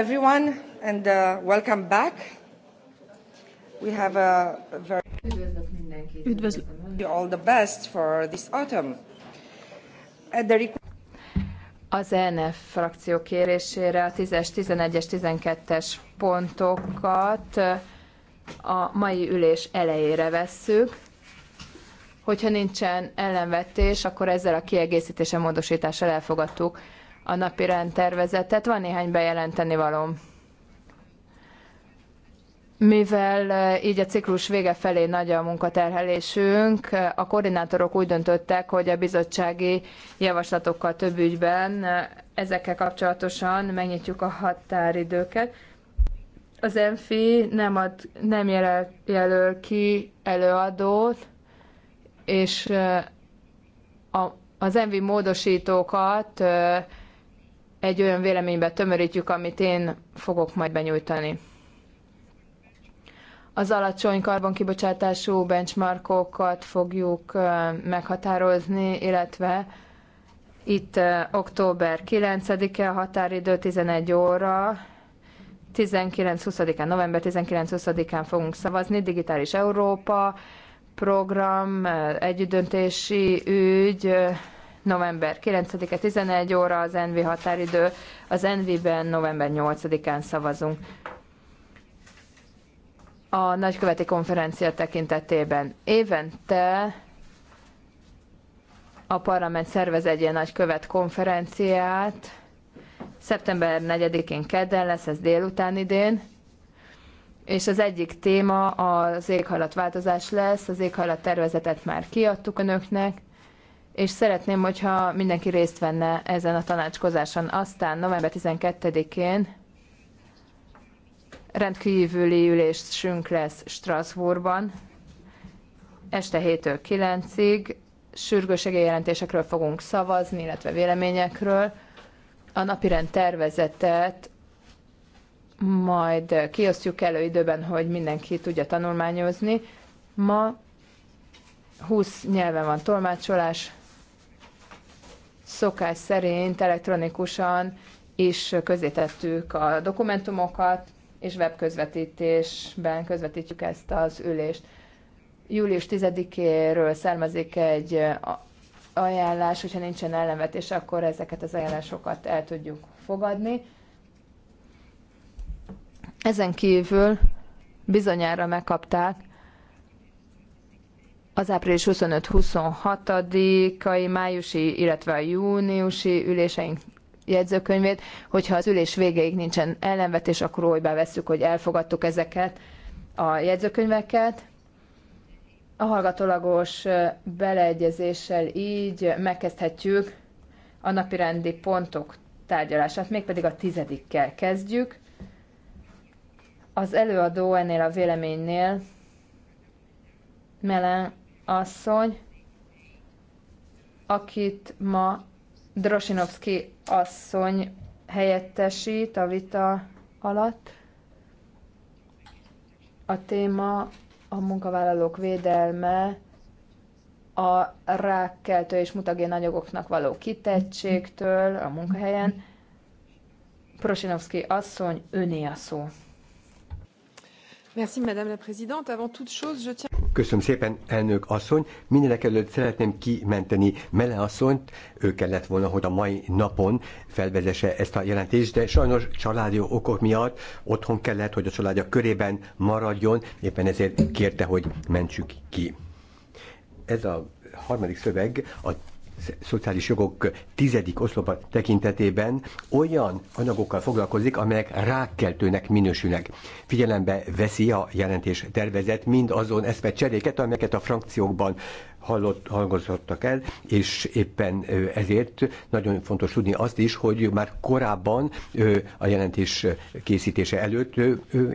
Everyone, and uh, welcome back. We have a very Üdvözlök mindenkit. All the best for this autumn. At the az ENF frakció kérésére a 10-es, 11-es, 12-es pontokat uh, a mai ülés elejére vesszük. Hogyha nincsen ellenvetés, akkor ezzel a kiegészítése módosítással elfogadtuk a napi rendtervezetet. Van néhány bejelenteni való. Mivel így a ciklus vége felé nagy a munkaterhelésünk, a koordinátorok úgy döntöttek, hogy a bizottsági javaslatokkal több ügyben ezekkel kapcsolatosan megnyitjuk a határidőket. Az ENFI nem, ad, nem jelöl, jelöl ki előadót, és a, az enfi módosítókat egy olyan véleménybe tömörítjük, amit én fogok majd benyújtani. Az alacsony karbonkibocsátású benchmarkokat fogjuk meghatározni, illetve itt október 9-e a határidő 11 óra, 19-20-án, november 19-20-án fogunk szavazni, Digitális Európa program, együttdöntési ügy, november 9-e 11 óra az NV határidő, az NV-ben november 8-án szavazunk. A nagyköveti konferencia tekintetében évente a parlament szervez egy ilyen nagykövet konferenciát. Szeptember 4-én kedden lesz, ez délután idén. És az egyik téma az éghajlatváltozás lesz, az éghajlat tervezetet már kiadtuk önöknek és szeretném, hogyha mindenki részt venne ezen a tanácskozáson. Aztán november 12-én rendkívüli ülésünk lesz Strasbourgban, este 7-től 9-ig, sürgőségi jelentésekről fogunk szavazni, illetve véleményekről. A napirend tervezetet majd kiosztjuk elő időben, hogy mindenki tudja tanulmányozni. Ma 20 nyelven van tolmácsolás, szokás szerint elektronikusan is közzétettük a dokumentumokat, és webközvetítésben közvetítjük ezt az ülést. Július 10-éről származik egy ajánlás, hogyha nincsen ellenvetés, akkor ezeket az ajánlásokat el tudjuk fogadni. Ezen kívül bizonyára megkapták az április 25-26-ai, májusi, illetve a júniusi üléseink jegyzőkönyvét, hogyha az ülés végéig nincsen ellenvetés, akkor úgy veszük, hogy elfogadtuk ezeket a jegyzőkönyveket. A hallgatólagos beleegyezéssel így megkezdhetjük a napirendi pontok tárgyalását, mégpedig a tizedikkel kezdjük. Az előadó ennél a véleménynél Melen asszony, akit ma Drosinovski asszony helyettesít a vita alatt. A téma a munkavállalók védelme, a rákkeltő és mutagén anyagoknak való kitettségtől a munkahelyen. Prosinovszki asszony, öné a szó. Merci, Madame la Présidente. Avant toute chose, je tiens... Köszönöm szépen, elnök asszony. Mindenek előtt szeretném kimenteni Mele asszonyt. Ő kellett volna, hogy a mai napon felvezesse ezt a jelentést, de sajnos családi okok miatt otthon kellett, hogy a családja körében maradjon, éppen ezért kérte, hogy mentsük ki. Ez a harmadik szöveg a szociális jogok tizedik oszlopa tekintetében olyan anyagokkal foglalkozik, amelyek rákkeltőnek minősülnek. Figyelembe veszi a jelentés tervezet mind azon cseréket, amelyeket a frankciókban hallott, hallgozottak el, és éppen ezért nagyon fontos tudni azt is, hogy már korábban a jelentés készítése előtt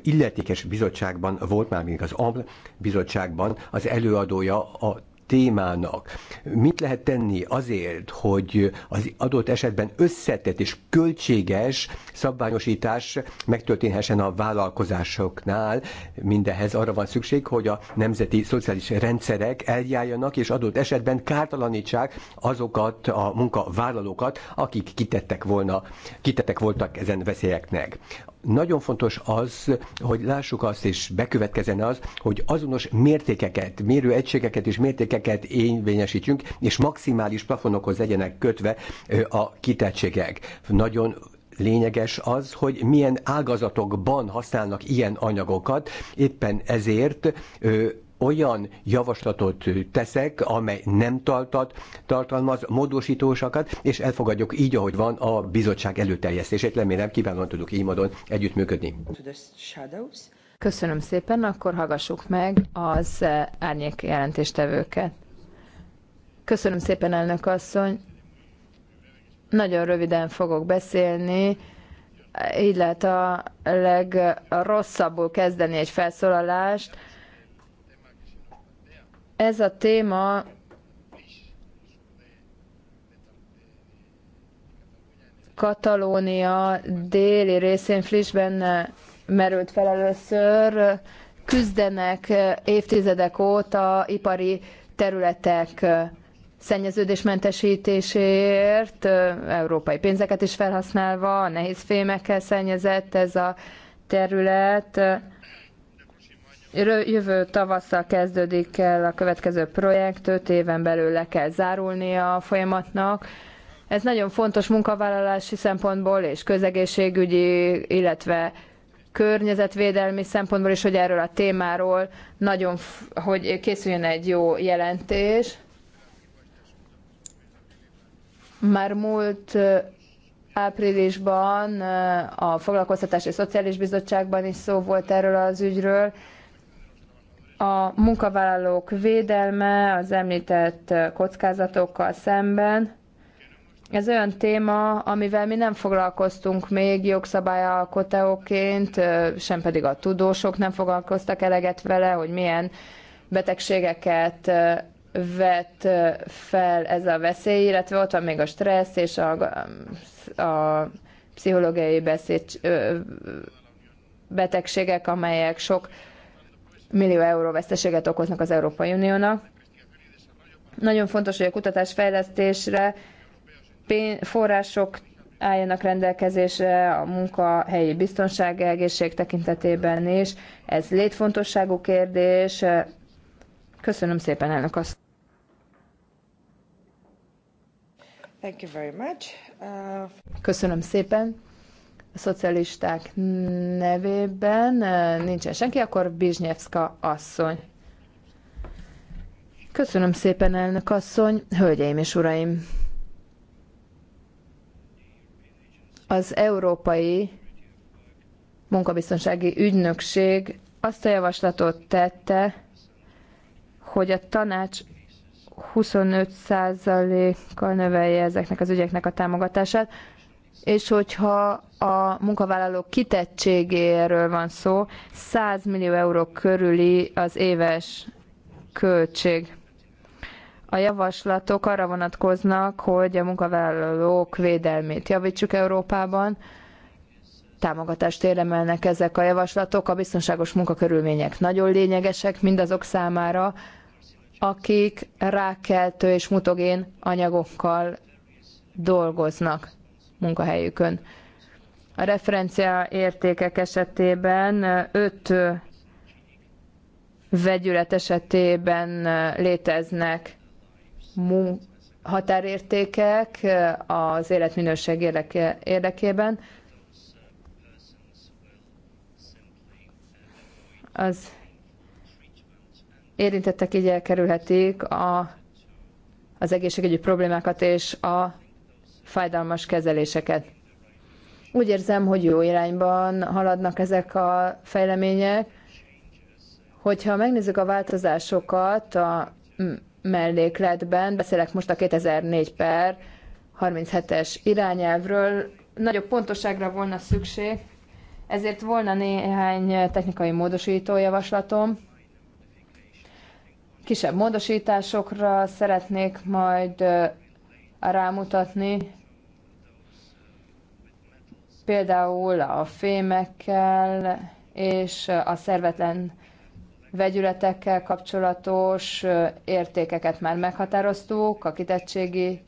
illetékes bizottságban volt, már még az AML bizottságban az előadója a témának. Mit lehet tenni azért, hogy az adott esetben összetett és költséges szabványosítás megtörténhessen a vállalkozásoknál? Mindehez arra van szükség, hogy a nemzeti szociális rendszerek eljárjanak, és adott esetben kártalanítsák azokat a munkavállalókat, akik kitettek volna, kitettek voltak ezen veszélyeknek. Nagyon fontos az, hogy lássuk azt, és bekövetkezene az, hogy azonos mértékeket, mérőegységeket és mértékeket érvényesítsünk, és maximális plafonokhoz legyenek kötve a kitettségek. Nagyon lényeges az, hogy milyen ágazatokban használnak ilyen anyagokat, éppen ezért olyan javaslatot teszek, amely nem tartat, tartalmaz módosítósakat, és elfogadjuk így, ahogy van a bizottság előterjesztését. Remélem, kívánóan tudok így módon együttműködni. Köszönöm szépen, akkor hallgassuk meg az eh, árnyék jelentéstevőket. Köszönöm szépen, elnök asszony. Nagyon röviden fogok beszélni így lehet a legrosszabbul kezdeni egy felszólalást. Ez a téma Katalónia déli részén Flisben eh, merült fel először, küzdenek eh, évtizedek óta ipari területek eh, szennyeződésmentesítéséért, európai pénzeket is felhasználva, nehéz fémekkel szennyezett ez a terület. Jövő tavasszal kezdődik el a következő projekt, öt éven belül le kell zárulnia a folyamatnak. Ez nagyon fontos munkavállalási szempontból és közegészségügyi, illetve környezetvédelmi szempontból is, hogy erről a témáról nagyon, hogy készüljön egy jó jelentés. Már múlt áprilisban a Foglalkoztatási Szociális Bizottságban is szó volt erről az ügyről, a munkavállalók védelme az említett kockázatokkal szemben. Ez olyan téma, amivel mi nem foglalkoztunk még jogszabályalkotóként, sem pedig a tudósok nem foglalkoztak eleget vele, hogy milyen betegségeket vet fel ez a veszély, illetve ott van még a stressz és a, a pszichológiai beszéd, betegségek, amelyek sok millió euró veszteséget okoznak az Európai Uniónak. Nagyon fontos, hogy a kutatásfejlesztésre források álljanak rendelkezésre a munkahelyi biztonság egészség tekintetében is. Ez létfontosságú kérdés. Köszönöm szépen, elnök azt. Thank you very much. Uh... Köszönöm szépen szocialisták nevében nincsen senki, akkor Bizsnyevszka asszony. Köszönöm szépen, elnök asszony, hölgyeim és uraim! Az Európai Munkabiztonsági Ügynökség azt a javaslatot tette, hogy a tanács 25%-kal növelje ezeknek az ügyeknek a támogatását és hogyha a munkavállalók kitettségéről van szó, 100 millió euró körüli az éves költség. A javaslatok arra vonatkoznak, hogy a munkavállalók védelmét javítsuk Európában, támogatást érdemelnek ezek a javaslatok, a biztonságos munkakörülmények nagyon lényegesek mindazok számára, akik rákeltő és mutogén anyagokkal dolgoznak munkahelyükön. A referencia értékek esetében öt vegyület esetében léteznek határértékek az életminőség érdekében. Az érintettek így elkerülhetik a, az egészségügyi problémákat és a fájdalmas kezeléseket. Úgy érzem, hogy jó irányban haladnak ezek a fejlemények. Hogyha megnézzük a változásokat a mellékletben, beszélek most a 2004 per 37-es irányelvről, nagyobb pontosságra volna szükség, ezért volna néhány technikai módosító javaslatom. Kisebb módosításokra szeretnék majd rámutatni. Például a fémekkel és a szervetlen vegyületekkel kapcsolatos értékeket már meghatároztuk, a kitettségi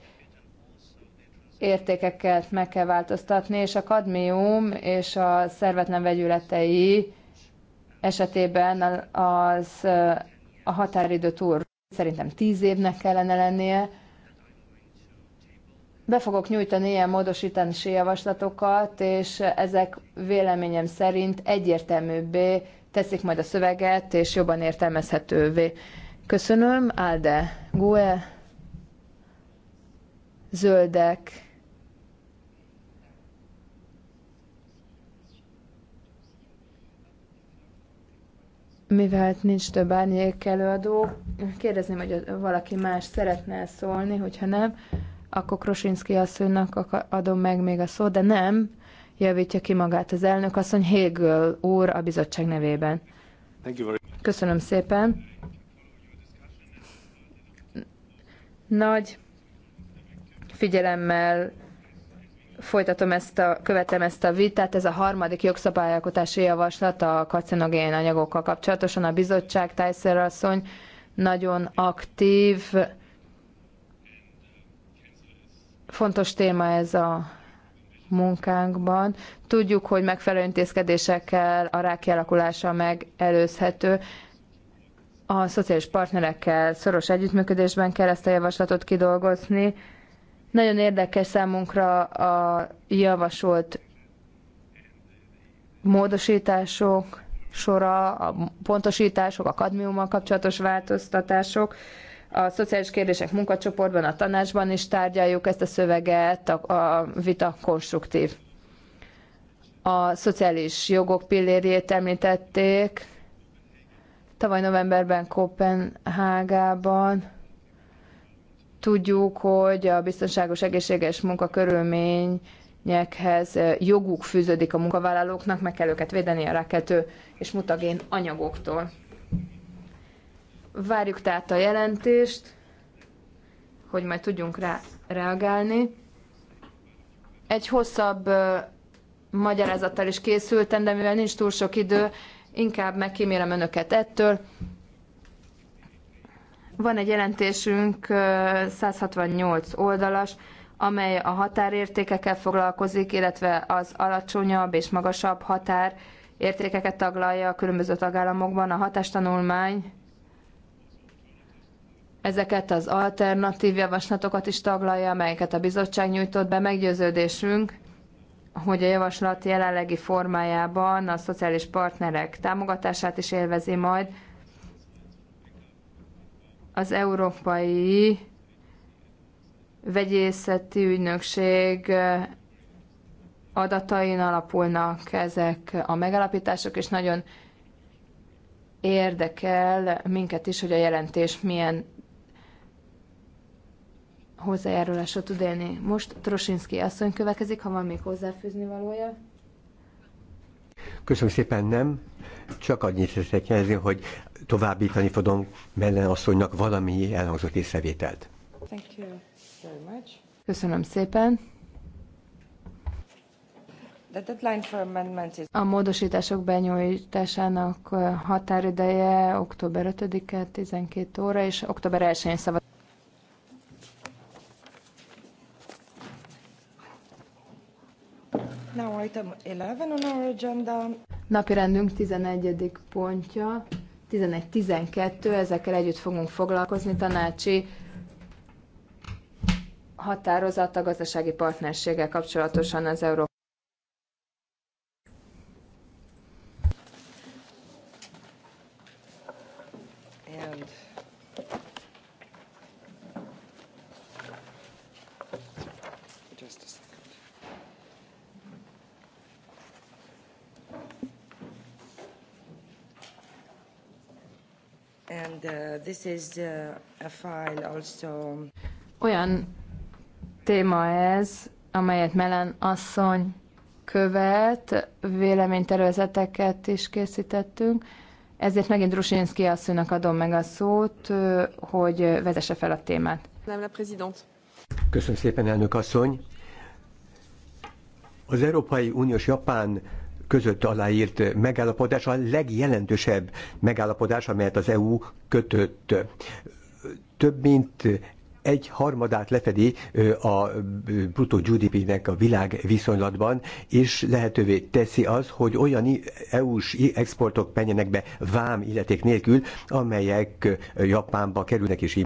értékeket meg kell változtatni, és a kadmium és a szervetlen vegyületei esetében az a határidő túl szerintem tíz évnek kellene lennie, be fogok nyújtani ilyen módosítási javaslatokat, és ezek véleményem szerint egyértelműbbé teszik majd a szöveget, és jobban értelmezhetővé. Köszönöm, Alde, Gue, Zöldek, Mivel nincs több árnyék előadó, kérdezném, hogy valaki más szeretne szólni, hogyha nem, akkor Krosinski asszonynak adom meg még a szót, de nem, javítja ki magát az elnök asszony Hegel úr a bizottság nevében. Köszönöm szépen. Nagy figyelemmel folytatom ezt a, követem ezt a vitát. Ez a harmadik jogszabályalkotási javaslat a karcinogén anyagokkal kapcsolatosan. A bizottság Tyser asszony nagyon aktív Fontos téma ez a munkánkban. Tudjuk, hogy megfelelő intézkedésekkel a rák kialakulása megelőzhető. A szociális partnerekkel szoros együttműködésben kell ezt a javaslatot kidolgozni. Nagyon érdekes számunkra a javasolt módosítások sora, a pontosítások, a kadmiummal kapcsolatos változtatások a szociális kérdések munkacsoportban, a tanácsban is tárgyaljuk ezt a szöveget, a, a vita konstruktív. A szociális jogok pillérjét említették. Tavaly novemberben Kopenhágában tudjuk, hogy a biztonságos egészséges munkakörülmény nyekhez joguk fűződik a munkavállalóknak, meg kell őket védeni a rákeltő és mutagén anyagoktól. Várjuk tehát a jelentést, hogy majd tudjunk rá reagálni. Egy hosszabb magyarázattal is készültem, de mivel nincs túl sok idő, inkább megkímélem önöket ettől. Van egy jelentésünk, 168 oldalas, amely a határértékekkel foglalkozik, illetve az alacsonyabb és magasabb határ értékeket taglalja a különböző tagállamokban. A hatástanulmány Ezeket az alternatív javaslatokat is taglalja, amelyeket a bizottság nyújtott be. Meggyőződésünk, hogy a javaslat jelenlegi formájában a szociális partnerek támogatását is élvezi majd. Az Európai Vegyészeti Ügynökség adatain alapulnak ezek a megalapítások, és nagyon érdekel minket is, hogy a jelentés milyen hozzájárulása tud élni. Most Trosinski asszony következik, ha van még hozzáfűzni valója. Köszönöm szépen, nem. Csak annyit szeretnék jelzni, hogy továbbítani fogom Mellen asszonynak valami elhangzott észrevételt. Thank you very much. Köszönöm szépen. A módosítások benyújtásának uh, határideje október 5-e 12 óra, és október 1-én szavaz. Now item 11 on our agenda. Napirendünk 11. pontja, 11-12, ezekkel együtt fogunk foglalkozni, tanácsi határozat a gazdasági partnerséggel kapcsolatosan az Európai this is a file also... Olyan téma ez, amelyet Melen asszony követ, véleménytervezeteket is készítettünk, ezért megint Rusinski asszonynak adom meg a szót, hogy vezesse fel a témát. Köszönöm szépen, elnök asszony! Az Európai Uniós Japán között aláírt megállapodás a legjelentősebb megállapodás, amelyet az EU kötött. Több mint egy harmadát lefedi a bruttó GDP-nek a világ viszonylatban, és lehetővé teszi az, hogy olyan EU-s exportok menjenek be vám illeték nélkül, amelyek Japánba kerülnek, és így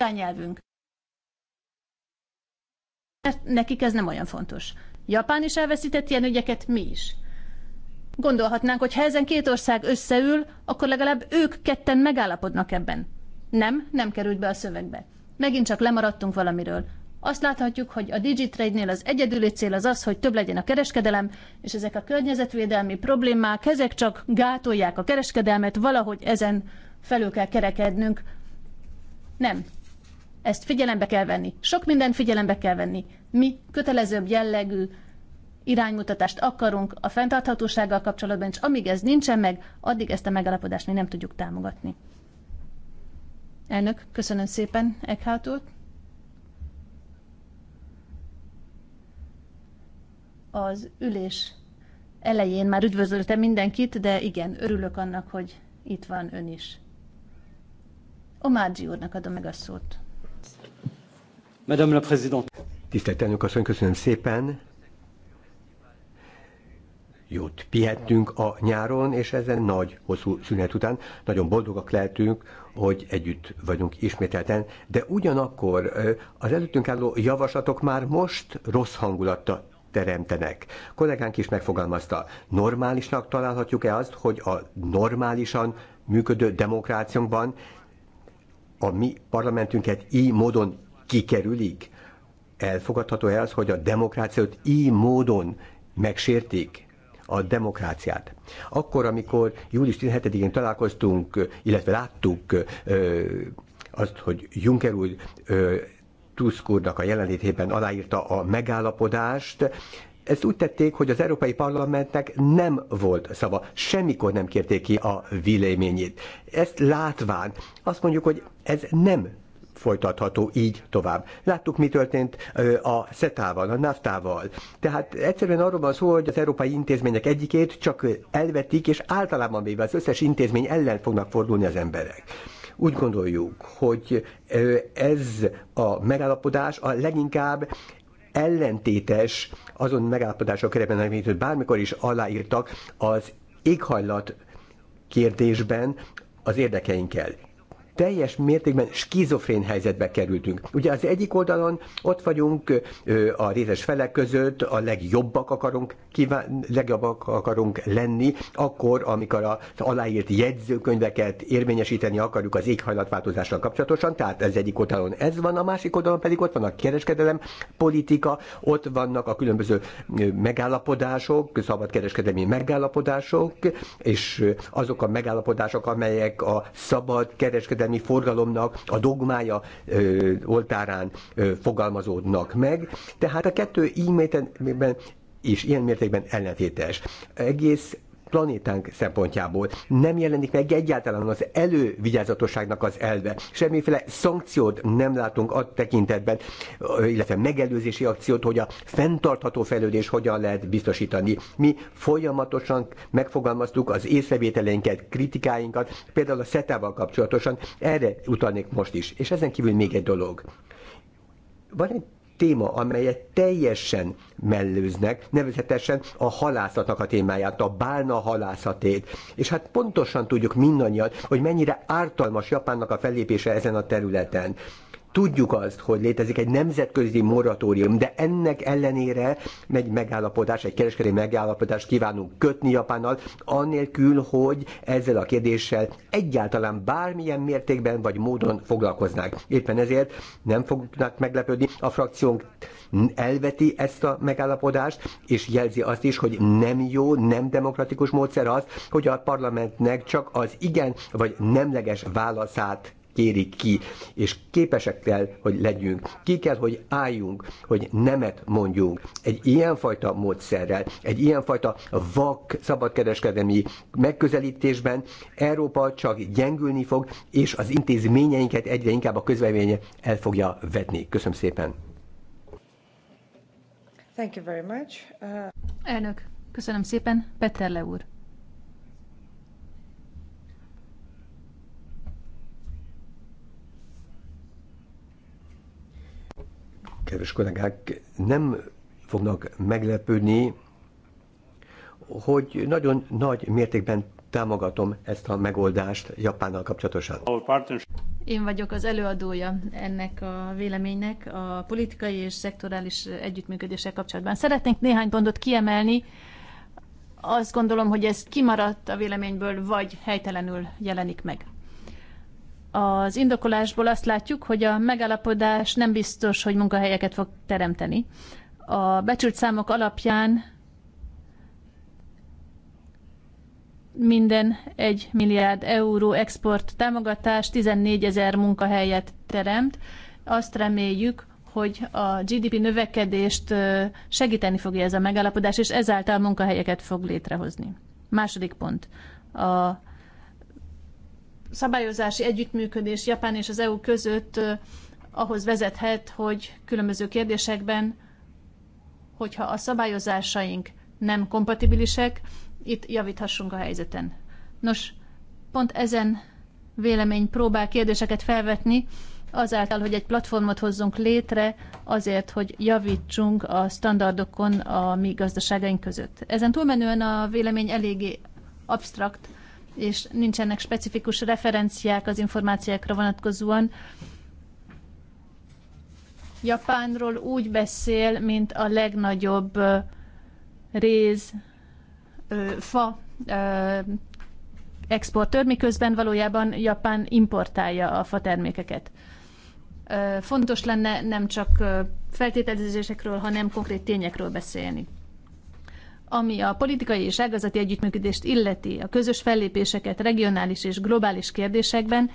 anyanyelvünk. Nekik ez nem olyan fontos. Japán is elveszített ilyen ügyeket, mi is. Gondolhatnánk, hogy ha ezen két ország összeül, akkor legalább ők ketten megállapodnak ebben. Nem, nem került be a szövegbe. Megint csak lemaradtunk valamiről. Azt láthatjuk, hogy a Digitrade-nél az egyedüli cél az az, hogy több legyen a kereskedelem, és ezek a környezetvédelmi problémák, ezek csak gátolják a kereskedelmet, valahogy ezen felül kell kerekednünk. Nem, ezt figyelembe kell venni. Sok mindent figyelembe kell venni. Mi kötelezőbb jellegű iránymutatást akarunk a fenntarthatósággal kapcsolatban, és amíg ez nincsen meg, addig ezt a megalapodást mi nem tudjuk támogatni. Elnök, köszönöm szépen Eckhout úr. Az ülés elején már üdvözöltem mindenkit, de igen, örülök annak, hogy itt van ön is. Omádzsi úrnak adom meg a szót. Madame la Présidente. Tisztelt elnök asszony, köszönöm szépen. Jót pihettünk a nyáron, és ezen nagy, hosszú szünet után nagyon boldogak lehetünk, hogy együtt vagyunk ismételten, de ugyanakkor az előttünk álló javaslatok már most rossz hangulatta teremtenek. Kollégánk is megfogalmazta, normálisnak találhatjuk-e azt, hogy a normálisan működő demokráciánkban a mi parlamentünket így módon kikerülik. Elfogadható-e az, hogy a demokráciát így módon megsértik? a demokráciát. Akkor, amikor július 17-én találkoztunk, illetve láttuk azt, hogy Juncker úr Tusk úrnak a jelenlétében aláírta a megállapodást, ezt úgy tették, hogy az Európai Parlamentnek nem volt szava, semmikor nem kérték ki a véleményét. Ezt látván azt mondjuk, hogy ez nem folytatható így tovább. Láttuk, mi történt a SETA-val, a NAFTA-val. Tehát egyszerűen arról van szó, hogy az európai intézmények egyikét csak elvetik, és általában véve az összes intézmény ellen fognak fordulni az emberek úgy gondoljuk, hogy ez a megállapodás a leginkább ellentétes azon megállapodások keretben, amit bármikor is aláírtak az éghajlat kérdésben az érdekeinkkel teljes mértékben skizofrén helyzetbe kerültünk. Ugye az egyik oldalon ott vagyunk a részes felek között, a legjobbak akarunk, kíván, legjobbak akarunk lenni, akkor, amikor az aláírt jegyzőkönyveket érvényesíteni akarjuk az éghajlatváltozással kapcsolatosan, tehát ez egyik oldalon ez van, a másik oldalon pedig ott van a kereskedelem, politika, ott vannak a különböző megállapodások, szabadkereskedelmi megállapodások, és azok a megállapodások, amelyek a szabad kereskedelmi kereskedelmi forgalomnak a dogmája ö, oltárán ö, fogalmazódnak meg. Tehát a kettő így és ilyen mértékben ellentétes. Egész planétánk szempontjából. Nem jelenik meg egyáltalán az elővigyázatosságnak az elve. Semmiféle szankciót nem látunk a tekintetben, illetve megelőzési akciót, hogy a fenntartható fejlődés hogyan lehet biztosítani. Mi folyamatosan megfogalmaztuk az észrevételeinket, kritikáinkat, például a SETA-val kapcsolatosan, erre utalnék most is. És ezen kívül még egy dolog. Van egy téma, amelyet teljesen mellőznek, nevezetesen a halászatnak a témáját, a bálna halászatét. És hát pontosan tudjuk mindannyian, hogy mennyire ártalmas Japánnak a fellépése ezen a területen. Tudjuk azt, hogy létezik egy nemzetközi moratórium, de ennek ellenére egy megállapodás, egy kereskedelmi megállapodást kívánunk kötni Japánnal, annélkül, hogy ezzel a kérdéssel egyáltalán bármilyen mértékben vagy módon foglalkoznák. Éppen ezért nem fognak meglepődni. A frakciónk elveti ezt a megállapodást, és jelzi azt is, hogy nem jó, nem demokratikus módszer az, hogy a parlamentnek csak az igen vagy nemleges válaszát kéri ki, és képesek kell, hogy legyünk. Ki kell, hogy álljunk, hogy nemet mondjunk. Egy ilyenfajta módszerrel, egy ilyenfajta vak szabadkereskedelmi megközelítésben Európa csak gyengülni fog, és az intézményeinket egyre inkább a közvéleménye el fogja vetni. Köszönöm szépen! Thank you very much. Uh... Elnök, köszönöm szépen. Peterle úr. kedves kollégák, nem fognak meglepődni, hogy nagyon nagy mértékben támogatom ezt a megoldást Japánnal kapcsolatosan. Én vagyok az előadója ennek a véleménynek a politikai és szektorális együttműködéssel kapcsolatban. Szeretnénk néhány pontot kiemelni. Azt gondolom, hogy ez kimaradt a véleményből, vagy helytelenül jelenik meg. Az indokolásból azt látjuk, hogy a megállapodás nem biztos, hogy munkahelyeket fog teremteni. A becsült számok alapján minden 1 milliárd euró export támogatás 14 ezer munkahelyet teremt. Azt reméljük, hogy a GDP növekedést segíteni fogja ez a megállapodás, és ezáltal munkahelyeket fog létrehozni. Második pont. A szabályozási együttműködés Japán és az EU között ahhoz vezethet, hogy különböző kérdésekben, hogyha a szabályozásaink nem kompatibilisek, itt javíthassunk a helyzeten. Nos, pont ezen vélemény próbál kérdéseket felvetni, azáltal, hogy egy platformot hozzunk létre, azért, hogy javítsunk a standardokon a mi gazdaságaink között. Ezen túlmenően a vélemény eléggé absztrakt, és nincsenek specifikus referenciák az információkra vonatkozóan. Japánról úgy beszél, mint a legnagyobb réz, fa exportőr, miközben valójában Japán importálja a fa termékeket. Fontos lenne nem csak feltételezésekről, hanem konkrét tényekről beszélni. Ami a politikai és ágazati együttműködést illeti, a közös fellépéseket regionális és globális kérdésekben,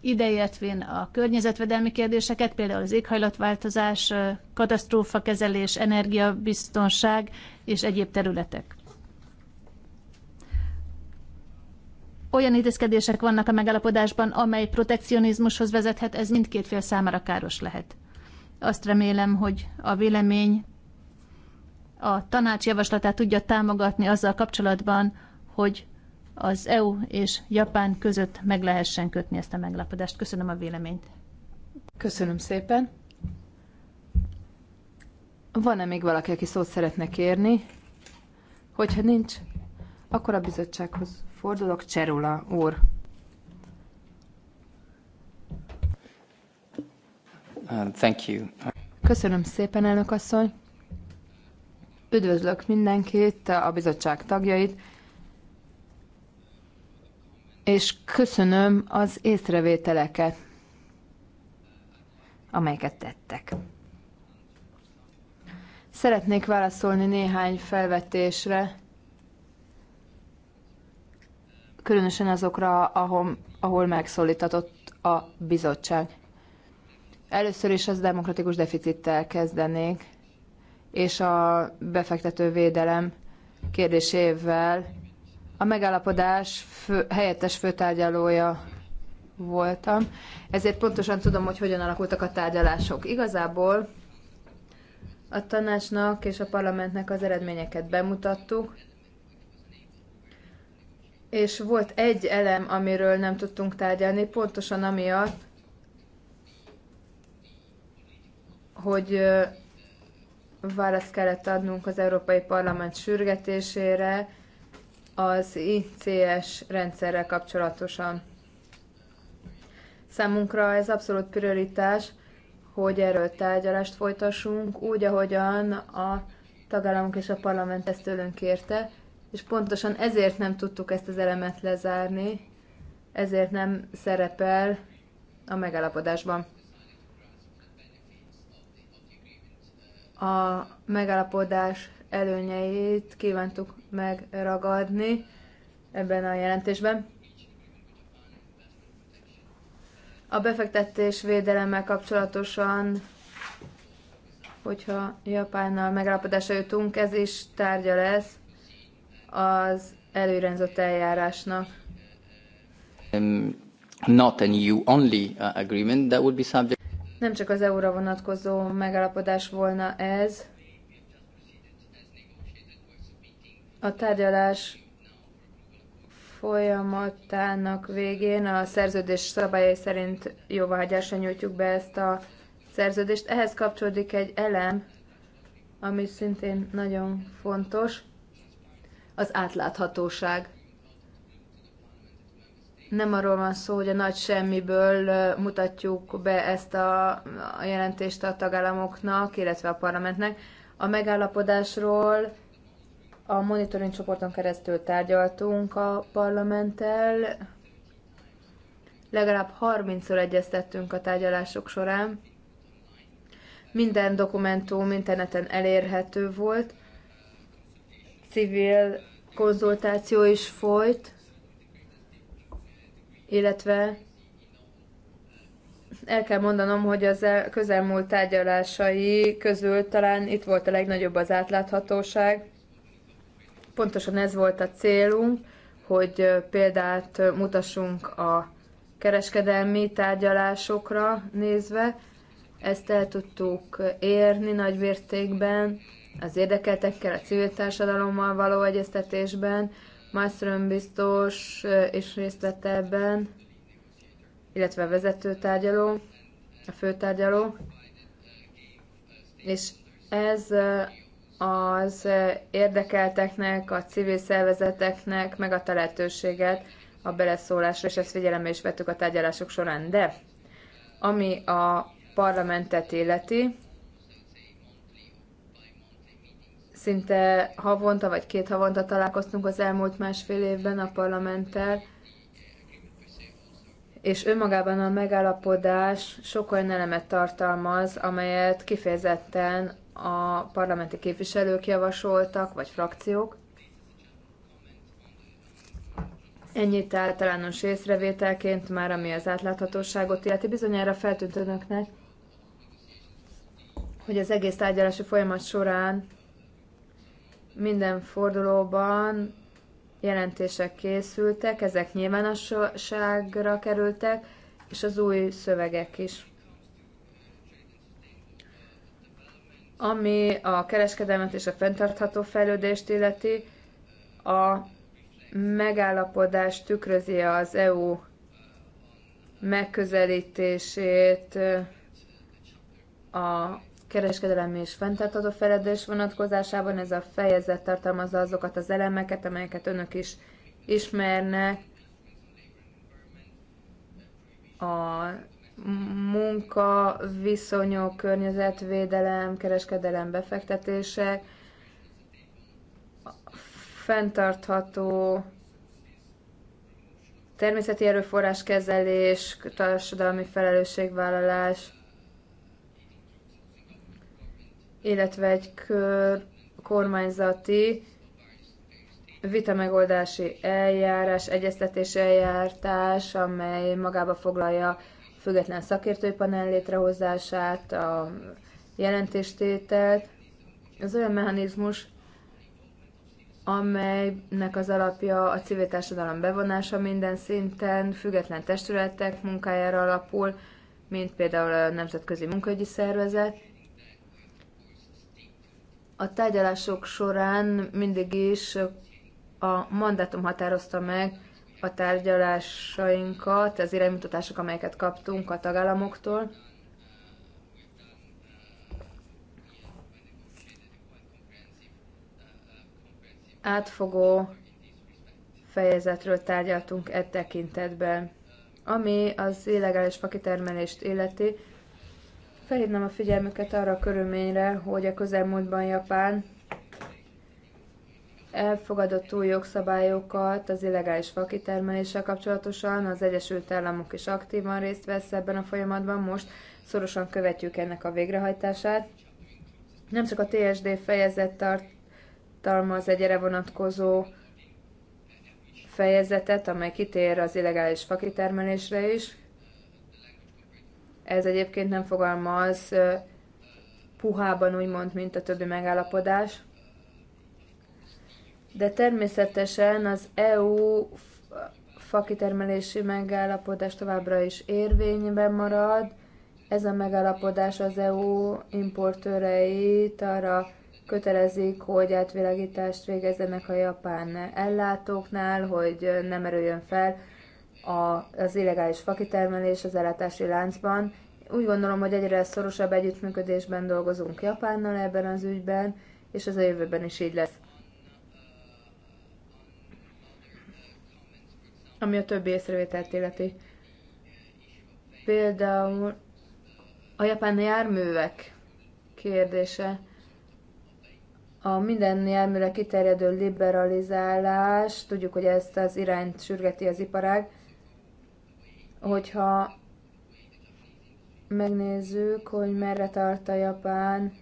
ideértvén a környezetvedelmi kérdéseket, például az éghajlatváltozás, katasztrófakezelés, energiabiztonság és egyéb területek. Olyan intézkedések vannak a megállapodásban, amely protekcionizmushoz vezethet, ez mindkét fél számára káros lehet. Azt remélem, hogy a vélemény a tanács javaslatát tudja támogatni azzal kapcsolatban, hogy az EU és Japán között meg lehessen kötni ezt a meglapodást. Köszönöm a véleményt. Köszönöm szépen. Van-e még valaki, aki szót szeretne kérni? Hogyha nincs, akkor a bizottsághoz fordulok. Cserula úr. Uh, thank you. Köszönöm szépen, elnök asszony. Üdvözlök mindenkit, a bizottság tagjait, és köszönöm az észrevételeket, amelyeket tettek. Szeretnék válaszolni néhány felvetésre, különösen azokra, ahol, ahol megszólítatott a bizottság. Először is az demokratikus deficittel kezdenék és a befektetővédelem kérdésével a megállapodás fő, helyettes főtárgyalója voltam, ezért pontosan tudom, hogy hogyan alakultak a tárgyalások. Igazából a tanácsnak és a parlamentnek az eredményeket bemutattuk, és volt egy elem, amiről nem tudtunk tárgyalni, pontosan amiatt, hogy választ kellett adnunk az Európai Parlament sürgetésére az ICS rendszerrel kapcsolatosan. Számunkra ez abszolút prioritás, hogy erről tárgyalást folytassunk, úgy, ahogyan a tagállamok és a parlament ezt tőlünk kérte, és pontosan ezért nem tudtuk ezt az elemet lezárni, ezért nem szerepel a megállapodásban. a megállapodás előnyeit kívántuk megragadni ebben a jelentésben. A befektetés védelemmel kapcsolatosan, hogyha Japánnal megállapodásra jutunk, ez is tárgya lesz az előrendzett eljárásnak. Um, not a new only uh, agreement, that would be subject nem csak az EU-ra vonatkozó megállapodás volna ez, a tárgyalás folyamatának végén a szerződés szabályai szerint jóváhagyásra nyújtjuk be ezt a szerződést. Ehhez kapcsolódik egy elem, ami szintén nagyon fontos, az átláthatóság nem arról van szó, hogy a nagy semmiből mutatjuk be ezt a, jelentést a tagállamoknak, illetve a parlamentnek. A megállapodásról a monitoring csoporton keresztül tárgyaltunk a parlamenttel, legalább 30-szor egyeztettünk a tárgyalások során. Minden dokumentum interneten elérhető volt, civil konzultáció is folyt, illetve el kell mondanom, hogy az közelmúlt tárgyalásai közül talán itt volt a legnagyobb az átláthatóság. Pontosan ez volt a célunk, hogy példát mutassunk a kereskedelmi tárgyalásokra nézve. Ezt el tudtuk érni nagy mértékben az érdekeltekkel, a civil társadalommal való egyeztetésben, Malmström biztos is részt vett ebben, illetve a vezető tárgyaló, a főtárgyaló, és ez az érdekelteknek, a civil szervezeteknek meg a lehetőséget a beleszólásra, és ezt figyelembe is vettük a tárgyalások során. De ami a parlamentet illeti, szinte havonta vagy két havonta találkoztunk az elmúlt másfél évben a parlamenttel, és önmagában a megállapodás sok olyan elemet tartalmaz, amelyet kifejezetten a parlamenti képviselők javasoltak, vagy frakciók. Ennyit általános észrevételként már, ami az átláthatóságot illeti, bizonyára feltűnt önöknek, hogy az egész tárgyalási folyamat során minden fordulóban jelentések készültek, ezek nyilvánosságra kerültek, és az új szövegek is. Ami a kereskedelmet és a fenntartható fejlődést illeti, a megállapodás tükrözi az EU megközelítését a kereskedelmi és fenntartható fejlődés vonatkozásában ez a fejezet tartalmazza azokat az elemeket, amelyeket önök is ismernek a munka, viszonyok, környezetvédelem, kereskedelem, befektetések, fenntartható természeti erőforrás kezelés, társadalmi felelősségvállalás, illetve egy kör kormányzati vitamegoldási eljárás, egyeztetési eljártás, amely magába foglalja független szakértői panel létrehozását, a jelentéstételt. Ez olyan mechanizmus, amelynek az alapja a civil társadalom bevonása minden szinten, független testületek munkájára alapul, mint például a Nemzetközi Munkahogyi Szervezet, a tárgyalások során mindig is a mandátum határozta meg a tárgyalásainkat, az iránymutatások, amelyeket kaptunk a tagállamoktól. Átfogó fejezetről tárgyaltunk e tekintetben. Ami az illegális fakitermelést illeti, Felhívnám a figyelmüket arra a körülményre, hogy a közelmúltban Japán elfogadott új jogszabályokat az illegális fakitermeléssel kapcsolatosan, az Egyesült Államok is aktívan részt vesz ebben a folyamatban, most szorosan követjük ennek a végrehajtását. Nem csak a TSD fejezet tartalmaz egy erre vonatkozó fejezetet, amely kitér az illegális fakitermelésre is, ez egyébként nem fogalmaz puhában úgymond, mint a többi megállapodás. De természetesen az EU fakitermelési megállapodás továbbra is érvényben marad. Ez a megállapodás az EU importőreit arra kötelezik, hogy átvilágítást végezzenek a japán ellátóknál, hogy nem erőjön fel a az illegális fakitermelés az ellátási láncban. Úgy gondolom, hogy egyre szorosabb együttműködésben dolgozunk Japánnal ebben az ügyben, és ez a jövőben is így lesz. Ami a többi észrevételt életi. Például a japán járművek kérdése. A minden járműre kiterjedő liberalizálás, tudjuk, hogy ezt az irányt sürgeti az iparág, Hogyha megnézzük, hogy merre tart a japán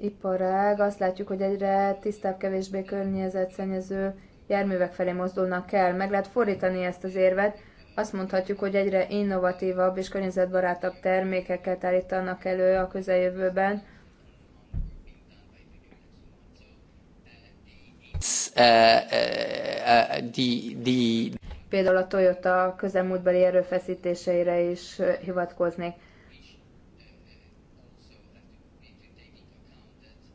iparág, azt látjuk, hogy egyre tisztább, kevésbé környezetszennyező járművek felé mozdulnak el. Meg lehet fordítani ezt az érvet, azt mondhatjuk, hogy egyre innovatívabb és környezetbarátabb termékeket állítanak elő a közeljövőben. Uh, uh, uh, uh, the, the... Például a Toyota közelmúltbeli erőfeszítéseire is hivatkoznék.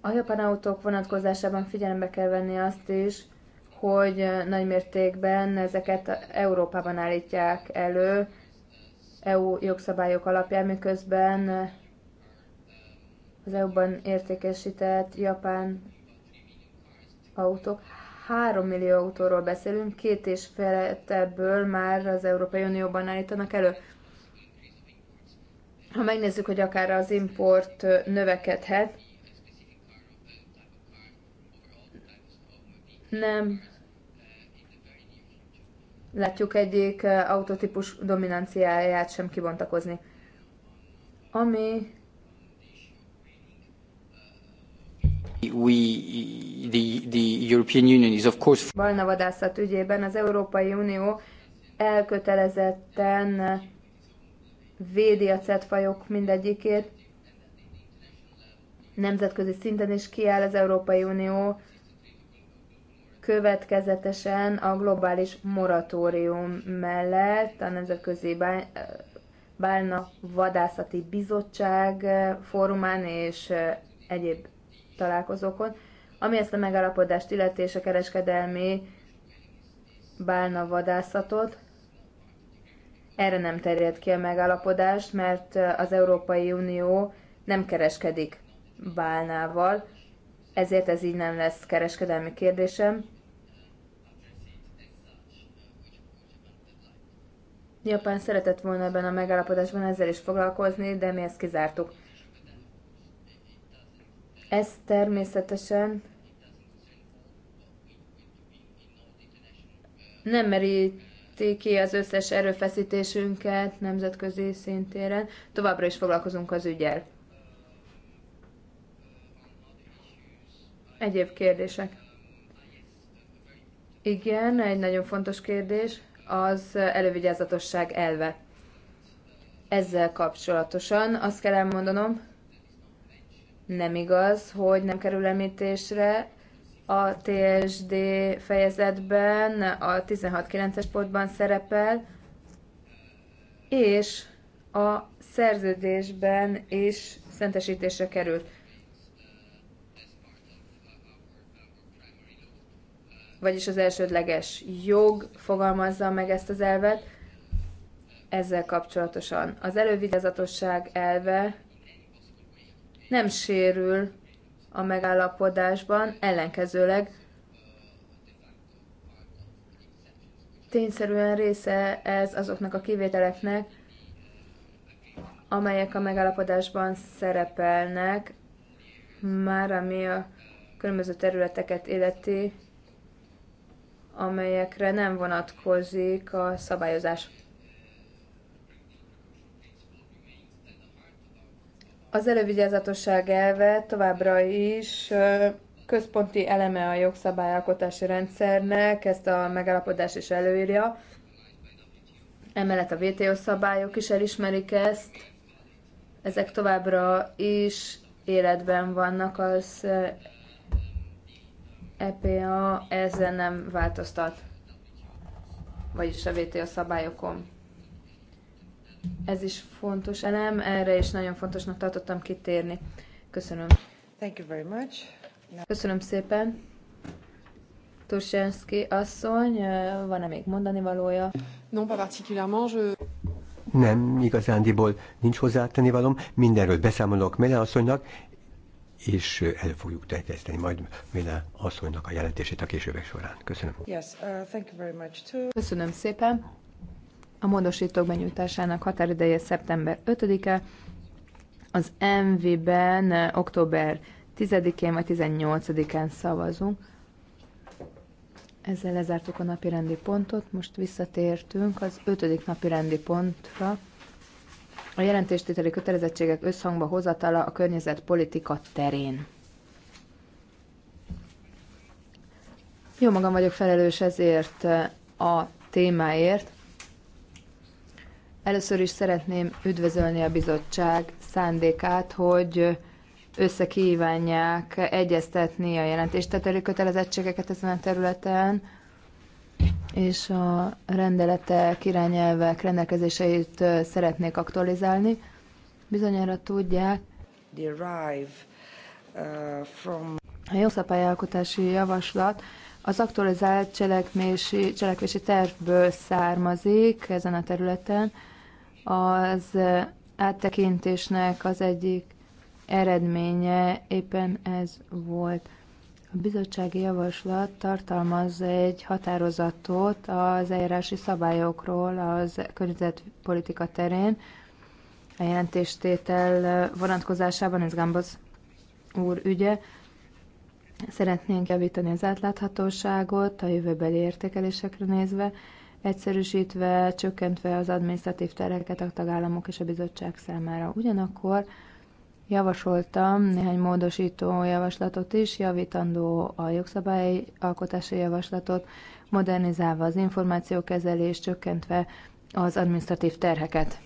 A japán autók vonatkozásában figyelembe kell venni azt is, hogy nagymértékben ezeket Európában állítják elő, EU jogszabályok alapján, miközben az EU-ban értékesített japán autók 3 millió autóról beszélünk, két és felett ebből már az Európai Unióban állítanak elő. Ha megnézzük, hogy akár az import növekedhet, nem látjuk egyik autotípus dominanciáját sem kibontakozni. Ami We, the, the European Union is of course... Balnavadászat ügyében az Európai Unió elkötelezetten védi a cetfajok mindegyikét. Nemzetközi szinten is kiáll az Európai Unió következetesen a globális moratórium mellett a Nemzetközi Bálna Vadászati Bizottság fórumán és egyéb találkozókon, ami ezt a megállapodást illeti és a kereskedelmi bálna vadászatot. Erre nem terjed ki a megállapodást, mert az Európai Unió nem kereskedik bálnával, ezért ez így nem lesz kereskedelmi kérdésem. Japán szeretett volna ebben a megállapodásban ezzel is foglalkozni, de mi ezt kizártuk. Ez természetesen nem meríti ki az összes erőfeszítésünket nemzetközi szintéren, továbbra is foglalkozunk az ügyel. Egyéb kérdések? Igen, egy nagyon fontos kérdés, az elővigyázatosság elve. Ezzel kapcsolatosan azt kell elmondanom, nem igaz, hogy nem kerül említésre a TSD fejezetben, a 16.9-es pontban szerepel, és a szerződésben is szentesítésre került. Vagyis az elsődleges jog fogalmazza meg ezt az elvet ezzel kapcsolatosan. Az elővigyázatosság elve nem sérül a megállapodásban, ellenkezőleg tényszerűen része ez azoknak a kivételeknek, amelyek a megállapodásban szerepelnek, már ami a különböző területeket illeti, amelyekre nem vonatkozik a szabályozás. Az elővigyázatosság elve továbbra is központi eleme a jogszabályalkotási rendszernek, ezt a megállapodás is előírja. Emellett a VTO szabályok is elismerik ezt, ezek továbbra is életben vannak, az EPA ezzel nem változtat, vagyis a VTO szabályokon. Ez is fontos elem, erre is nagyon fontosnak tartottam kitérni. Köszönöm. Thank you very much. No. Köszönöm szépen. Tursenszki asszony, van-e még mondani valója? Non, pas particulièrement, je... Nem, igazándiból nincs hozzátenni valom, mindenről beszámolok Mele asszonynak, és el fogjuk terjeszteni majd Mile asszonynak a jelentését a későbbek során. Köszönöm. Yes, uh, thank you very much too. Köszönöm szépen. A módosítók benyújtásának határideje szeptember 5-e, az MV-ben eh, október 10-én vagy 18-án szavazunk. Ezzel lezártuk a napi rendi pontot, most visszatértünk az ötödik napi rendi pontra. A jelentéstételi kötelezettségek összhangba hozatala a környezetpolitika terén. Jó magam vagyok felelős ezért eh, a témáért. Először is szeretném üdvözölni a bizottság szándékát, hogy összekívánják egyeztetni a jelentéstevő kötelezettségeket ezen a területen, és a rendeletek, irányelvek rendelkezéseit szeretnék aktualizálni. Bizonyára tudják, uh, a jogszabályalkotási javaslat az aktualizált cselekvési tervből származik ezen a területen, az áttekintésnek az egyik eredménye éppen ez volt. A bizottsági javaslat tartalmaz egy határozatot az eljárási szabályokról az környezetpolitika terén. A jelentéstétel vonatkozásában ez Gambos úr ügye. Szeretnénk javítani az átláthatóságot a jövőbeli értékelésekre nézve, egyszerűsítve, csökkentve az adminisztratív terheket a tagállamok és a bizottság számára. Ugyanakkor javasoltam néhány módosító javaslatot is, javítandó a jogszabályi alkotási javaslatot, modernizálva az információkezelést, csökkentve az adminisztratív terheket.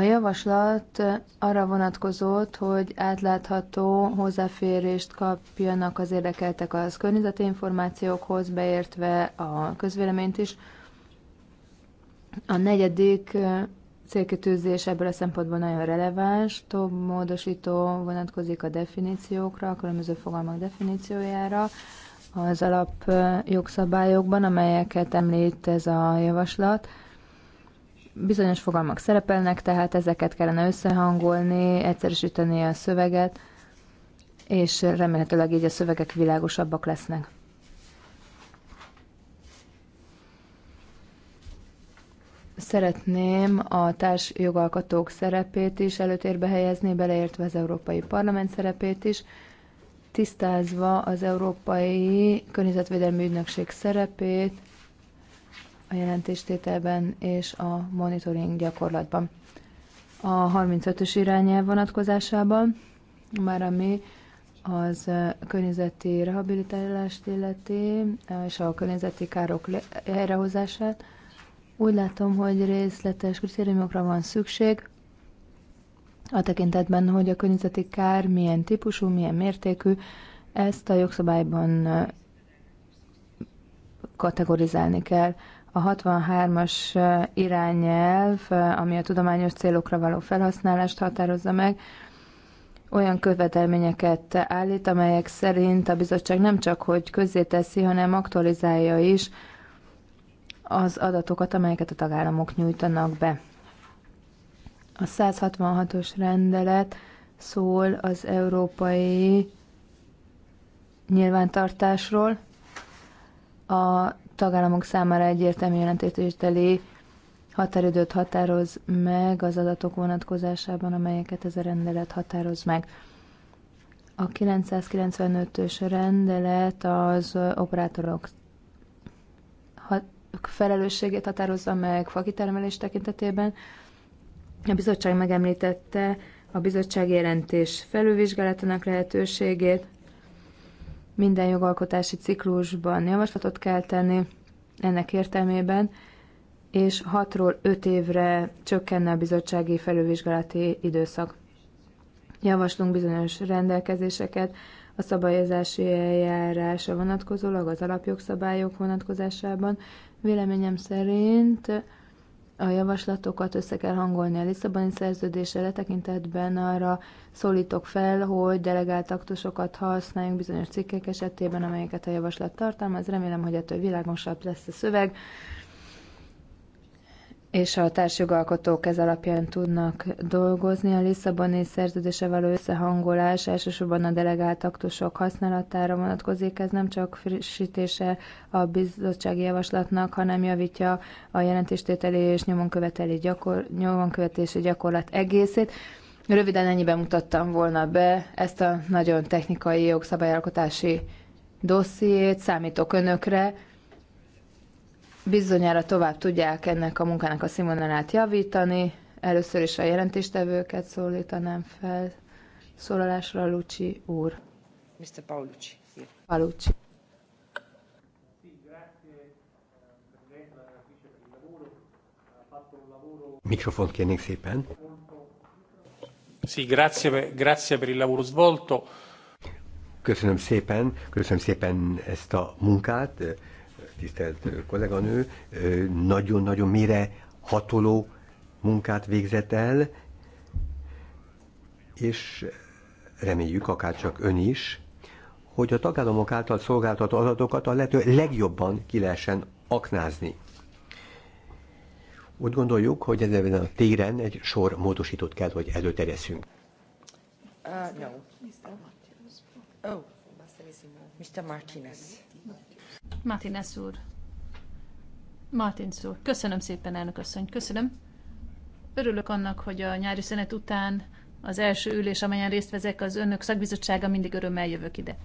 A javaslat arra vonatkozott, hogy átlátható hozzáférést kapjanak az érdekeltek az környezeti információkhoz, beértve a közvéleményt is. A negyedik célkitűzés ebből a szempontból nagyon releváns, több módosító vonatkozik a definíciókra, a különböző fogalmak definíciójára az alapjogszabályokban, amelyeket említ ez a javaslat bizonyos fogalmak szerepelnek, tehát ezeket kellene összehangolni, egyszerűsíteni a szöveget, és remélhetőleg így a szövegek világosabbak lesznek. Szeretném a társ jogalkotók szerepét is előtérbe helyezni, beleértve az Európai Parlament szerepét is, tisztázva az Európai Környezetvédelmi Ügynökség szerepét, a jelentéstételben és a monitoring gyakorlatban. A 35-ös irányelv vonatkozásában, már ami az környezeti rehabilitálást illeti, és a környezeti károk helyrehozását, úgy látom, hogy részletes kritériumokra van szükség, a tekintetben, hogy a környezeti kár milyen típusú, milyen mértékű, ezt a jogszabályban kategorizálni kell a 63-as irányelv, ami a tudományos célokra való felhasználást határozza meg, olyan követelményeket állít, amelyek szerint a bizottság nem csak hogy közzéteszi, hanem aktualizálja is az adatokat, amelyeket a tagállamok nyújtanak be. A 166-os rendelet szól az európai nyilvántartásról. A tagállamok számára egyértelmű jelentétételi határidőt határoz meg az adatok vonatkozásában, amelyeket ez a rendelet határoz meg. A 995-ös rendelet az operátorok felelősségét határozza meg fakitermelés tekintetében. A bizottság megemlítette a bizottság jelentés felülvizsgálatának lehetőségét, minden jogalkotási ciklusban javaslatot kell tenni ennek értelmében, és 6-ról 5 évre csökkenne a bizottsági felülvizsgálati időszak. Javaslunk bizonyos rendelkezéseket a szabályozási eljárásra vonatkozólag az alapjogszabályok vonatkozásában. Véleményem szerint a javaslatokat össze kell hangolni a Lisszaboni szerződéssel, tekintetben arra szólítok fel, hogy delegált aktusokat használjunk bizonyos cikkek esetében, amelyeket a javaslat tartalmaz. Remélem, hogy ettől világosabb lesz a szöveg, és a társjogalkotók ez alapján tudnak dolgozni. A Lisszaboni szerződése való összehangolás elsősorban a delegált aktusok használatára vonatkozik. Ez nem csak frissítése a bizottsági javaslatnak, hanem javítja a jelentéstételi és nyomonköveteli gyakor- nyomonkövetési gyakorlat egészét. Röviden ennyiben mutattam volna be ezt a nagyon technikai jogszabályalkotási dossziét, számítok önökre, Bizonyára tovább tudják ennek a munkának a színvonalát javítani. Először is a jelentéstevőket szólítanám fel. Szólalásra Lucsi úr. Mr. Paulucci. Paulucci. Mikrofont kérnék szépen. Sì, grazie, grazie per il lavoro svolto. Köszönöm szépen, köszönöm szépen ezt a munkát, tisztelt kolléganő nagyon-nagyon mire hatoló munkát végzett el, és reméljük, akárcsak ön is, hogy a tagállamok által szolgáltató adatokat a lehető legjobban ki lehessen aknázni. Úgy gondoljuk, hogy ezen a téren egy sor módosítót kell, hogy előterjeszünk. Uh, no. Mr. Martinez. Oh, Mr. Martinez. Martinez úr. Martin úr. Köszönöm szépen, elnök asszony. Köszönöm. Örülök annak, hogy a nyári szünet után az első ülés, amelyen részt vezek, az önök szakbizottsága, mindig örömmel jövök ide.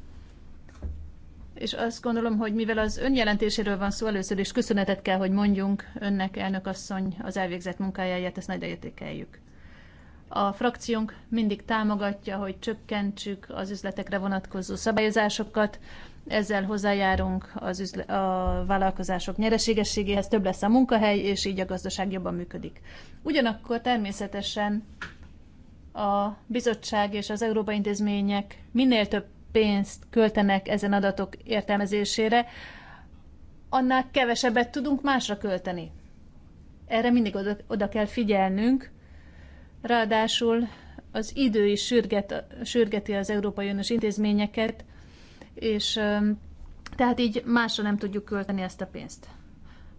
És azt gondolom, hogy mivel az ön jelentéséről van szó, először és köszönetet kell, hogy mondjunk önnek, elnök asszony, az elvégzett munkájáért, ezt nagyra értékeljük. A frakciónk mindig támogatja, hogy csökkentsük az üzletekre vonatkozó szabályozásokat, ezzel hozzájárunk az üzle- a vállalkozások nyereségességéhez, több lesz a munkahely, és így a gazdaság jobban működik. Ugyanakkor természetesen a bizottság és az európai intézmények minél több pénzt költenek ezen adatok értelmezésére, annál kevesebbet tudunk másra költeni. Erre mindig oda, oda kell figyelnünk, Ráadásul az idő is sürget, sürgeti az Európai Uniós intézményeket, és tehát így másra nem tudjuk költeni ezt a pénzt.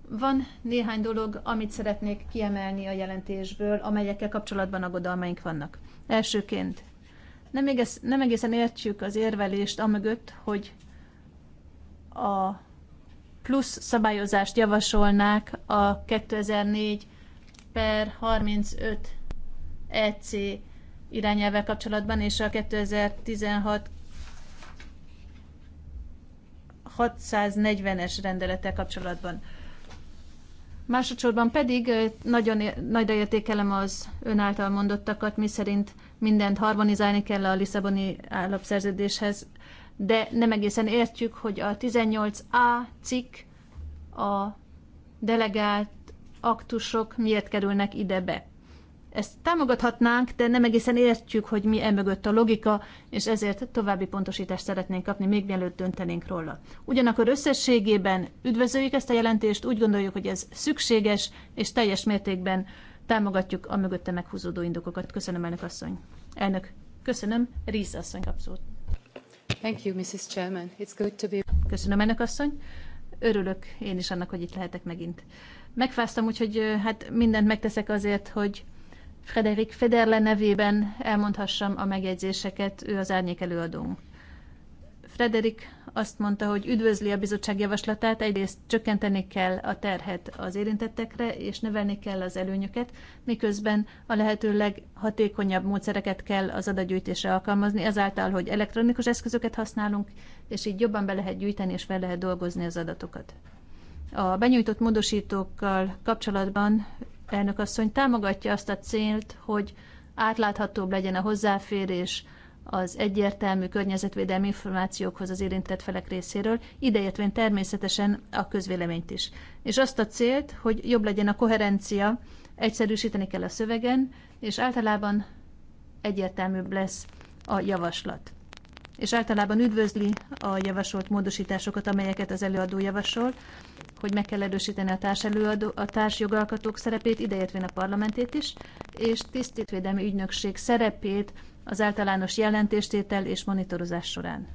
Van néhány dolog, amit szeretnék kiemelni a jelentésből, amelyekkel kapcsolatban aggodalmaink vannak. Elsőként, nem, egész, nem egészen értjük az érvelést amögött, hogy a plusz szabályozást javasolnák a 2004 per 35 EC irányelvvel kapcsolatban, és a 2016 640-es rendelete kapcsolatban. Másodszorban pedig nagyon nagyra értékelem az ön által mondottakat, mi szerint mindent harmonizálni kell a Lisszaboni állapszerződéshez, de nem egészen értjük, hogy a 18a cikk a delegált aktusok miért kerülnek ide be. Ezt támogathatnánk, de nem egészen értjük, hogy mi emögött a logika, és ezért további pontosítást szeretnénk kapni, még mielőtt döntenénk róla. Ugyanakkor összességében üdvözöljük ezt a jelentést, úgy gondoljuk, hogy ez szükséges, és teljes mértékben támogatjuk a mögötte meghúzódó indokokat. Köszönöm, elnök asszony. Elnök, köszönöm. Rész asszony kap Thank you, Mrs. Chairman. It's good to be... Köszönöm, elnök asszony. Örülök én is annak, hogy itt lehetek megint. Megfáztam, úgyhogy hát mindent megteszek azért, hogy Frederik Federle nevében elmondhassam a megjegyzéseket, ő az árnyék előadónk. Frederik azt mondta, hogy üdvözli a bizottság javaslatát, egyrészt csökkenteni kell a terhet az érintettekre, és növelni kell az előnyöket, miközben a lehető leghatékonyabb módszereket kell az adatgyűjtésre alkalmazni, azáltal, hogy elektronikus eszközöket használunk, és így jobban be lehet gyűjteni és fel lehet dolgozni az adatokat. A benyújtott módosítókkal kapcsolatban elnök asszony támogatja azt a célt, hogy átláthatóbb legyen a hozzáférés az egyértelmű környezetvédelmi információkhoz az érintett felek részéről, ideértve természetesen a közvéleményt is. És azt a célt, hogy jobb legyen a koherencia, egyszerűsíteni kell a szövegen, és általában egyértelműbb lesz a javaslat. És általában üdvözli a javasolt módosításokat, amelyeket az előadó javasol, hogy meg kell erősíteni a társelőadó, a társ jogalkatók szerepét, ideértvén a parlamentét is, és tisztítvédelmi ügynökség szerepét az általános jelentéstétel és monitorozás során.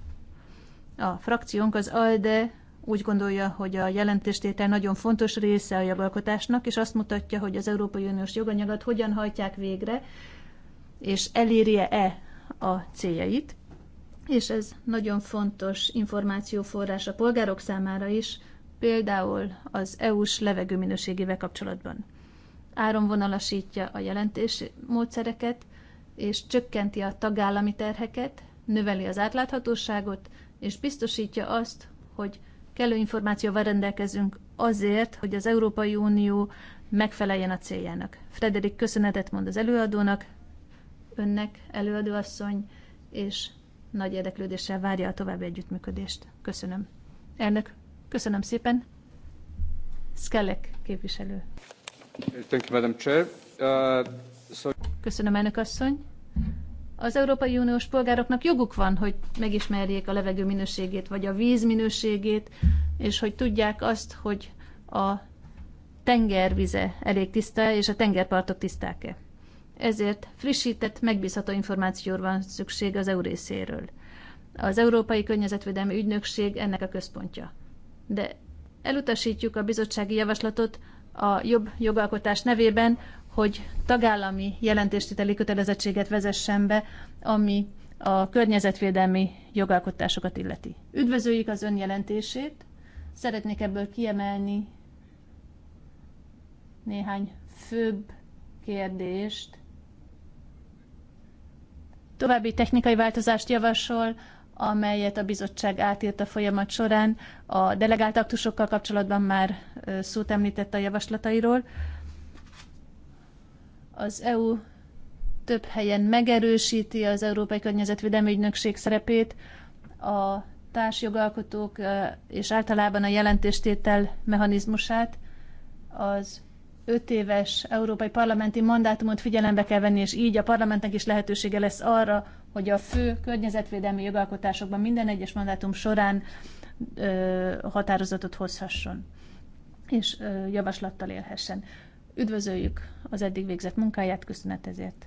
A frakciónk, az ALDE úgy gondolja, hogy a jelentéstétel nagyon fontos része a jogalkotásnak, és azt mutatja, hogy az Európai Uniós joganyagot hogyan hajtják végre, és elérje-e a céljait. És ez nagyon fontos információforrás a polgárok számára is, például az EU-s levegőminőségével kapcsolatban. Áronvonalasítja a jelentés módszereket, és csökkenti a tagállami terheket, növeli az átláthatóságot, és biztosítja azt, hogy kellő információval rendelkezünk azért, hogy az Európai Unió megfeleljen a céljának. Frederik köszönetet mond az előadónak, önnek, előadóasszony, és nagy érdeklődéssel várja a további együttműködést. Köszönöm. Elnök, Köszönöm szépen. Skellek képviselő. Thank you, Madam Chair. Uh, so... Köszönöm, elnök asszony. Az Európai Uniós polgároknak joguk van, hogy megismerjék a levegő minőségét, vagy a víz minőségét, és hogy tudják azt, hogy a tengervize elég tiszta, és a tengerpartok tiszták-e. Ezért frissített, megbízható információra van szükség az EU részéről. Az Európai Környezetvédelmi Ügynökség ennek a központja de elutasítjuk a bizottsági javaslatot a jobb jogalkotás nevében, hogy tagállami jelentéstételi kötelezettséget vezessen be, ami a környezetvédelmi jogalkotásokat illeti. Üdvözöljük az ön jelentését, szeretnék ebből kiemelni néhány főbb kérdést. További technikai változást javasol amelyet a bizottság átírt a folyamat során. A delegált aktusokkal kapcsolatban már szót említett a javaslatairól. Az EU több helyen megerősíti az Európai Környezetvédelmi Ügynökség szerepét, a társjogalkotók és általában a jelentéstétel mechanizmusát, az öt éves európai parlamenti mandátumot figyelembe kell venni, és így a parlamentnek is lehetősége lesz arra, hogy a fő környezetvédelmi jogalkotásokban minden egyes mandátum során ö, határozatot hozhasson, és ö, javaslattal élhessen. Üdvözöljük az eddig végzett munkáját, köszönet ezért.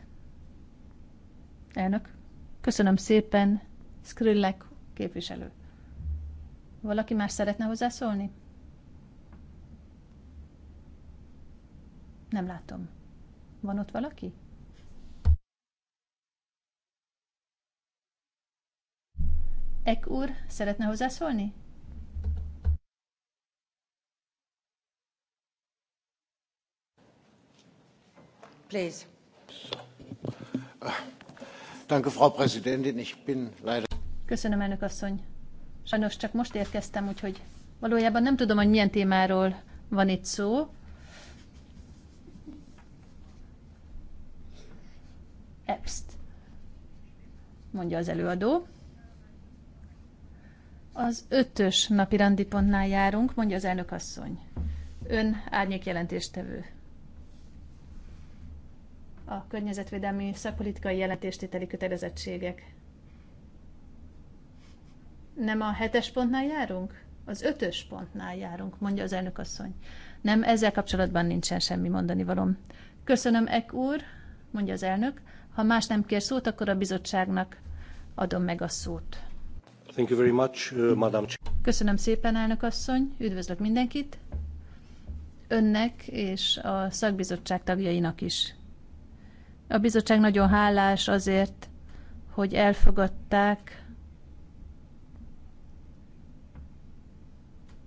Elnök, köszönöm szépen, Skrillek képviselő. Valaki más szeretne hozzászólni? Nem látom. Van ott valaki? Ek úr, szeretne hozzászólni? Please. Danke, Frau Präsidentin. Ich bin leider... Köszönöm, elnök asszony. Sajnos csak most érkeztem, úgyhogy valójában nem tudom, hogy milyen témáról van itt szó. Epst, mondja az előadó. Az ötös napi randi pontnál járunk, mondja az elnök asszony. Ön árnyék jelentéstevő. A környezetvédelmi szakpolitikai jelentéstételi kötelezettségek. Nem a hetes pontnál járunk? Az ötös pontnál járunk, mondja az elnök asszony. Nem, ezzel kapcsolatban nincsen semmi mondani valom. Köszönöm, Ek úr, mondja az elnök. Ha más nem kér szót, akkor a bizottságnak adom meg a szót. Thank you very much, uh, Madam. Köszönöm szépen, elnök asszony, üdvözlök mindenkit, önnek és a szakbizottság tagjainak is. A bizottság nagyon hálás azért, hogy elfogadták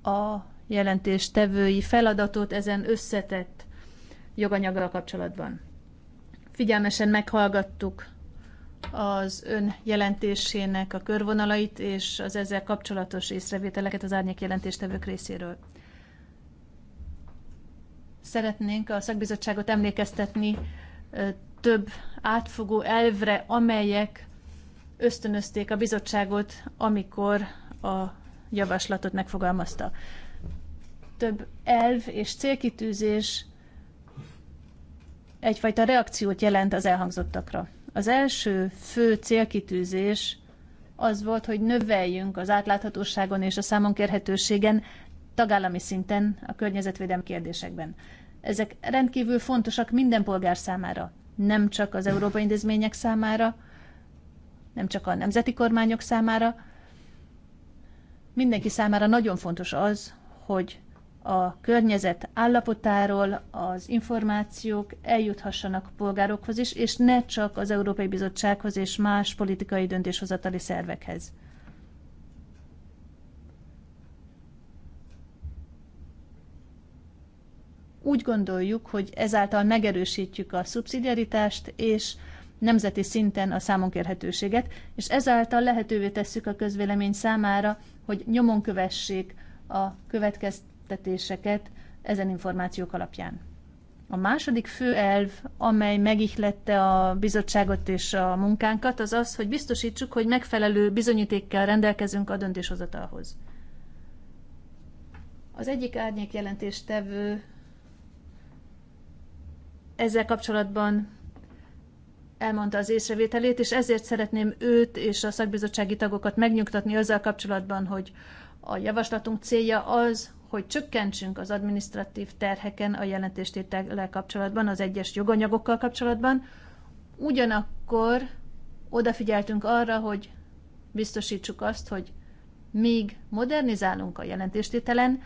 a jelentés tevői feladatot ezen összetett joganyaggal kapcsolatban. Figyelmesen meghallgattuk az ön jelentésének a körvonalait és az ezzel kapcsolatos észrevételeket az árnyék jelentéstevők részéről. Szeretnénk a szakbizottságot emlékeztetni több átfogó elvre, amelyek ösztönözték a bizottságot, amikor a javaslatot megfogalmazta. Több elv és célkitűzés egyfajta reakciót jelent az elhangzottakra. Az első fő célkitűzés az volt, hogy növeljünk az átláthatóságon és a számon kérhetőségen tagállami szinten a környezetvédelmi kérdésekben. Ezek rendkívül fontosak minden polgár számára, nem csak az európai intézmények számára, nem csak a nemzeti kormányok számára. Mindenki számára nagyon fontos az, hogy a környezet állapotáról az információk eljuthassanak a polgárokhoz is, és ne csak az Európai Bizottsághoz és más politikai döntéshozatali szervekhez. Úgy gondoljuk, hogy ezáltal megerősítjük a szubszidiaritást és nemzeti szinten a számonkérhetőséget, és ezáltal lehetővé tesszük a közvélemény számára, hogy nyomon kövessék a következő befektetéseket ezen információk alapján. A második fő elv, amely megihlette a bizottságot és a munkánkat, az az, hogy biztosítsuk, hogy megfelelő bizonyítékkel rendelkezünk a döntéshozatalhoz. Az egyik árnyék jelentéstevő ezzel kapcsolatban elmondta az észrevételét, és ezért szeretném őt és a szakbizottsági tagokat megnyugtatni azzal kapcsolatban, hogy a javaslatunk célja az, hogy csökkentsünk az administratív terheken a jelentéstétellel kapcsolatban, az egyes joganyagokkal kapcsolatban, ugyanakkor odafigyeltünk arra, hogy biztosítsuk azt, hogy míg modernizálunk a jelentéstételen,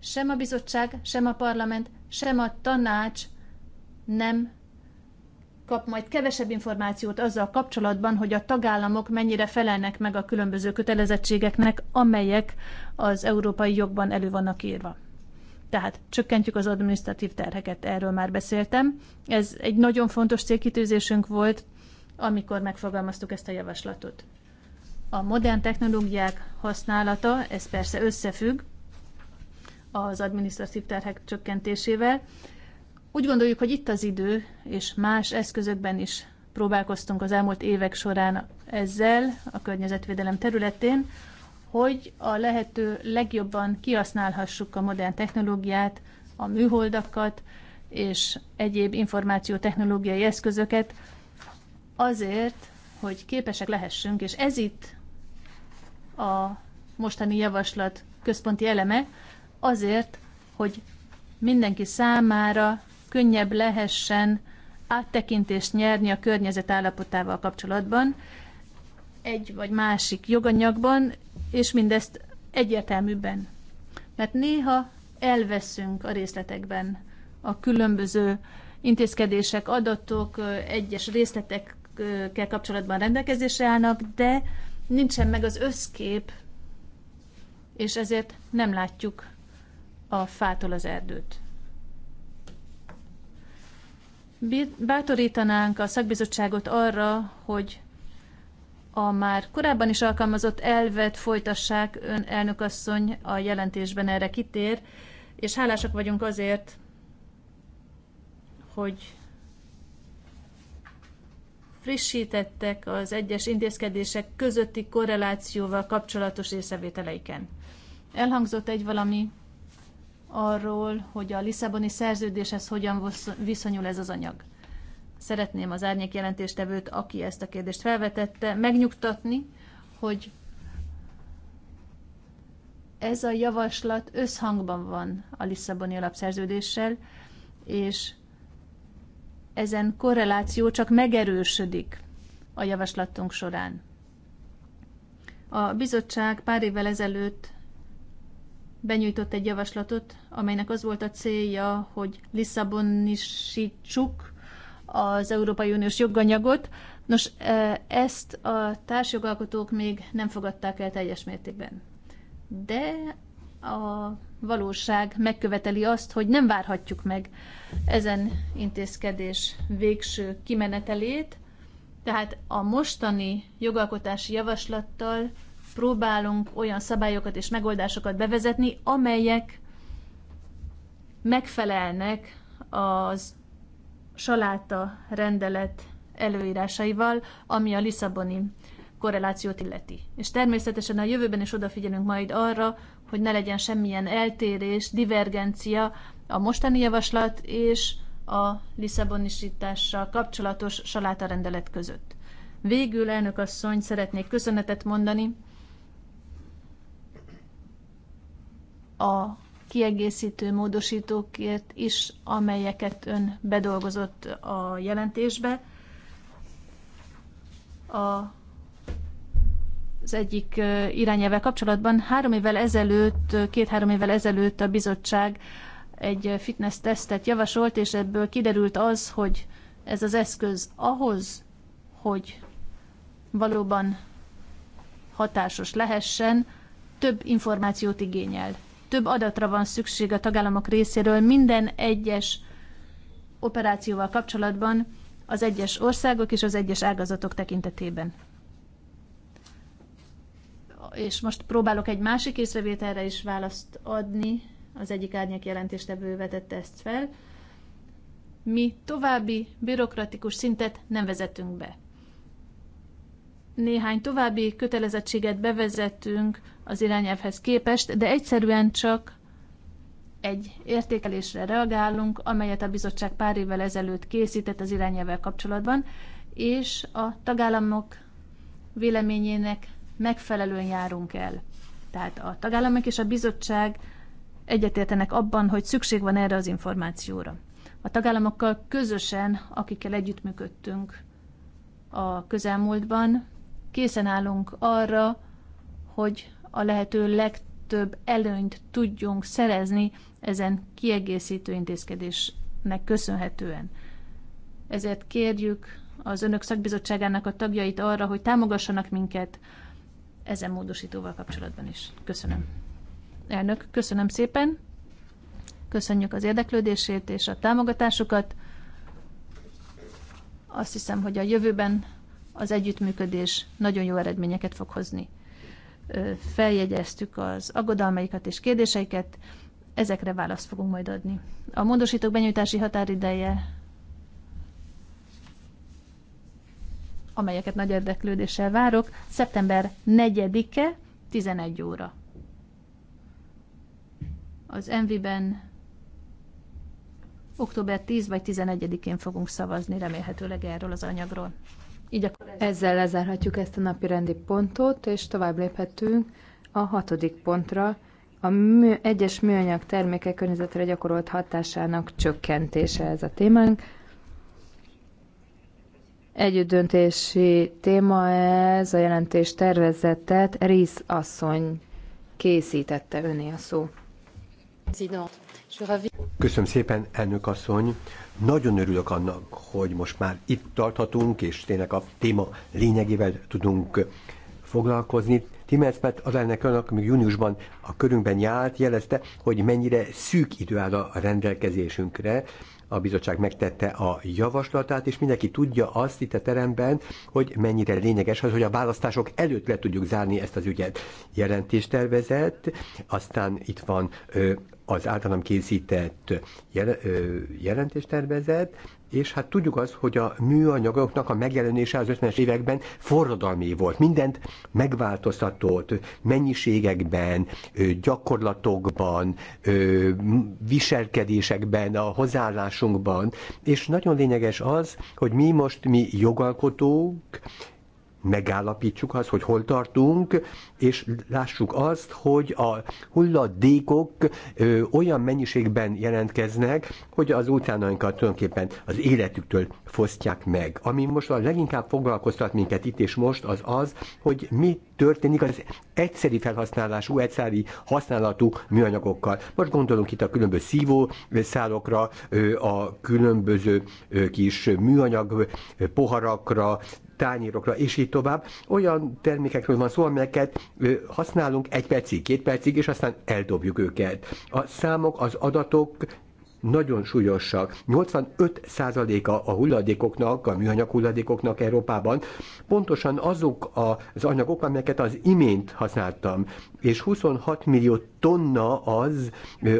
sem a bizottság, sem a parlament, sem a tanács nem kap majd kevesebb információt azzal kapcsolatban, hogy a tagállamok mennyire felelnek meg a különböző kötelezettségeknek, amelyek az európai jogban elő vannak írva. Tehát csökkentjük az adminisztratív terheket, erről már beszéltem. Ez egy nagyon fontos célkitűzésünk volt, amikor megfogalmaztuk ezt a javaslatot. A modern technológiák használata, ez persze összefügg az adminisztratív terhek csökkentésével, úgy gondoljuk, hogy itt az idő, és más eszközökben is próbálkoztunk az elmúlt évek során ezzel a környezetvédelem területén, hogy a lehető legjobban kihasználhassuk a modern technológiát, a műholdakat és egyéb információtechnológiai eszközöket azért, hogy képesek lehessünk, és ez itt a mostani javaslat központi eleme, azért, hogy mindenki számára könnyebb lehessen áttekintést nyerni a környezet állapotával kapcsolatban, egy vagy másik joganyagban, és mindezt egyértelműbben. Mert néha elveszünk a részletekben a különböző intézkedések, adatok, egyes részletekkel kapcsolatban rendelkezésre állnak, de nincsen meg az összkép, és ezért nem látjuk a fától az erdőt bátorítanánk a szakbizottságot arra, hogy a már korábban is alkalmazott elvet folytassák, ön elnökasszony a jelentésben erre kitér, és hálásak vagyunk azért, hogy frissítettek az egyes intézkedések közötti korrelációval kapcsolatos észrevételeiken. Elhangzott egy valami, arról, hogy a Lisszaboni szerződéshez hogyan viszonyul ez az anyag. Szeretném az árnyék jelentéstevőt, aki ezt a kérdést felvetette, megnyugtatni, hogy ez a javaslat összhangban van a Lisszaboni alapszerződéssel, és ezen korreláció csak megerősödik a javaslatunk során. A bizottság pár évvel ezelőtt benyújtott egy javaslatot, amelynek az volt a célja, hogy Lisszabonisítsuk az Európai Uniós joganyagot. Nos, e, ezt a társjogalkotók még nem fogadták el teljes mértékben. De a valóság megköveteli azt, hogy nem várhatjuk meg ezen intézkedés végső kimenetelét, tehát a mostani jogalkotási javaslattal próbálunk olyan szabályokat és megoldásokat bevezetni, amelyek megfelelnek az saláta rendelet előírásaival, ami a Lisszaboni korrelációt illeti. És természetesen a jövőben is odafigyelünk majd arra, hogy ne legyen semmilyen eltérés, divergencia a mostani javaslat és a Lisszabonisítással kapcsolatos saláta rendelet között. Végül, elnök asszony, szeretnék köszönetet mondani a kiegészítő módosítókért is, amelyeket ön bedolgozott a jelentésbe. A, az egyik irányelve kapcsolatban három évvel ezelőtt, két-három évvel ezelőtt a bizottság egy fitness tesztet javasolt, és ebből kiderült az, hogy ez az eszköz ahhoz, hogy valóban hatásos lehessen, több információt igényel több adatra van szükség a tagállamok részéről minden egyes operációval kapcsolatban az egyes országok és az egyes ágazatok tekintetében. És most próbálok egy másik észrevételre is választ adni, az egyik árnyék jelentéstevő vetette ezt fel. Mi további bürokratikus szintet nem vezetünk be néhány további kötelezettséget bevezetünk az irányelvhez képest, de egyszerűen csak egy értékelésre reagálunk, amelyet a bizottság pár évvel ezelőtt készített az irányelvvel kapcsolatban, és a tagállamok véleményének megfelelően járunk el. Tehát a tagállamok és a bizottság egyetértenek abban, hogy szükség van erre az információra. A tagállamokkal közösen, akikkel együttműködtünk a közelmúltban, készen állunk arra, hogy a lehető legtöbb előnyt tudjunk szerezni ezen kiegészítő intézkedésnek köszönhetően. Ezért kérjük az önök szakbizottságának a tagjait arra, hogy támogassanak minket ezen módosítóval kapcsolatban is. Köszönöm. Elnök, köszönöm szépen. Köszönjük az érdeklődését és a támogatásukat. Azt hiszem, hogy a jövőben az együttműködés nagyon jó eredményeket fog hozni feljegyeztük az aggodalmaikat és kérdéseiket, ezekre választ fogunk majd adni. A módosítók benyújtási határideje, amelyeket nagy érdeklődéssel várok, szeptember 4-e, 11 óra. Az MV-ben október 10 vagy 11-én fogunk szavazni remélhetőleg erről az anyagról. Így akkor ezzel lezárhatjuk ezt a napi rendi pontot, és tovább léphetünk a hatodik pontra, a mű, egyes műanyag termékek környezetre gyakorolt hatásának csökkentése ez a témánk. Együttdöntési téma ez, a jelentés tervezetet Rész asszony készítette öné a szó. Zidant. Köszönöm szépen, elnök asszony. Nagyon örülök annak, hogy most már itt tarthatunk, és tényleg a téma lényegével tudunk foglalkozni. mert az elnök önök még júniusban a körünkben járt, jelezte, hogy mennyire szűk idő áll a rendelkezésünkre, a bizottság megtette a javaslatát, és mindenki tudja azt itt a teremben, hogy mennyire lényeges az, hogy a választások előtt le tudjuk zárni ezt az ügyet. tervezett. aztán itt van az általam készített jel, jelentéstervezet, és hát tudjuk azt, hogy a műanyagoknak a megjelenése az 50-es években forradalmi volt. Mindent megváltoztatott mennyiségekben, gyakorlatokban, viselkedésekben, a hozzáállásunkban, és nagyon lényeges az, hogy mi most, mi jogalkotók, megállapítsuk azt, hogy hol tartunk, és lássuk azt, hogy a hulladékok ö, olyan mennyiségben jelentkeznek, hogy az utánainkat tulajdonképpen az életüktől fosztják meg. Ami most a leginkább foglalkoztat minket itt és most, az az, hogy mi történik az egyszeri felhasználású, egyszeri használatú műanyagokkal. Most gondolunk itt a különböző szívószálokra, a különböző kis műanyag poharakra, tányérokra, és így tovább. Olyan termékekről van szó, amelyeket használunk egy percig, két percig, és aztán eldobjuk őket. A számok, az adatok nagyon súlyosak. 85%-a a hulladékoknak, a műanyag hulladékoknak Európában pontosan azok az anyagok, amelyeket az imént használtam, és 26 millió tonna az,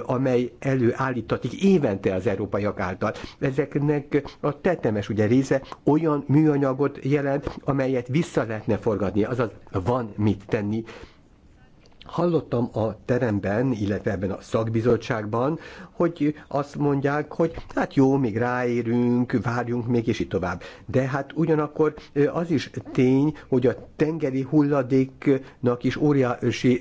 amely előállítatik évente az európaiak által. Ezeknek a tetemes ugye része olyan műanyagot jelent, amelyet vissza lehetne forgatni, azaz van mit tenni Hallottam a teremben, illetve ebben a szakbizottságban, hogy azt mondják, hogy hát jó, még ráérünk, várjunk még, és így tovább. De hát ugyanakkor az is tény, hogy a tengeri hulladéknak is óriási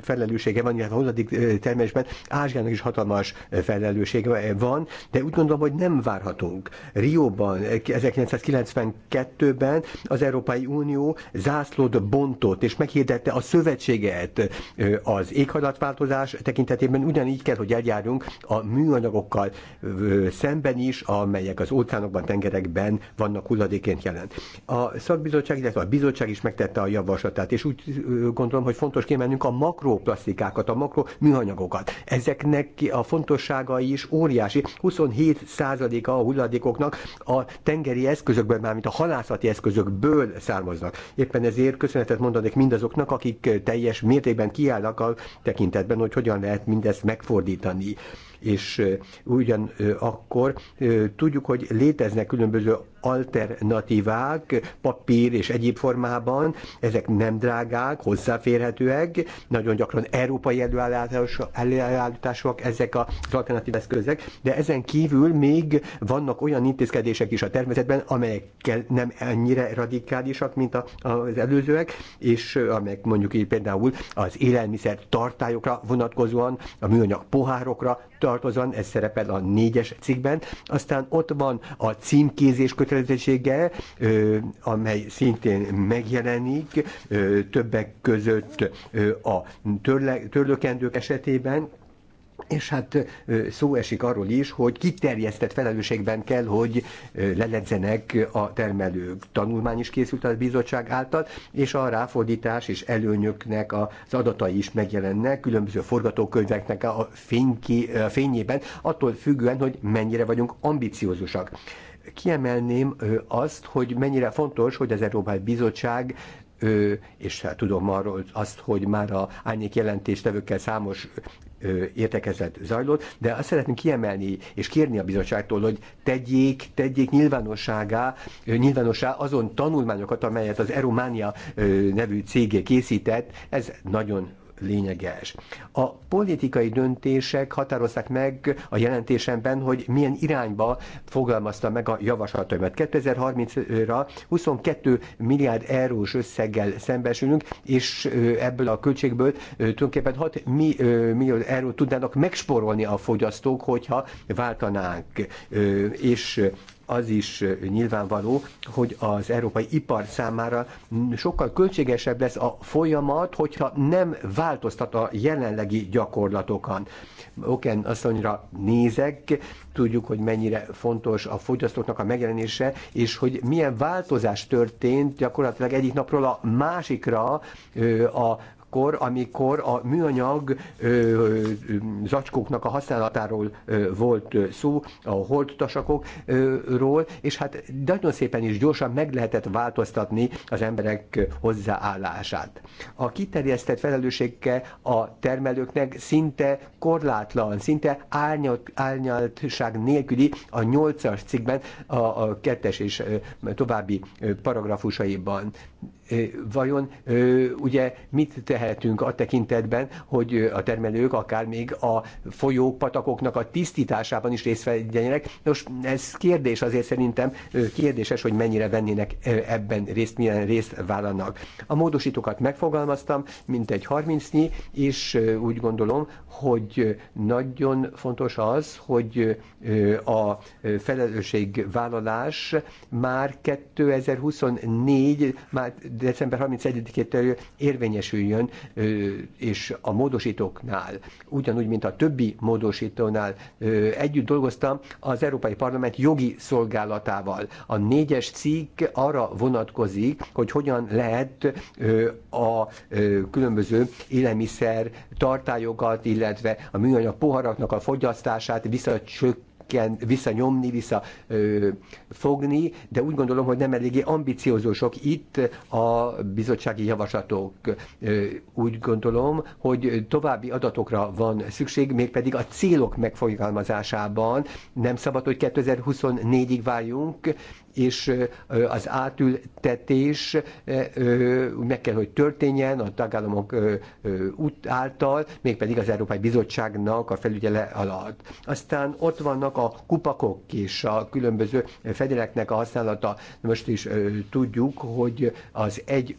felelőssége van, illetve a hulladék termésben Ázsiának is hatalmas felelőssége van, de úgy gondolom, hogy nem várhatunk. Rióban 1992-ben eh, az Európai Unió zászlót bontott, és meghirdette a szövetséget az éghajlatváltozás tekintetében ugyanígy kell, hogy eljárjunk a műanyagokkal szemben is, amelyek az óceánokban, tengerekben vannak hulladéként jelen. A szakbizottság, illetve a bizottság is megtette a javaslatát, és úgy gondolom, hogy fontos kiemelnünk a makroplasztikákat, a makroműanyagokat. Ezeknek a fontosságai is óriási. 27%-a a hulladékoknak a tengeri eszközökben, mármint a halászati eszközökből származnak. Éppen ezért köszönetet mondanék mindazoknak, akik teljes mértékben kiállnak a tekintetben, hogy hogyan lehet mindezt megfordítani. És ugyanakkor tudjuk, hogy léteznek különböző alternatívák papír és egyéb formában, ezek nem drágák, hozzáférhetőek, nagyon gyakran európai előállításúak ezek az alternatív eszközök, de ezen kívül még vannak olyan intézkedések is a természetben, amelyekkel nem ennyire radikálisak, mint az előzőek, és amelyek mondjuk így például az élelmiszer tartályokra vonatkozóan, a műanyag pohárokra tartozan, ez szerepel a négyes cikkben, aztán ott van a címkézés kötelezettsége, amely szintén megjelenik többek között a törlökendők esetében, és hát szó esik arról is, hogy kiterjesztett felelősségben kell, hogy leledzenek a termelők. Tanulmány is készült a bizottság által, és a ráfordítás és előnyöknek az adatai is megjelennek, különböző forgatókönyveknek a, fényki, a fényében, attól függően, hogy mennyire vagyunk ambiciózusak. Kiemelném azt, hogy mennyire fontos, hogy az Európai Bizottság ő, és hát tudom arról azt, hogy már a árnyék jelentéstevőkkel számos értekezett zajlott, de azt szeretném kiemelni és kérni a bizottságtól, hogy tegyék, tegyék nyilvánosságá, nyilvánossá azon tanulmányokat, amelyet az Erománia nevű cégé készített. Ez nagyon lényeges. A politikai döntések határozták meg a jelentésemben, hogy milyen irányba fogalmazta meg a javaslataimat. 2030-ra 22 milliárd eurós összeggel szembesülünk, és ebből a költségből tulajdonképpen 6 millió eurót tudnának megsporolni a fogyasztók, hogyha váltanánk. És az is nyilvánvaló, hogy az európai ipar számára sokkal költségesebb lesz a folyamat, hogyha nem változtat a jelenlegi gyakorlatokon. Oken asszonyra nézek, tudjuk, hogy mennyire fontos a fogyasztóknak a megjelenése, és hogy milyen változás történt gyakorlatilag egyik napról a másikra a akkor, amikor a műanyag ö, ö, zacskóknak a használatáról ö, volt szó, a holttasakokról, és hát nagyon szépen is gyorsan meg lehetett változtatni az emberek hozzáállását. A kiterjesztett felelőssége a termelőknek szinte korlátlan, szinte árnyalt, árnyaltság nélküli a 8-as cikkben, a, a 2 és további paragrafusaiban vajon ugye mit tehetünk a tekintetben, hogy a termelők akár még a folyók, patakoknak a tisztításában is részt vegyenek. Nos, ez kérdés azért szerintem kérdéses, hogy mennyire vennének ebben részt, milyen részt vállalnak. A módosítókat megfogalmaztam, mint egy 30-nyi, és úgy gondolom, hogy nagyon fontos az, hogy a felelősségvállalás már 2024, már december 31-től érvényesüljön, és a módosítóknál, ugyanúgy, mint a többi módosítónál együtt dolgoztam az Európai Parlament jogi szolgálatával. A négyes cikk arra vonatkozik, hogy hogyan lehet a különböző élelmiszer tartályokat, illetve a műanyag poharaknak a fogyasztását visszacsökkenteni kell visszanyomni, visszafogni, de úgy gondolom, hogy nem eléggé ambiciózósok itt a bizottsági javaslatok. Úgy gondolom, hogy további adatokra van szükség, mégpedig a célok megfogalmazásában. Nem szabad, hogy 2024-ig váljunk, és az átültetés meg kell, hogy történjen a tagállamok út által, mégpedig az Európai Bizottságnak a felügyele alatt. Aztán ott vannak a kupakok és a különböző fedeleknek a használata. Most is tudjuk, hogy az egy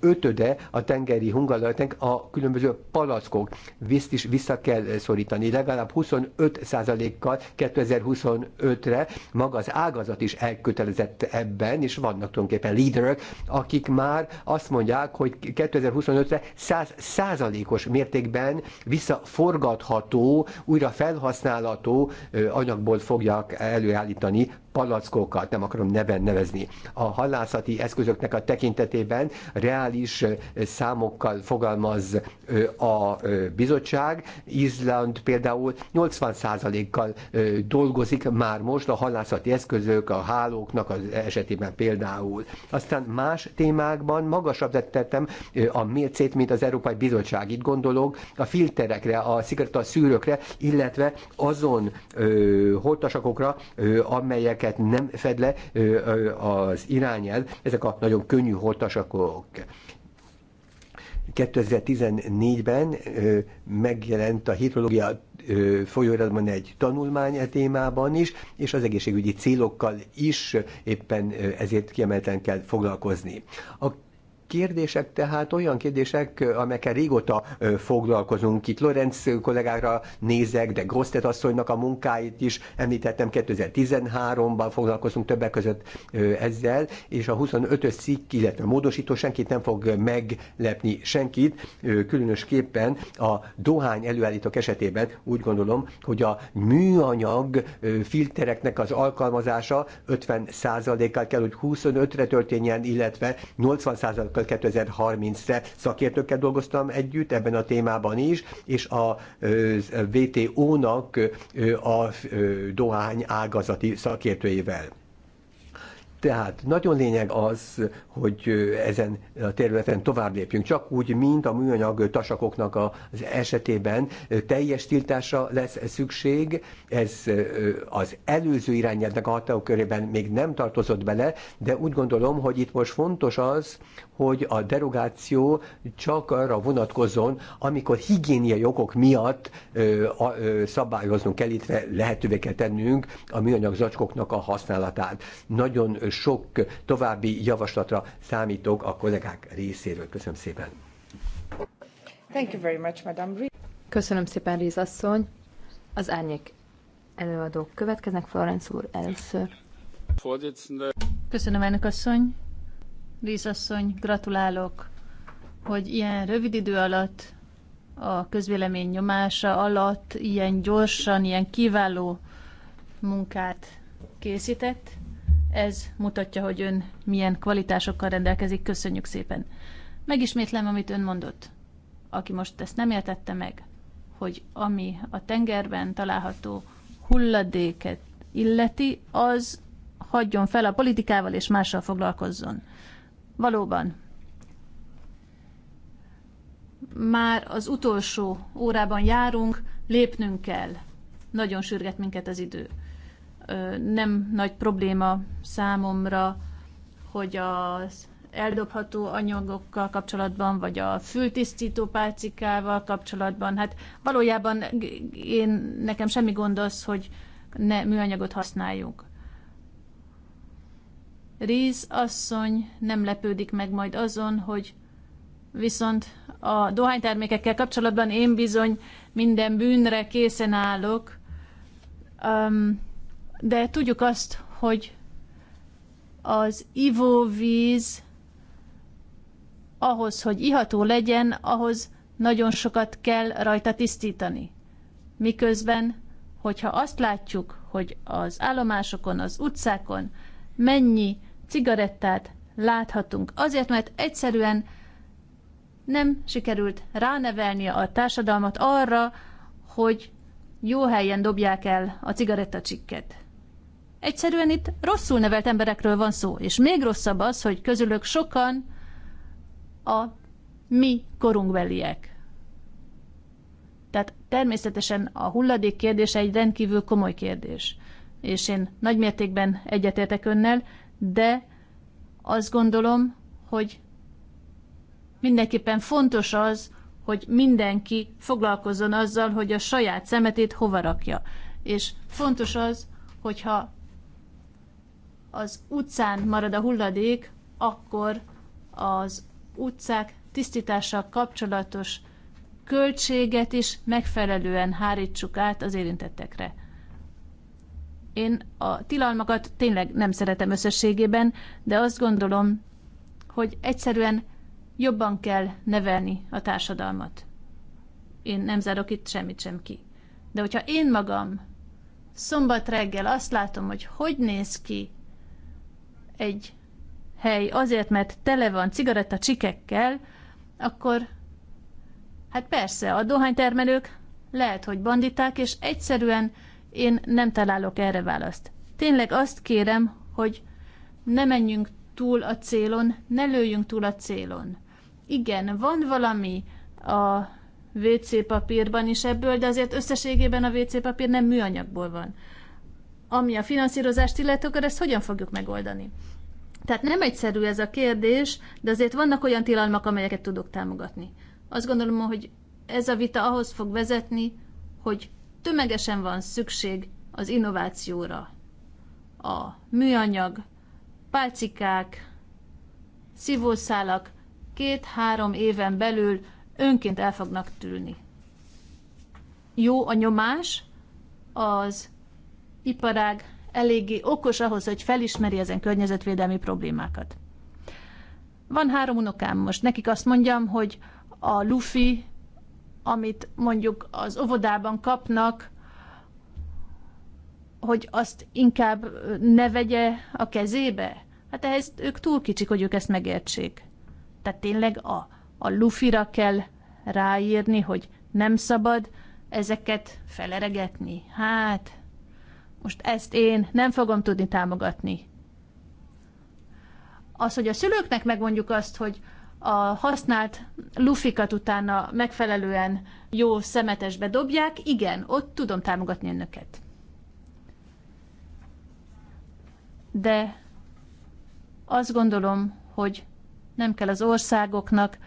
ötöde a tengeri hungarlajtnek a különböző palackok. Viszt is vissza kell szorítani, legalább 25%-kal 2025-re maga az ágazat is elkötelezett vezet ebben, és vannak tulajdonképpen líderek, akik már azt mondják, hogy 2025-re százalékos mértékben visszaforgatható, újra felhasználható anyagból fogják előállítani palackokat, nem akarom neven nevezni. A halászati eszközöknek a tekintetében reális számokkal fogalmaz a bizottság. Izland például 80%-kal dolgozik már most a halászati eszközök, a hálóknak az esetében például. Aztán más témákban magasabb tettem a mércét, mint az Európai Bizottság. Itt gondolok a filterekre, a a szűrőkre, illetve azon holtasakokra, amelyek ezeket nem fed le az irányel, ezek a nagyon könnyű holtasakok. 2014-ben megjelent a hidrológia folyóiratban egy tanulmány e témában is, és az egészségügyi célokkal is éppen ezért kiemelten kell foglalkozni. A kérdések tehát olyan kérdések, amelyekkel régóta foglalkozunk. Itt Lorenz kollégára nézek, de Grosztet asszonynak a munkáit is említettem, 2013-ban foglalkozunk többek között ezzel, és a 25-ös cikk, illetve módosító senkit nem fog meglepni senkit, különösképpen a dohány előállítók esetében úgy gondolom, hogy a műanyag filtereknek az alkalmazása 50%-kal kell, hogy 25-re történjen, illetve 80%-kal célokat 2030-re szakértőkkel dolgoztam együtt ebben a témában is, és a VTO-nak a dohány ágazati szakértőivel. Tehát nagyon lényeg az, hogy ezen a területen tovább lépjünk. Csak úgy, mint a műanyag tasakoknak az esetében teljes tiltásra lesz szükség. Ez az előző irányelvnek a hatókörében még nem tartozott bele, de úgy gondolom, hogy itt most fontos az, hogy a derogáció csak arra vonatkozon, amikor higiéniai okok miatt ö, a, ö, szabályoznunk kell, illetve lehetővé kell tennünk a műanyag zacskóknak a használatát. Nagyon sok további javaslatra számítok a kollégák részéről. Köszönöm szépen. Thank you very much, Madam. Köszönöm szépen, Riz asszony. Az árnyék előadók következnek. Florence úr először. Köszönöm, elnök asszony. Rízasszony, gratulálok, hogy ilyen rövid idő alatt, a közvélemény nyomása alatt ilyen gyorsan, ilyen kiváló munkát készített. Ez mutatja, hogy ön milyen kvalitásokkal rendelkezik. Köszönjük szépen. Megismétlem, amit ön mondott. Aki most ezt nem értette meg, hogy ami a tengerben található hulladéket illeti, az hagyjon fel a politikával és mással foglalkozzon. Valóban. Már az utolsó órában járunk, lépnünk kell. Nagyon sürget minket az idő. Nem nagy probléma számomra, hogy az eldobható anyagokkal kapcsolatban, vagy a fültisztító pálcikával kapcsolatban. Hát valójában én, nekem semmi gond az, hogy ne műanyagot használjunk riz, asszony nem lepődik meg majd azon, hogy viszont a dohánytermékekkel kapcsolatban én bizony minden bűnre készen állok, de tudjuk azt, hogy az ivóvíz ahhoz, hogy iható legyen, ahhoz nagyon sokat kell rajta tisztítani. Miközben, hogyha azt látjuk, hogy az állomásokon, az utcákon mennyi cigarettát láthatunk. Azért, mert egyszerűen nem sikerült ránevelni a társadalmat arra, hogy jó helyen dobják el a cigarettacsikket. Egyszerűen itt rosszul nevelt emberekről van szó, és még rosszabb az, hogy közülök sokan a mi korunkbeliek. Tehát természetesen a hulladék kérdése egy rendkívül komoly kérdés, és én nagymértékben egyetértek önnel, de azt gondolom, hogy mindenképpen fontos az, hogy mindenki foglalkozzon azzal, hogy a saját szemetét hova rakja. És fontos az, hogyha az utcán marad a hulladék, akkor az utcák tisztítással kapcsolatos költséget is megfelelően hárítsuk át az érintettekre. Én a tilalmakat tényleg nem szeretem összességében, de azt gondolom, hogy egyszerűen jobban kell nevelni a társadalmat. Én nem zárok itt semmit sem ki. De hogyha én magam szombat reggel azt látom, hogy hogy néz ki egy hely azért, mert tele van cigaretta csikekkel, akkor hát persze a dohánytermelők lehet, hogy banditák, és egyszerűen én nem találok erre választ. Tényleg azt kérem, hogy ne menjünk túl a célon, ne lőjünk túl a célon. Igen, van valami a WC papírban is ebből, de azért összességében a WC papír nem műanyagból van. Ami a finanszírozást illeti, akkor ezt hogyan fogjuk megoldani? Tehát nem egyszerű ez a kérdés, de azért vannak olyan tilalmak, amelyeket tudok támogatni. Azt gondolom, hogy ez a vita ahhoz fog vezetni, hogy tömegesen van szükség az innovációra. A műanyag, pálcikák, szívószálak két-három éven belül önként el fognak tűnni. Jó a nyomás, az iparág eléggé okos ahhoz, hogy felismeri ezen környezetvédelmi problémákat. Van három unokám most, nekik azt mondjam, hogy a lufi amit mondjuk az óvodában kapnak, hogy azt inkább ne vegye a kezébe? Hát ehhez ők túl kicsik, hogy ők ezt megértsék. Tehát tényleg a, a lufira kell ráírni, hogy nem szabad ezeket feleregetni. Hát, most ezt én nem fogom tudni támogatni. Az, hogy a szülőknek megmondjuk azt, hogy a használt lufikat utána megfelelően jó szemetesbe dobják, igen, ott tudom támogatni önöket. De azt gondolom, hogy nem kell az országoknak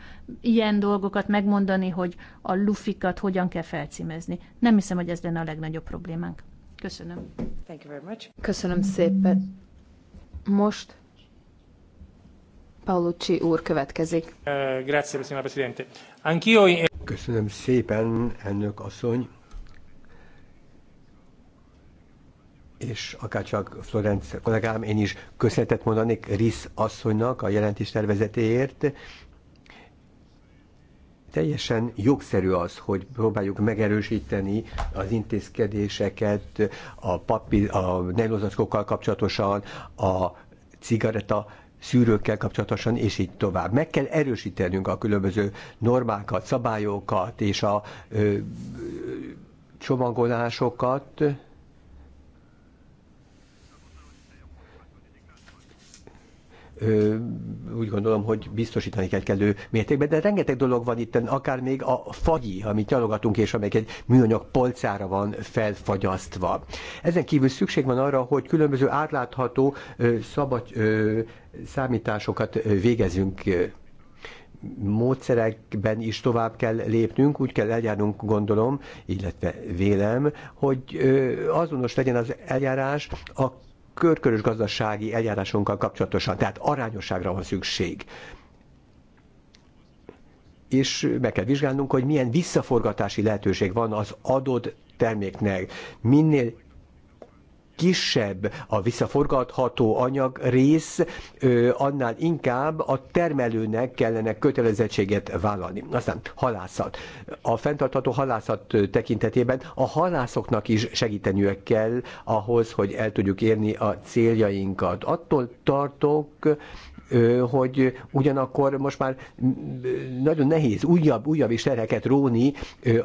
ilyen dolgokat megmondani, hogy a lufikat hogyan kell felcímezni. Nem hiszem, hogy ez lenne a legnagyobb problémánk. Köszönöm. Thank you very much. Köszönöm szépen. Most Paulucci úr következik. Eh, Köszönöm szépen, elnök asszony. és akárcsak Florenc kollégám, én is köszönetet mondanék Risz asszonynak a jelentés tervezetéért. Teljesen jogszerű az, hogy próbáljuk megerősíteni az intézkedéseket a, papír, a nejlonzackokkal kapcsolatosan, a cigaretta szűrőkkel kapcsolatosan, és így tovább. Meg kell erősítenünk a különböző normákat, szabályokat és a ö, csomagolásokat, úgy gondolom, hogy biztosítani kell kellő mértékben, de rengeteg dolog van itt, akár még a fagyi, amit nyalogatunk, és amelyik egy műanyag polcára van felfagyasztva. Ezen kívül szükség van arra, hogy különböző átlátható szabad számításokat végezünk módszerekben is tovább kell lépnünk, úgy kell eljárnunk, gondolom, illetve vélem, hogy azonos legyen az eljárás a körkörös gazdasági eljárásunkkal kapcsolatosan, tehát arányosságra van szükség és meg kell vizsgálnunk, hogy milyen visszaforgatási lehetőség van az adott terméknek. Minél kisebb a visszaforgatható anyag rész, annál inkább a termelőnek kellene kötelezettséget vállalni. Aztán halászat. A fenntartható halászat tekintetében a halászoknak is segíteniük kell ahhoz, hogy el tudjuk érni a céljainkat. Attól tartok, hogy ugyanakkor most már nagyon nehéz újabb, újabb is terheket róni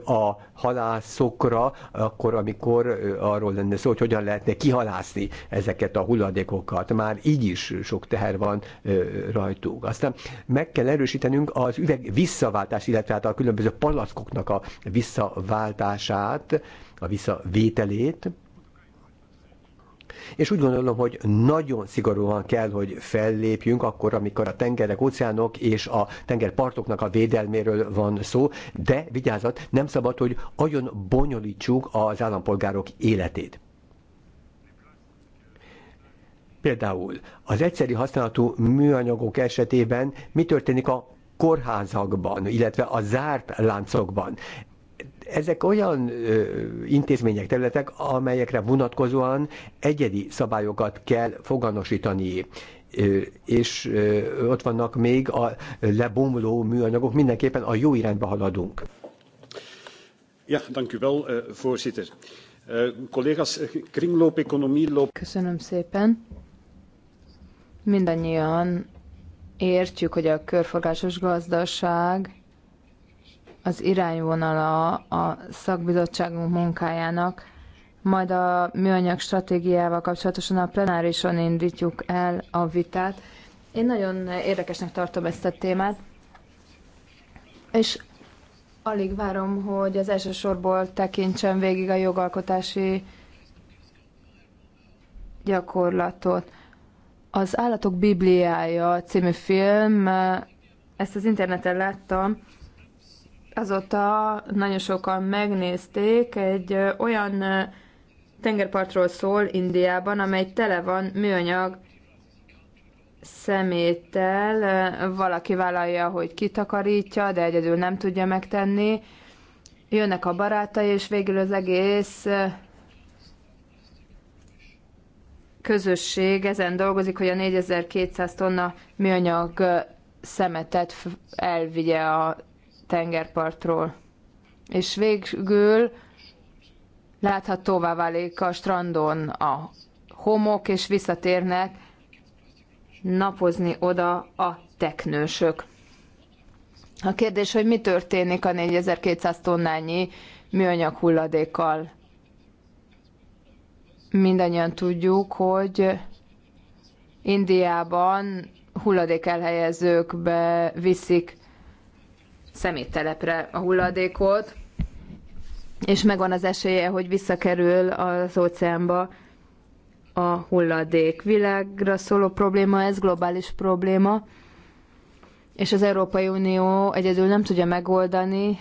a halászokra, akkor, amikor arról lenne szó, hogy hogyan lehetne kihalászni ezeket a hulladékokat. Már így is sok teher van rajtuk. Aztán meg kell erősítenünk az üveg visszaváltás, illetve hát a különböző palackoknak a visszaváltását, a visszavételét, és úgy gondolom, hogy nagyon szigorúan kell, hogy fellépjünk akkor, amikor a tengerek, óceánok és a tengerpartoknak a védelméről van szó, de vigyázat, nem szabad, hogy nagyon bonyolítsuk az állampolgárok életét. Például az egyszeri használatú műanyagok esetében mi történik a kórházakban, illetve a zárt láncokban. Ezek olyan ö, intézmények, területek, amelyekre vonatkozóan egyedi szabályokat kell foganosítani és ott vannak még a lebomló műanyagok, mindenképpen a jó irányba haladunk. Ja, dank u wel, eh, voorzitter. Eh, collega's, kringloop-economie loop... Köszönöm szépen. Mindannyian értjük, hogy a körforgásos gazdaság az irányvonala a szakbizottságunk munkájának, majd a műanyag stratégiával kapcsolatosan a plenárison indítjuk el a vitát. Én nagyon érdekesnek tartom ezt a témát, és alig várom, hogy az elsősorból tekintsem végig a jogalkotási gyakorlatot. Az Állatok Bibliája című film, ezt az interneten láttam, Azóta nagyon sokan megnézték, egy olyan tengerpartról szól Indiában, amely tele van műanyag szeméttel, valaki vállalja, hogy kitakarítja, de egyedül nem tudja megtenni. Jönnek a barátai, és végül az egész közösség ezen dolgozik, hogy a 4200 tonna műanyag szemetet elvigye a tengerpartról. És végül láthatóvá válik a strandon a homok, és visszatérnek napozni oda a teknősök. A kérdés, hogy mi történik a 4200 tonnányi műanyag hulladékkal. Mindannyian tudjuk, hogy Indiában hulladék elhelyezőkbe viszik szeméttelepre a hulladékot, és megvan az esélye, hogy visszakerül az óceánba a hulladék. Világra szóló probléma, ez globális probléma, és az Európai Unió egyedül nem tudja megoldani.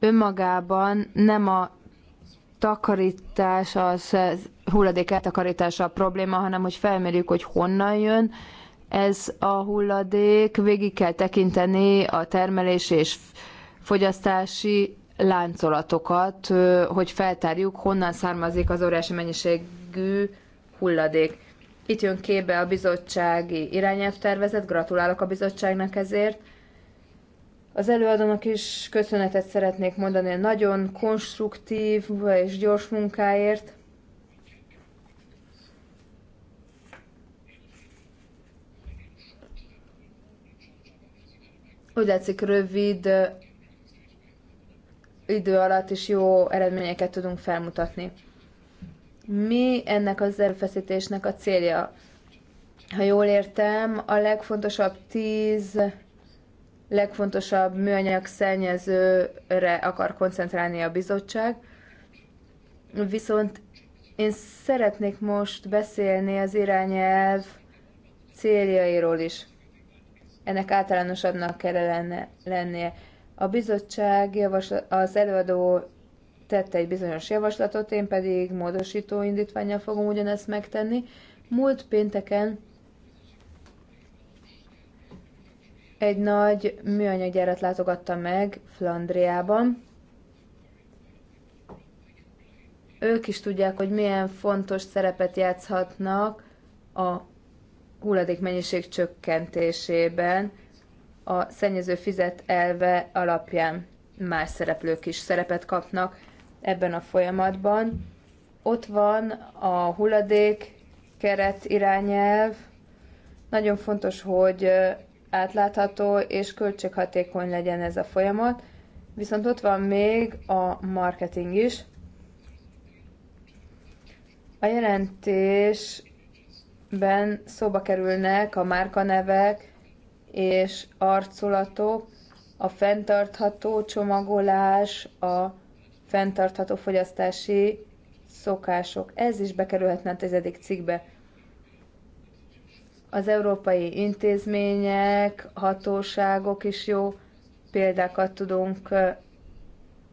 Önmagában nem a takarítás, az hulladék eltakarítása a probléma, hanem hogy felmérjük, hogy honnan jön, ez a hulladék, végig kell tekinteni a termelési és fogyasztási láncolatokat, hogy feltárjuk, honnan származik az óriási mennyiségű hulladék. Itt jön képbe a bizottsági irányelvtervezet, gratulálok a bizottságnak ezért. Az előadónak is köszönetet szeretnék mondani a nagyon konstruktív és gyors munkáért. Úgy látszik, rövid idő alatt is jó eredményeket tudunk felmutatni. Mi ennek az erőfeszítésnek a célja? Ha jól értem, a legfontosabb tíz legfontosabb műanyag szennyezőre akar koncentrálni a bizottság, viszont én szeretnék most beszélni az irányelv céljairól is ennek általánosabbnak kellene lennie. A bizottság javaslat, az előadó tette egy bizonyos javaslatot, én pedig módosító indítványjal fogom ugyanezt megtenni. Múlt pénteken egy nagy műanyaggyárat látogatta meg Flandriában. Ők is tudják, hogy milyen fontos szerepet játszhatnak a hulladék mennyiség csökkentésében a szennyező fizet elve alapján más szereplők is szerepet kapnak ebben a folyamatban. Ott van a hulladék keret irányelv. Nagyon fontos, hogy átlátható és költséghatékony legyen ez a folyamat, viszont ott van még a marketing is. A jelentés ben szóba kerülnek a márkanevek és arculatok, a fenntartható csomagolás, a fenntartható fogyasztási szokások. Ez is bekerülhetne a tizedik cikkbe. Az európai intézmények, hatóságok is jó példákat tudunk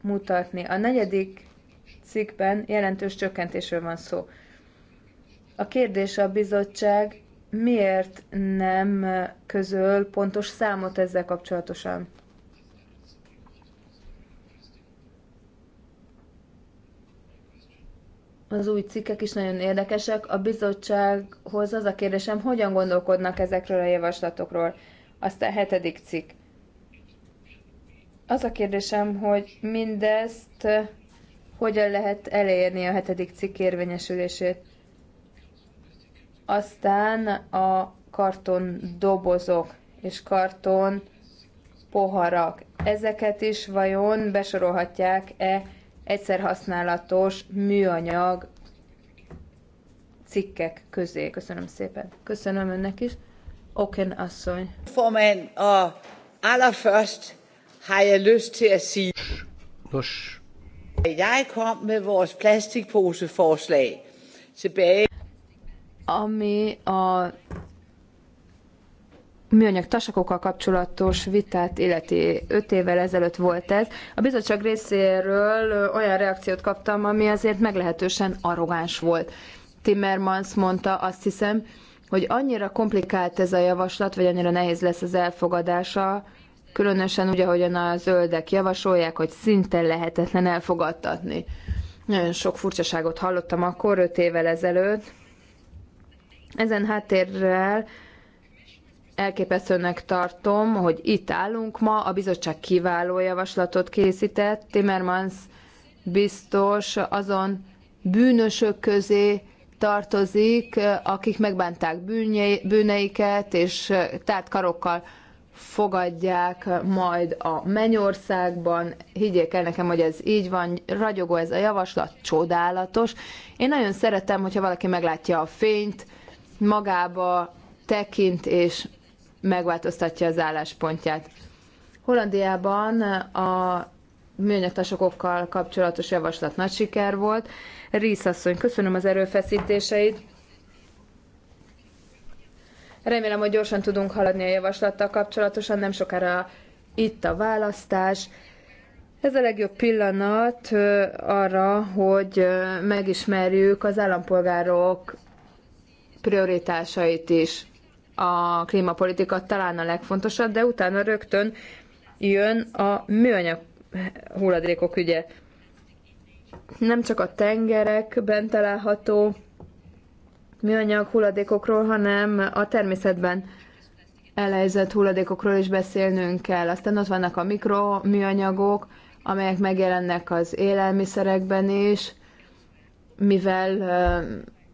mutatni. A negyedik cikkben jelentős csökkentésről van szó. A kérdés a bizottság miért nem közöl pontos számot ezzel kapcsolatosan? az új cikkek is nagyon érdekesek. A bizottsághoz az a kérdésem, hogyan gondolkodnak ezekről a javaslatokról. Aztán hetedik cikk. Az a kérdésem, hogy mindezt hogyan lehet elérni a hetedik cikk érvényesülését. Aztán a karton dobozok és karton poharak. Ezeket is vajon besorolhatják-e egyszerhasználatos műanyag cikkek közé? Köszönöm szépen. Köszönöm önnek is. Oken asszony. Formand, a allerførst har jeg lyst til at sige, Nos. jeg kom med vores plastikposeforslag tilbage ami a műanyag tasakokkal kapcsolatos vitát illeti öt évvel ezelőtt volt ez. A bizottság részéről olyan reakciót kaptam, ami azért meglehetősen arrogáns volt. Timmermans mondta, azt hiszem, hogy annyira komplikált ez a javaslat, vagy annyira nehéz lesz az elfogadása, különösen úgy, ahogyan a zöldek javasolják, hogy szinte lehetetlen elfogadtatni. Nagyon sok furcsaságot hallottam akkor, öt évvel ezelőtt, ezen háttérrel elképesztőnek tartom, hogy itt állunk ma, a bizottság kiváló javaslatot készített, Timmermans biztos azon bűnösök közé tartozik, akik megbánták bűneiket, és tárt karokkal fogadják majd a mennyországban. Higgyék el nekem, hogy ez így van, ragyogó ez a javaslat, csodálatos. Én nagyon szeretem, hogyha valaki meglátja a fényt, magába tekint és megváltoztatja az álláspontját. Hollandiában a műanyagtasokokkal kapcsolatos javaslat nagy siker volt. Rísz asszony, köszönöm az erőfeszítéseit. Remélem, hogy gyorsan tudunk haladni a javaslattal kapcsolatosan, nem sokára itt a választás. Ez a legjobb pillanat arra, hogy megismerjük az állampolgárok prioritásait is. A klímapolitika talán a legfontosabb, de utána rögtön jön a műanyag hulladékok ügye. Nem csak a tengerekben található műanyag hulladékokról, hanem a természetben elejzett hulladékokról is beszélnünk kell. Aztán ott vannak a mikroműanyagok, amelyek megjelennek az élelmiszerekben is, mivel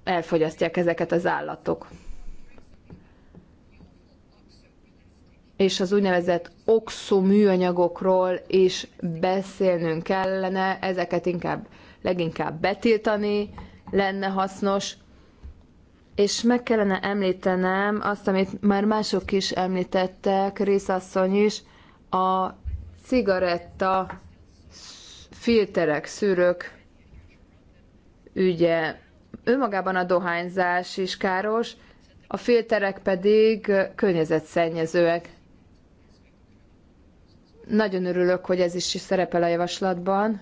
elfogyasztják ezeket az állatok. és az úgynevezett oxoműanyagokról is beszélnünk kellene, ezeket inkább leginkább betiltani lenne hasznos, és meg kellene említenem azt, amit már mások is említettek, részasszony is, a cigaretta filterek, szűrők ügye. Önmagában a dohányzás is káros, a filterek pedig környezetszennyezőek. Nagyon örülök, hogy ez is szerepel a javaslatban,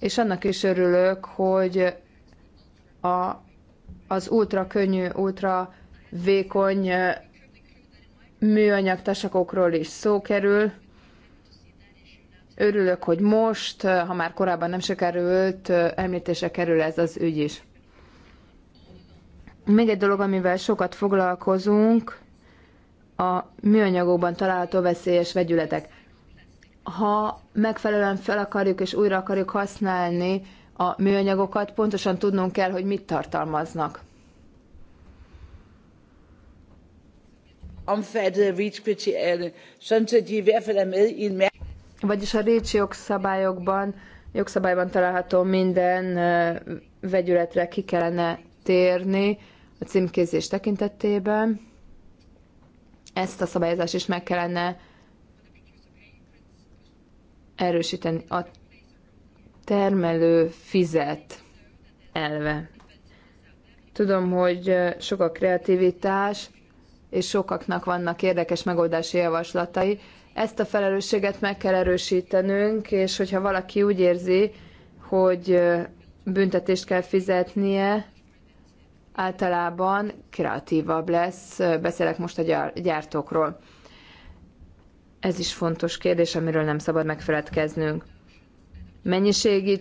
és annak is örülök, hogy a, az ultra könnyű, ultra vékony műanyag tasakokról is szó kerül. Örülök, hogy most, ha már korábban nem sikerült, említése kerül ez az ügy is. Még egy dolog, amivel sokat foglalkozunk, a műanyagokban található veszélyes vegyületek. Ha megfelelően fel akarjuk és újra akarjuk használni a műanyagokat, pontosan tudnunk kell, hogy mit tartalmaznak. omfattet af sådan så de i hvert fald er med i en vagyis a Récsi jogszabályokban, jogszabályban található minden vegyületre ki kellene térni a címkézés tekintetében. Ezt a szabályozást is meg kellene erősíteni a termelő fizet elve. Tudom, hogy sok a kreativitás, és sokaknak vannak érdekes megoldási javaslatai, ezt a felelősséget meg kell erősítenünk, és hogyha valaki úgy érzi, hogy büntetést kell fizetnie, általában kreatívabb lesz. Beszélek most a gyártókról. Ez is fontos kérdés, amiről nem szabad megfeledkeznünk. Mennyiségi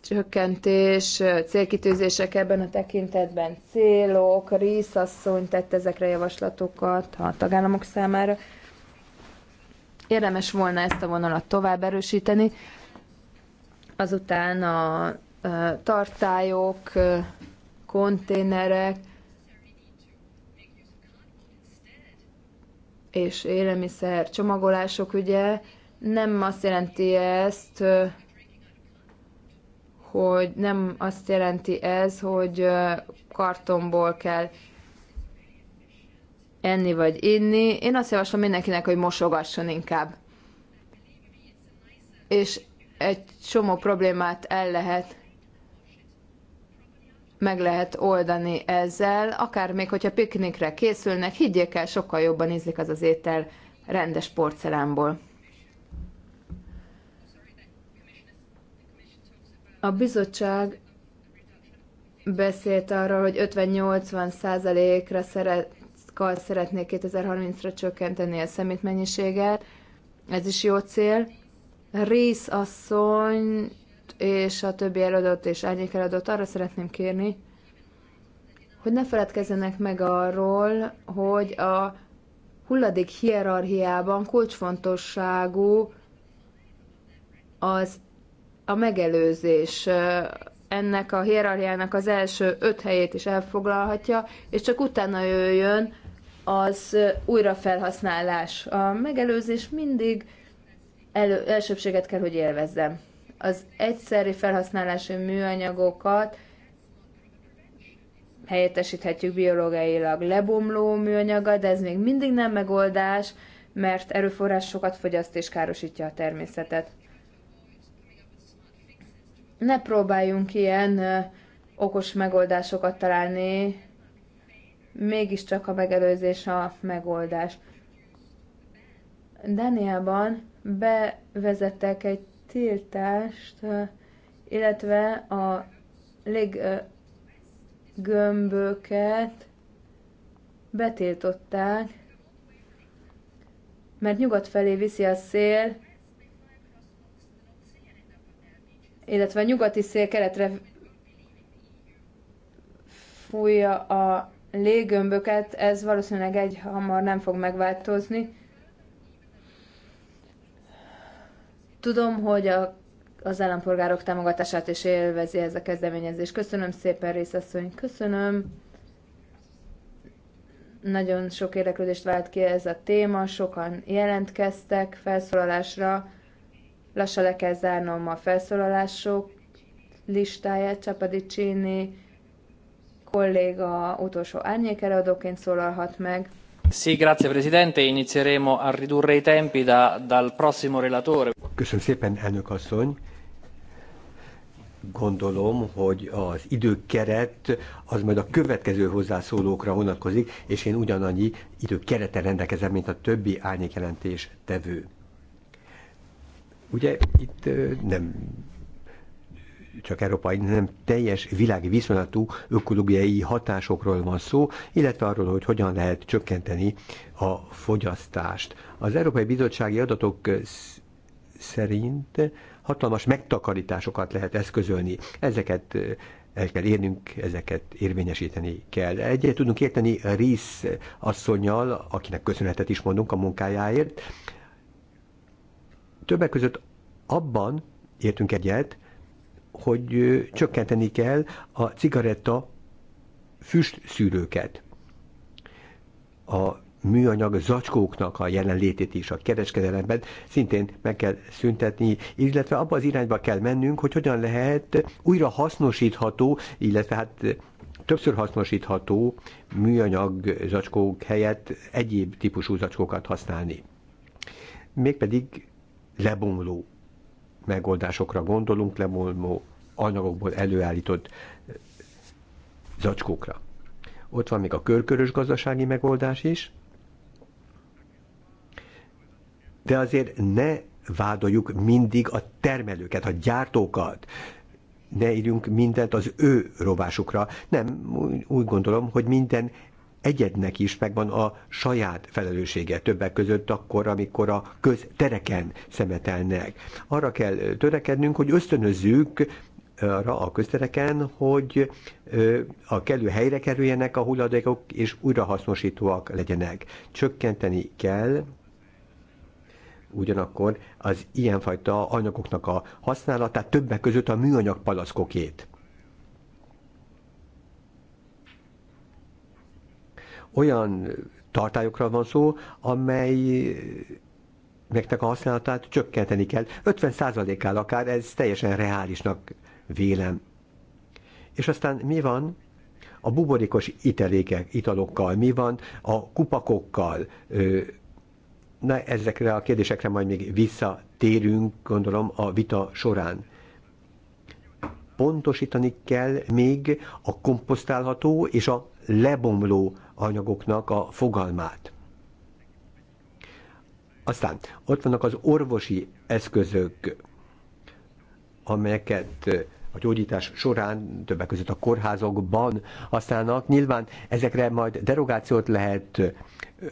csökkentés, célkitűzések ebben a tekintetben, célok, részasszony tett ezekre javaslatokat a tagállamok számára. Érdemes volna ezt a vonalat tovább erősíteni. Azután a tartályok, konténerek és élelmiszer csomagolások, ugye nem azt jelenti ezt, hogy nem azt jelenti ez, hogy kartonból kell enni vagy inni. Én azt javaslom mindenkinek, hogy mosogasson inkább. És egy csomó problémát el lehet meg lehet oldani ezzel, akár még hogyha piknikre készülnek, higgyék el, sokkal jobban ízlik az az étel rendes porcelánból. A bizottság beszélt arról, hogy 50-80 százalékra szeret, kal szeretnék 2030-ra csökkenteni a mennyiséget. Ez is jó cél. Rész asszony és a többi eladott és árnyék eladott arra szeretném kérni, hogy ne feledkezzenek meg arról, hogy a hulladék hierarchiában kulcsfontosságú az a megelőzés ennek a hierarchiának az első öt helyét is elfoglalhatja, és csak utána jöjjön az újrafelhasználás. A megelőzés mindig elő, elsőbséget kell, hogy élvezzem. Az egyszerű felhasználású műanyagokat helyettesíthetjük biológiailag lebomló műanyaga, de ez még mindig nem megoldás, mert erőforrás sokat fogyaszt és károsítja a természetet. Ne próbáljunk ilyen okos megoldásokat találni, mégiscsak a megelőzés a megoldás. Danielban bevezettek egy tiltást, illetve a léggömböket betiltották, mert nyugat felé viszi a szél, illetve a nyugati szél keletre fújja a léggömböket, ez valószínűleg egy hamar nem fog megváltozni. Tudom, hogy a, az állampolgárok támogatását is élvezi ez a kezdeményezés. Köszönöm szépen, részasszony, köszönöm. Nagyon sok érdeklődést vált ki ez a téma, sokan jelentkeztek felszólalásra. Lassan le kell zárnom a felszólalások listáját, Csapadicini, kolléga utolsó árnyékelőadóként szólalhat meg. Sì, grazie Presidente. Inizieremo a ridurre i tempi da, dal prossimo relatore. Köszönöm szépen, elnök asszony gondolom, hogy az időkeret az majd a következő hozzászólókra vonatkozik, és én ugyanannyi időkerettel rendelkezem, mint a többi árnyékjelentés tevő. Ugye itt nem csak európai, nem teljes világi viszonylatú ökológiai hatásokról van szó, illetve arról, hogy hogyan lehet csökkenteni a fogyasztást. Az Európai Bizottsági Adatok szerint hatalmas megtakarításokat lehet eszközölni. Ezeket eh, el kell érnünk, ezeket érvényesíteni kell. Egyet tudunk érteni Rész asszonyjal, akinek köszönetet is mondunk a munkájáért. Többek között abban értünk egyet, hogy csökkenteni kell a cigaretta füstszűrőket. A műanyag zacskóknak a jelenlétét is a kereskedelemben szintén meg kell szüntetni, illetve abba az irányba kell mennünk, hogy hogyan lehet újra hasznosítható, illetve hát többször hasznosítható műanyag zacskók helyett egyéb típusú zacskókat használni. Mégpedig lebomló megoldásokra gondolunk, lemolmó anyagokból előállított eh, zacskókra. Ott van még a körkörös gazdasági megoldás is, de azért ne vádoljuk mindig a termelőket, a gyártókat, ne írjunk mindent az ő rovásukra. Nem, úgy gondolom, hogy minden egyednek is megvan a saját felelőssége többek között akkor, amikor a köztereken szemetelnek. Arra kell törekednünk, hogy ösztönözzük arra a köztereken, hogy a kellő helyre kerüljenek a hulladékok, és újrahasznosítóak legyenek. Csökkenteni kell ugyanakkor az ilyenfajta anyagoknak a használatát, többek között a műanyag palackokét. olyan tartályokra van szó, amely nektek a használatát csökkenteni kell. 50 százalékkal, akár, ez teljesen reálisnak vélem. És aztán mi van a buborékos itelékek, italokkal, mi van a kupakokkal, Na, ezekre a kérdésekre majd még visszatérünk, gondolom, a vita során. Pontosítani kell még a komposztálható és a lebomló anyagoknak a fogalmát. Aztán ott vannak az orvosi eszközök, amelyeket a gyógyítás során, többek között a kórházokban használnak. Nyilván ezekre majd derogációt lehet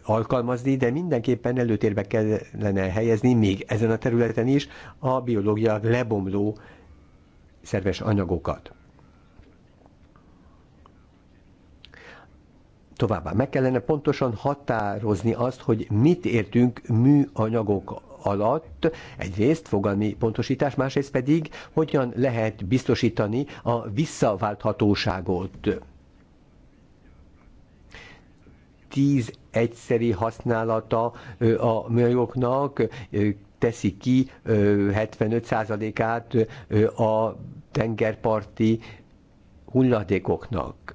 alkalmazni, de mindenképpen előtérbe kellene helyezni még ezen a területen is a biológia lebomló szerves anyagokat. Továbbá meg kellene pontosan határozni azt, hogy mit értünk műanyagok alatt, egyrészt fogalmi pontosítás, másrészt pedig hogyan lehet biztosítani a visszaválthatóságot. Tíz egyszeri használata a műanyagoknak teszi ki 75%-át a tengerparti hulladékoknak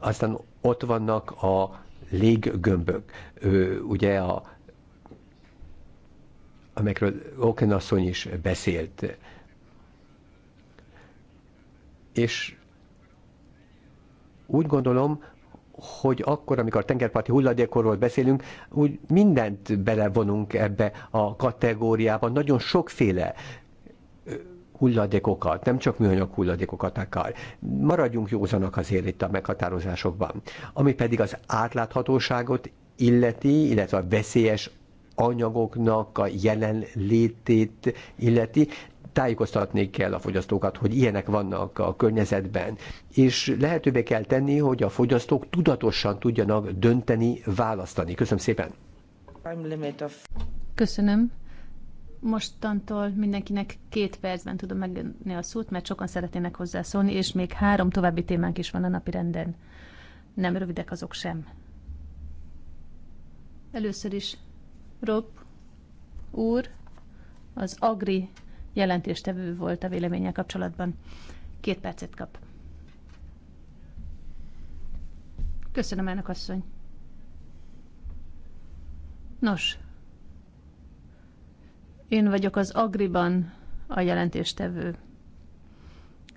aztán ott vannak a léggömbök, ugye a, amelyekről Oken asszony is beszélt. És úgy gondolom, hogy akkor, amikor tengerparti hulladékorról beszélünk, úgy mindent belevonunk ebbe a kategóriába, nagyon sokféle hulladékokat, nem csak műanyag hulladékokat akar. Maradjunk józanak azért itt a meghatározásokban. Ami pedig az átláthatóságot illeti, illetve a veszélyes anyagoknak a jelenlétét illeti, tájékoztatni kell a fogyasztókat, hogy ilyenek vannak a környezetben, és lehetőbbé kell tenni, hogy a fogyasztók tudatosan tudjanak dönteni, választani. Köszönöm szépen! Köszönöm. Mostantól mindenkinek két percben tudom megadni a szót, mert sokan szeretnének hozzászólni, és még három további témánk is van a napi renden. Nem rövidek azok sem. Először is Rob úr, az Agri jelentéstevő volt a véleménye kapcsolatban. Két percet kap. Köszönöm, elnök asszony. Nos, én vagyok az Agriban a jelentéstevő.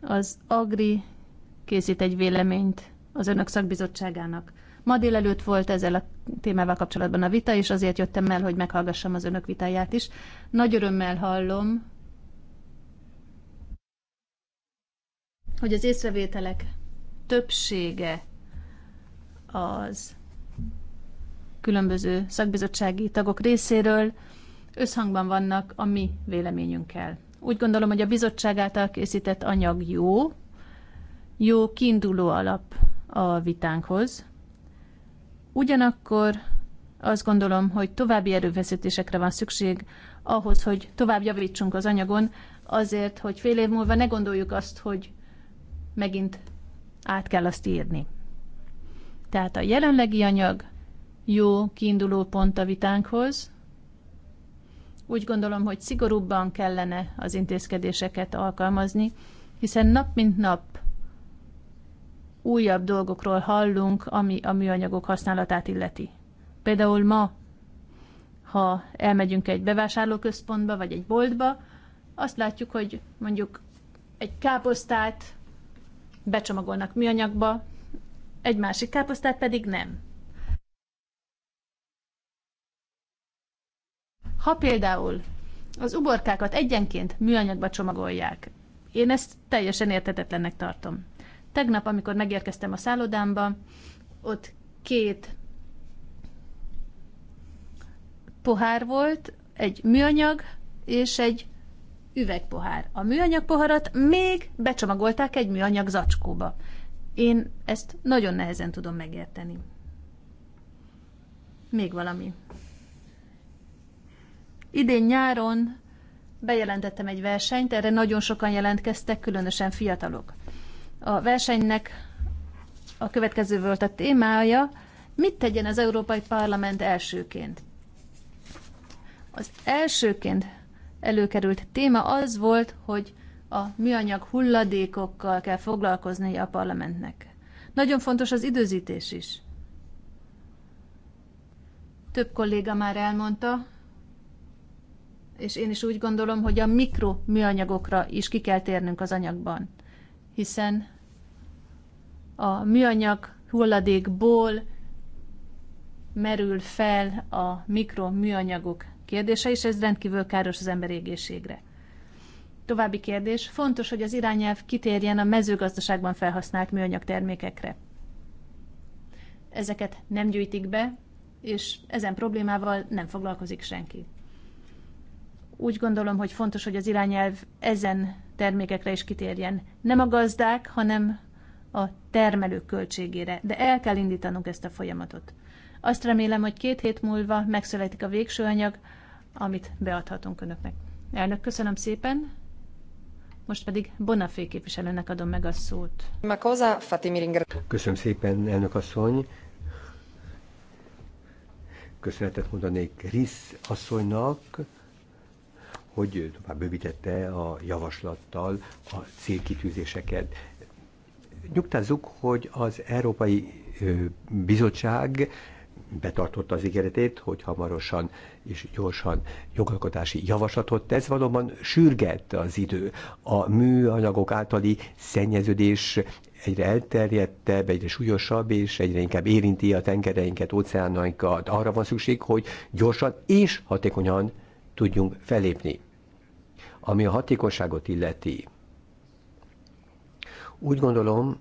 Az Agri készít egy véleményt az önök szakbizottságának. Ma délelőtt volt ezzel a témával kapcsolatban a vita, és azért jöttem el, hogy meghallgassam az önök vitáját is. Nagy örömmel hallom, hogy az észrevételek többsége az különböző szakbizottsági tagok részéről összhangban vannak a mi véleményünkkel. Úgy gondolom, hogy a bizottság által készített anyag jó, jó kiinduló alap a vitánkhoz. Ugyanakkor azt gondolom, hogy további erőfeszítésekre van szükség ahhoz, hogy tovább javítsunk az anyagon, azért, hogy fél év múlva ne gondoljuk azt, hogy megint át kell azt írni. Tehát a jelenlegi anyag jó kiinduló pont a vitánkhoz, úgy gondolom, hogy szigorúbban kellene az intézkedéseket alkalmazni, hiszen nap mint nap újabb dolgokról hallunk, ami a műanyagok használatát illeti. Például ma, ha elmegyünk egy bevásárlóközpontba vagy egy boltba, azt látjuk, hogy mondjuk egy káposztát becsomagolnak műanyagba, egy másik káposztát pedig nem. Ha például az uborkákat egyenként műanyagba csomagolják, én ezt teljesen értetetlennek tartom. Tegnap, amikor megérkeztem a szállodámba, ott két pohár volt, egy műanyag és egy üvegpohár. A műanyag poharat még becsomagolták egy műanyag zacskóba. Én ezt nagyon nehezen tudom megérteni. Még valami. Idén nyáron bejelentettem egy versenyt, erre nagyon sokan jelentkeztek, különösen fiatalok. A versenynek a következő volt a témája, mit tegyen az Európai Parlament elsőként. Az elsőként előkerült téma az volt, hogy a műanyag hulladékokkal kell foglalkozni a parlamentnek. Nagyon fontos az időzítés is. Több kolléga már elmondta, és én is úgy gondolom, hogy a mikroműanyagokra is ki kell térnünk az anyagban, hiszen a műanyag hulladékból merül fel a mikroműanyagok kérdése, és ez rendkívül káros az emberi egészségre. További kérdés. Fontos, hogy az irányelv kitérjen a mezőgazdaságban felhasznált műanyag termékekre. Ezeket nem gyűjtik be, és ezen problémával nem foglalkozik senki úgy gondolom, hogy fontos, hogy az irányelv ezen termékekre is kitérjen. Nem a gazdák, hanem a termelők költségére, de el kell indítanunk ezt a folyamatot. Azt remélem, hogy két hét múlva megszületik a végső anyag, amit beadhatunk önöknek. Elnök, köszönöm szépen. Most pedig Bonafé képviselőnek adom meg a szót. Köszönöm szépen, elnök asszony. Köszönetet mondanék Risz asszonynak, hogy tovább bővítette a javaslattal a célkitűzéseket. Nyugtázzuk, hogy az Európai Bizottság betartotta az ígéretét, hogy hamarosan és gyorsan jogalkotási javaslatot tesz. Valóban sürget az idő. A műanyagok általi szennyeződés egyre elterjedtebb, egyre súlyosabb, és egyre inkább érinti a tengereinket, óceánainkat. Arra van szükség, hogy gyorsan és hatékonyan tudjunk felépni. Ami a hatékonyságot illeti, úgy gondolom,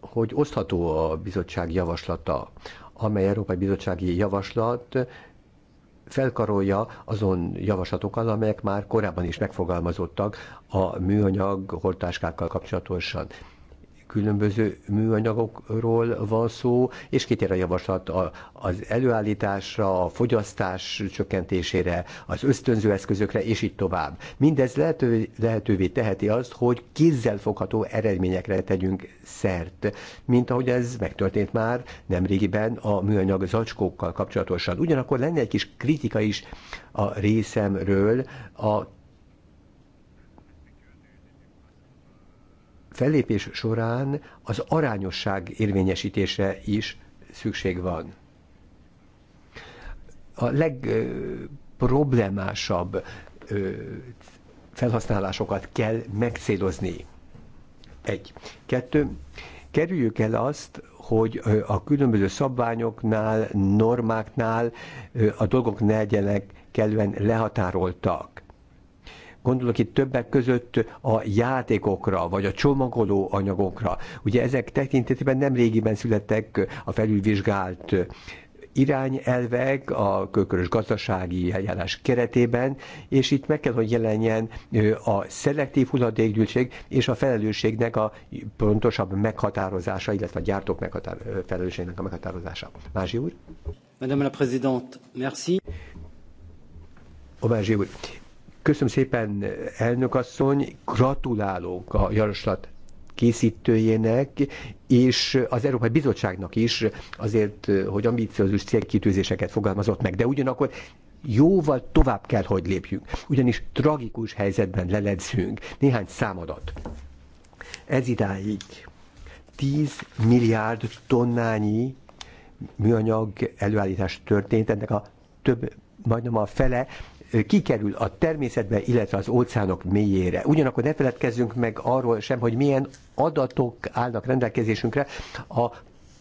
hogy osztható a bizottság javaslata, amely Európai Bizottsági Javaslat felkarolja azon javaslatokkal, amelyek már korábban is megfogalmazottak a műanyag hortáskákkal kapcsolatosan különböző műanyagokról van szó, és kitér a javaslat az előállításra, a fogyasztás csökkentésére, az ösztönző eszközökre, és így tovább. Mindez lehető, lehetővé teheti azt, hogy kézzelfogható eredményekre tegyünk szert, mint ahogy ez megtörtént már nemrégiben a műanyag zacskókkal kapcsolatosan. Ugyanakkor lenne egy kis kritika is a részemről a fellépés során az arányosság érvényesítése is szükség van. A legproblemásabb felhasználásokat kell megcélozni. Egy. Kettő. Kerüljük el azt, hogy a különböző szabványoknál, normáknál a dolgok ne legyenek kellően lehatároltak. Gondolok itt többek között a játékokra, vagy a csomagoló anyagokra. Ugye ezek tekintetében nem régiben születtek a felülvizsgált irányelvek a kökörös gazdasági eljárás keretében, és itt meg kell, hogy jelenjen a szelektív hulladékgyűjtség és a felelősségnek a pontosabb meghatározása, illetve a gyártók meghatár- felelősségnek a meghatározása. Mázsi úr? Madame la Présidente, merci. Omázsi úr, Köszönöm szépen, elnök asszony, gratulálok a javaslat készítőjének, és az Európai Bizottságnak is azért, hogy ambíciózus célkitűzéseket fogalmazott meg, de ugyanakkor jóval tovább kell, hogy lépjünk, ugyanis tragikus helyzetben leledzünk. Néhány számadat. Ez idáig 10 milliárd tonnányi műanyag előállítás történt, ennek a több, majdnem a fele kikerül a természetbe, illetve az óceánok mélyére. Ugyanakkor ne feledkezzünk meg arról sem, hogy milyen adatok állnak rendelkezésünkre a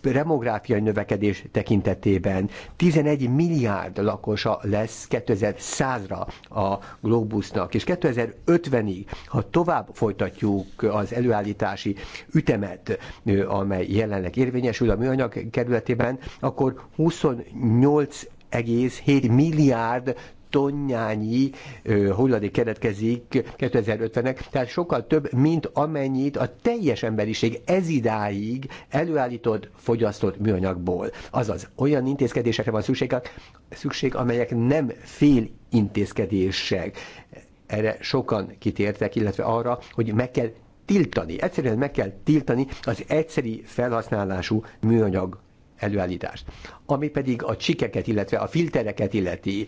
demográfiai növekedés tekintetében 11 milliárd lakosa lesz 2100-ra a globusznak, és 2050-ig, ha tovább folytatjuk az előállítási ütemet, amely jelenleg érvényesül a műanyag kerületében, akkor 28,7 milliárd tonnyányi hulladék keletkezik 2050-nek, tehát sokkal több, mint amennyit a teljes emberiség ez idáig előállított, fogyasztott műanyagból. Azaz, olyan intézkedésekre van szükség, szükség amelyek nem fél intézkedések. Erre sokan kitértek, illetve arra, hogy meg kell tiltani, egyszerűen meg kell tiltani az egyszeri felhasználású műanyag előállítást. Ami pedig a csikeket, illetve a filtereket illeti,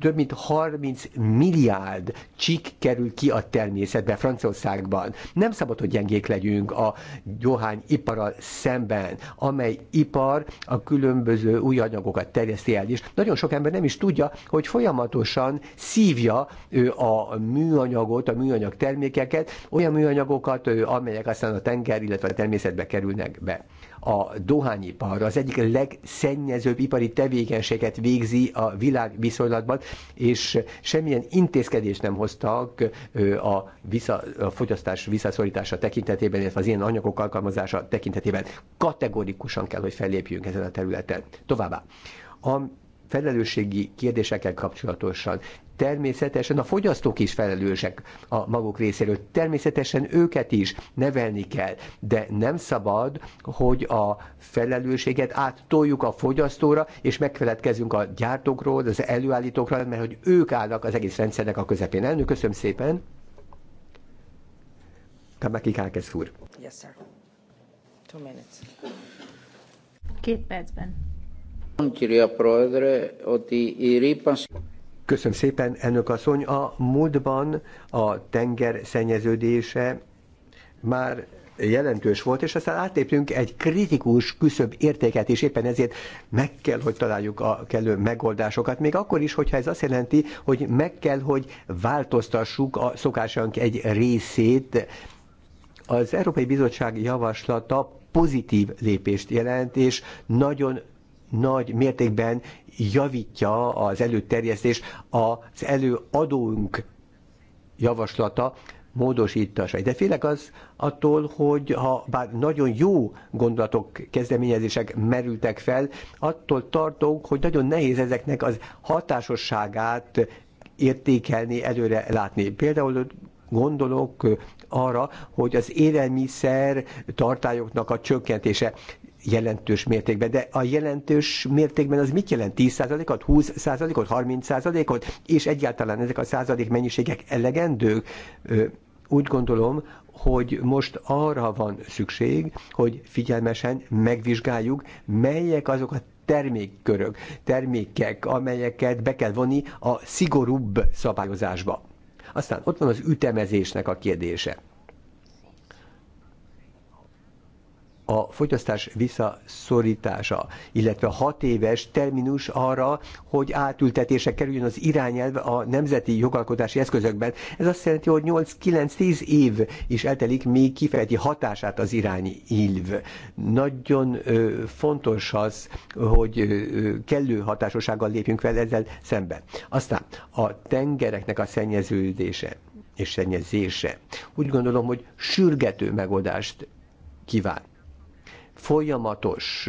több mint 30 milliárd csik kerül ki a természetbe Franciaországban. Nem szabad, hogy gyengék legyünk a dohány iparral szemben, amely ipar a különböző új anyagokat terjeszti el is. Nagyon sok ember nem is tudja, hogy folyamatosan szívja ő a műanyagot, a műanyag termékeket, olyan műanyagokat, amelyek aztán a tenger, illetve a természetbe kerülnek be a dohányipar az egyik legszennyezőbb ipari tevékenységet végzi a világ viszonylatban, és semmilyen intézkedést nem hoztak a, vissza, a fogyasztás visszaszorítása tekintetében, illetve az ilyen anyagok alkalmazása tekintetében. Kategorikusan kell, hogy fellépjünk ezen a területen. Továbbá, a felelősségi kérdésekkel kapcsolatosan. Természetesen a fogyasztók is felelősek a maguk részéről, természetesen őket is nevelni kell, de nem szabad, hogy a felelősséget áttoljuk a fogyasztóra, és megfeledkezünk a gyártókról, az előállítókról, mert hogy ők állnak az egész rendszernek a közepén. Elnök, köszönöm szépen! Kamaki Kákesz úr. Yes, sir. Two minutes. Két percben. Köszönöm szépen, elnök asszony. A múltban a tenger szennyeződése már jelentős volt, és aztán átléptünk egy kritikus küszöbb értéket, és éppen ezért meg kell, hogy találjuk a kellő megoldásokat, még akkor is, hogyha ez azt jelenti, hogy meg kell, hogy változtassuk a szokásunk egy részét. Az Európai Bizottság javaslata pozitív lépést jelent, és nagyon nagy mértékben javítja az előterjesztés az előadónk javaslata módosítása. De félek az attól, hogy ha bár nagyon jó gondolatok, kezdeményezések merültek fel, attól tartunk, hogy nagyon nehéz ezeknek az hatásosságát értékelni, előre látni. Például gondolok arra, hogy az élelmiszer tartályoknak a csökkentése jelentős mértékben, de a jelentős mértékben az mit jelent? 10%-ot, 20%-ot, 30%-ot, és egyáltalán ezek a százalék mennyiségek elegendők? Úgy gondolom, hogy most arra van szükség, hogy figyelmesen megvizsgáljuk, melyek azok a termékkörök, termékek, amelyeket be kell vonni a szigorúbb szabályozásba. Aztán ott van az ütemezésnek a kérdése. a fogyasztás visszaszorítása, illetve hat éves terminus arra, hogy átültetése kerüljön az irányelv a nemzeti jogalkotási eszközökben. Ez azt jelenti, hogy 8-9-10 év is eltelik, még kifejti hatását az irányilv. Nagyon ö, fontos az, hogy ö, kellő hatásossággal lépjünk fel ezzel szembe. Aztán a tengereknek a szennyeződése és szennyezése. Úgy gondolom, hogy sürgető megoldást kíván folyamatos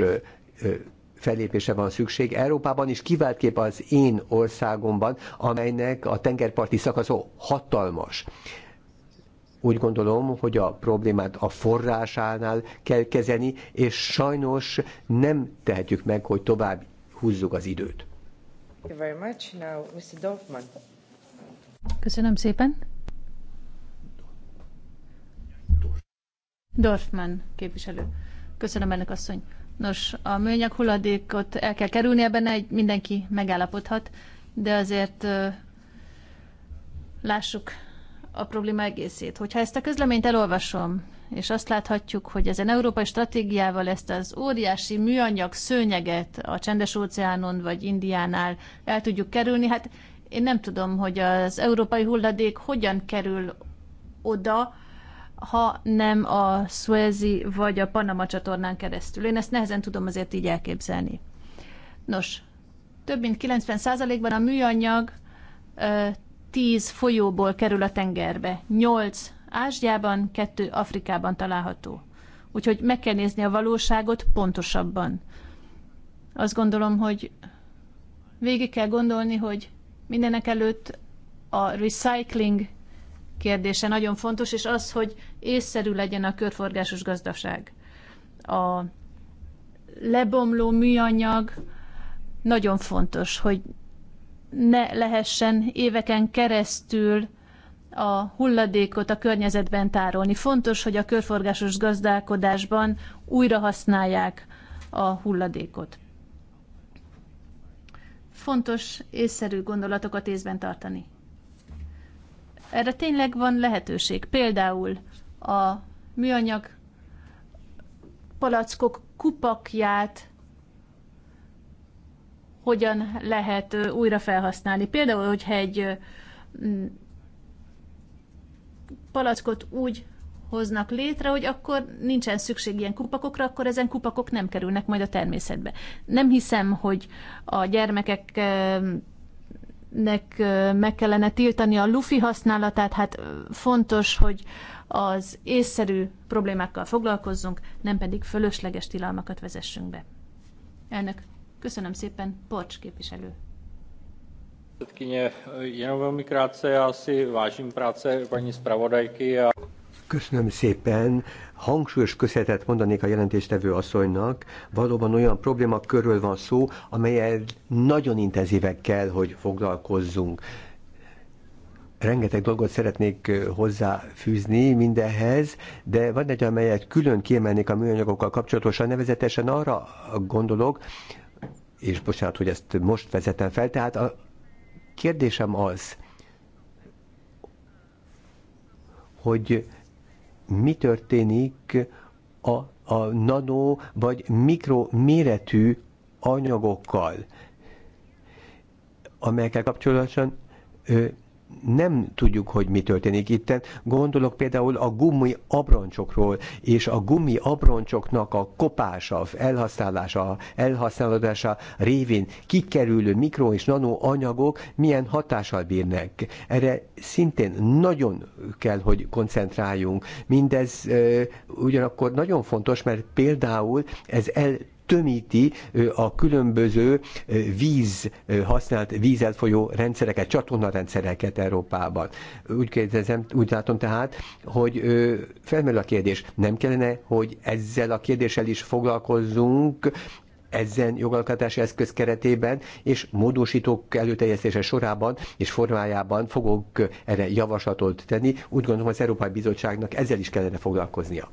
fellépése van szükség. Európában is kiváltképp az én országomban, amelynek a tengerparti szakaszó hatalmas. Úgy gondolom, hogy a problémát a forrásánál kell kezelni, és sajnos nem tehetjük meg, hogy tovább húzzuk az időt. Köszönöm szépen. Dorfman képviselő. Köszönöm ennek asszony. Nos, a műanyag hulladékot el kell kerülni, ebben egy, mindenki megállapodhat, de azért lássuk a probléma egészét. Hogyha ezt a közleményt elolvasom, és azt láthatjuk, hogy ezen európai stratégiával ezt az óriási műanyag szőnyeget a csendes óceánon vagy Indiánál el tudjuk kerülni, hát én nem tudom, hogy az európai hulladék hogyan kerül oda, ha nem a Suezi vagy a Panama csatornán keresztül. Én ezt nehezen tudom azért így elképzelni. Nos, több mint 90%-ban a műanyag 10 folyóból kerül a tengerbe. 8 Ázsiában, 2 Afrikában található. Úgyhogy meg kell nézni a valóságot pontosabban. Azt gondolom, hogy végig kell gondolni, hogy mindenek előtt a recycling kérdése nagyon fontos, és az, hogy észszerű legyen a körforgásos gazdaság. A lebomló műanyag nagyon fontos, hogy ne lehessen éveken keresztül a hulladékot a környezetben tárolni. Fontos, hogy a körforgásos gazdálkodásban újra használják a hulladékot. Fontos észszerű gondolatokat észben tartani. Erre tényleg van lehetőség. Például a műanyag palackok kupakját hogyan lehet újra felhasználni. Például, hogyha egy palackot úgy hoznak létre, hogy akkor nincsen szükség ilyen kupakokra, akkor ezen kupakok nem kerülnek majd a természetbe. Nem hiszem, hogy a gyermekek nek meg kellene tiltani a lufi használatát, hát fontos, hogy az észszerű problémákkal foglalkozzunk, nem pedig fölösleges tilalmakat vezessünk be. Elnök, köszönöm szépen, Porcs képviselő. Předsedkyně, jenom velmi krátce, já si vážím práce paní zpravodajky a Köszönöm szépen. Hangsúlyos köszönetet mondanék a jelentéstevő asszonynak. Valóban olyan problémakörről van szó, amelyel nagyon intenzívek kell, hogy foglalkozzunk. Rengeteg dolgot szeretnék hozzáfűzni mindehhez, de van egy, amelyet külön kiemelnék a műanyagokkal kapcsolatosan, nevezetesen arra gondolok, és bocsánat, hogy ezt most vezetem fel, tehát a kérdésem az, hogy mi történik a, a nano vagy mikro méretű anyagokkal, amelyekkel kapcsolatosan nem tudjuk, hogy mi történik itt. Gondolok például a gumi abroncsokról, és a gumi abroncsoknak a kopása, elhasználása, elhasználódása révén kikerülő mikro és anyagok milyen hatással bírnak. Erre szintén nagyon kell, hogy koncentráljunk. Mindez ugyanakkor nagyon fontos, mert például ez el tömíti a különböző víz használt, vízzel folyó rendszereket, csatornarendszereket Európában. Úgy kérdezem, úgy látom tehát, hogy felmerül a kérdés, nem kellene, hogy ezzel a kérdéssel is foglalkozzunk, ezen jogalkotási eszköz keretében és módosítók előterjesztése sorában és formájában fogok erre javaslatot tenni. Úgy gondolom az Európai Bizottságnak ezzel is kellene foglalkoznia.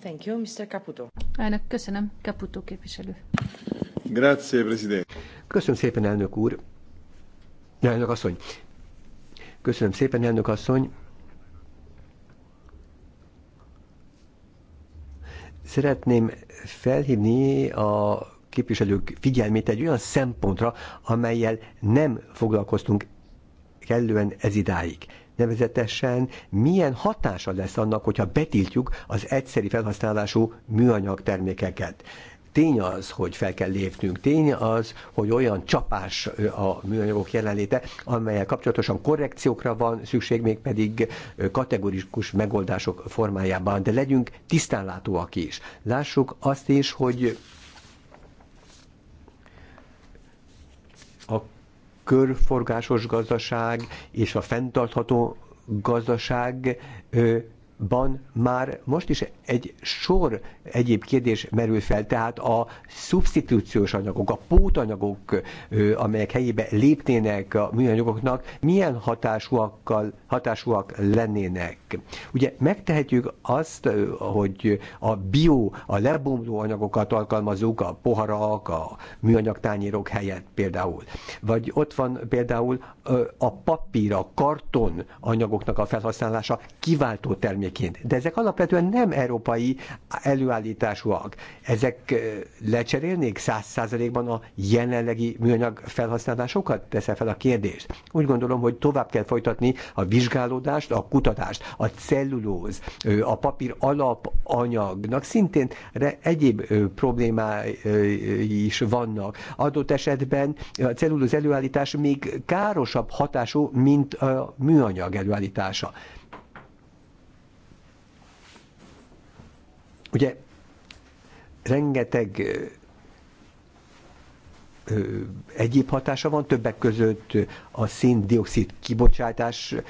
Thank you, Mr. Caputo. Elnök, köszönöm. Caputo képviselő. Grazie, Presidente. Köszönöm szépen, elnök úr. Elnök asszony. Köszönöm szépen, elnök asszony. Szeretném felhívni a képviselők figyelmét egy olyan szempontra, amelyel nem foglalkoztunk kellően ez idáig nevezetesen milyen hatása lesz annak, hogyha betiltjuk az egyszeri felhasználású műanyag termékeket tény az, hogy fel kell lépnünk, tény az, hogy olyan csapás a műanyagok jelenléte, amelyel kapcsolatosan korrekciókra van szükség, még pedig kategorikus megoldások formájában, de legyünk tisztánlátóak is. Lássuk azt is, hogy a körforgásos gazdaság és a fenntartható gazdaság ban már most is egy sor egyéb kérdés merül fel, tehát a szubstitúciós anyagok, a pótanyagok, amelyek helyébe lépnének a műanyagoknak, milyen hatásúakkal, hatásúak lennének. Ugye megtehetjük azt, hogy a bio, a lebomló anyagokat alkalmazunk, a poharak, a műanyagtányérok helyett például. Vagy ott van például a papír, a karton anyagoknak a felhasználása kiváltó termék környékén. De ezek alapvetően nem európai előállításúak. Ezek lecserélnék száz százalékban a jelenlegi műanyag felhasználásokat? Teszel fel a kérdést. Úgy gondolom, hogy tovább kell folytatni a vizsgálódást, a kutatást, a cellulóz, a papír alapanyagnak szintén egyéb problémái is vannak. Adott esetben a cellulóz előállítás még károsabb hatású, mint a műanyag előállítása. Ugye rengeteg egyéb hatása van, többek között a szén-dioxid kibocsátásra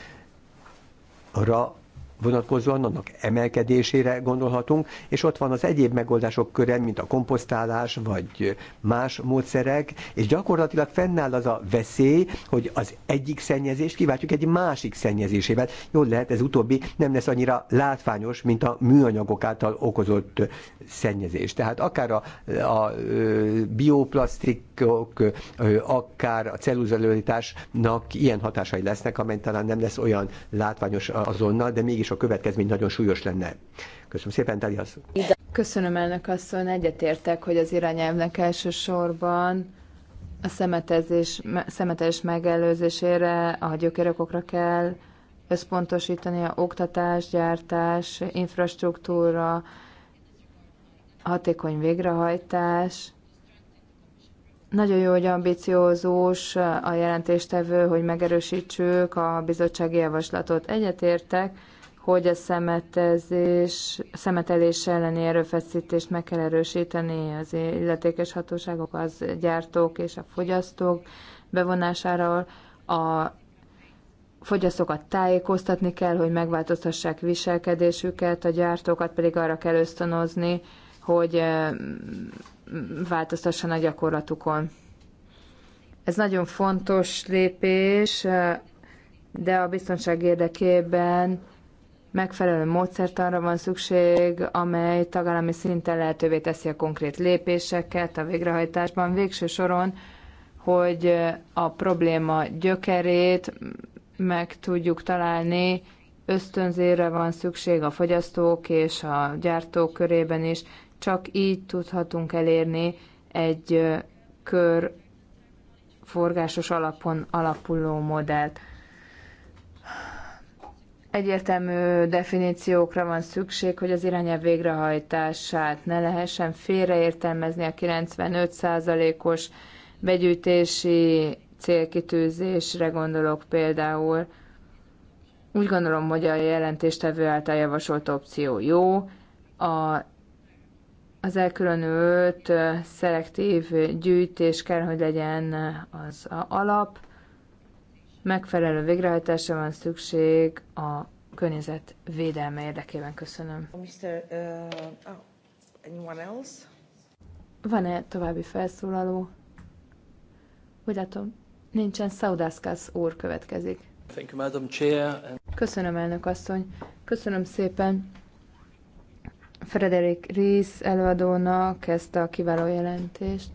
vonatkozóan annak emelkedésére gondolhatunk, és ott van az egyéb megoldások köre, mint a komposztálás vagy más módszerek, és gyakorlatilag fennáll az a veszély, hogy az egyik szennyezést kiváltjuk egy másik szennyezésével. Jól lehet, ez utóbbi nem lesz annyira látványos, mint a műanyagok által okozott szennyezés. Tehát akár a, a bioplasztikok, akár a cellulozolitásnak ilyen hatásai lesznek, amely talán nem lesz olyan látványos azonnal, de mégis és a következmény nagyon súlyos lenne. Köszönöm szépen, Teli Köszönöm, elnök asszony. Egyetértek, hogy az irányelvnek elsősorban a szemetezés, szemetelés megelőzésére, a gyökerekokra kell összpontosítani, a oktatás, gyártás, infrastruktúra, hatékony végrehajtás. Nagyon jó, hogy ambiciózós a jelentéstevő, hogy megerősítsük a bizottsági javaslatot. Egyetértek, hogy a szemetezés, szemetelés elleni erőfeszítést meg kell erősíteni az illetékes hatóságok, az gyártók és a fogyasztók bevonásáról. A fogyasztókat tájékoztatni kell, hogy megváltoztassák viselkedésüket, a gyártókat pedig arra kell ösztönözni, hogy változtasson a gyakorlatukon. Ez nagyon fontos lépés, de a biztonság érdekében megfelelő módszertanra van szükség, amely tagállami szinten lehetővé teszi a konkrét lépéseket a végrehajtásban. Végső soron, hogy a probléma gyökerét meg tudjuk találni, ösztönzére van szükség a fogyasztók és a gyártók körében is, csak így tudhatunk elérni egy kör forgásos alapon alapuló modellt. Egyértelmű definíciókra van szükség, hogy az irányelv végrehajtását ne lehessen félreértelmezni a 95%-os begyűjtési célkitűzésre gondolok például. Úgy gondolom, hogy a jelentéstevő által javasolt opció jó. A, az elkülönült szelektív gyűjtés kell, hogy legyen az alap megfelelő végrehajtásra van szükség a környezet védelme érdekében. Köszönöm. Oh, Mr. Uh, oh, anyone else? Van-e további felszólaló? Úgy látom, nincsen. Saudászkász úr következik. Thank you, Madam Chair. Köszönöm, elnök asszony. Köszönöm szépen Frederik Ries előadónak ezt a kiváló jelentést.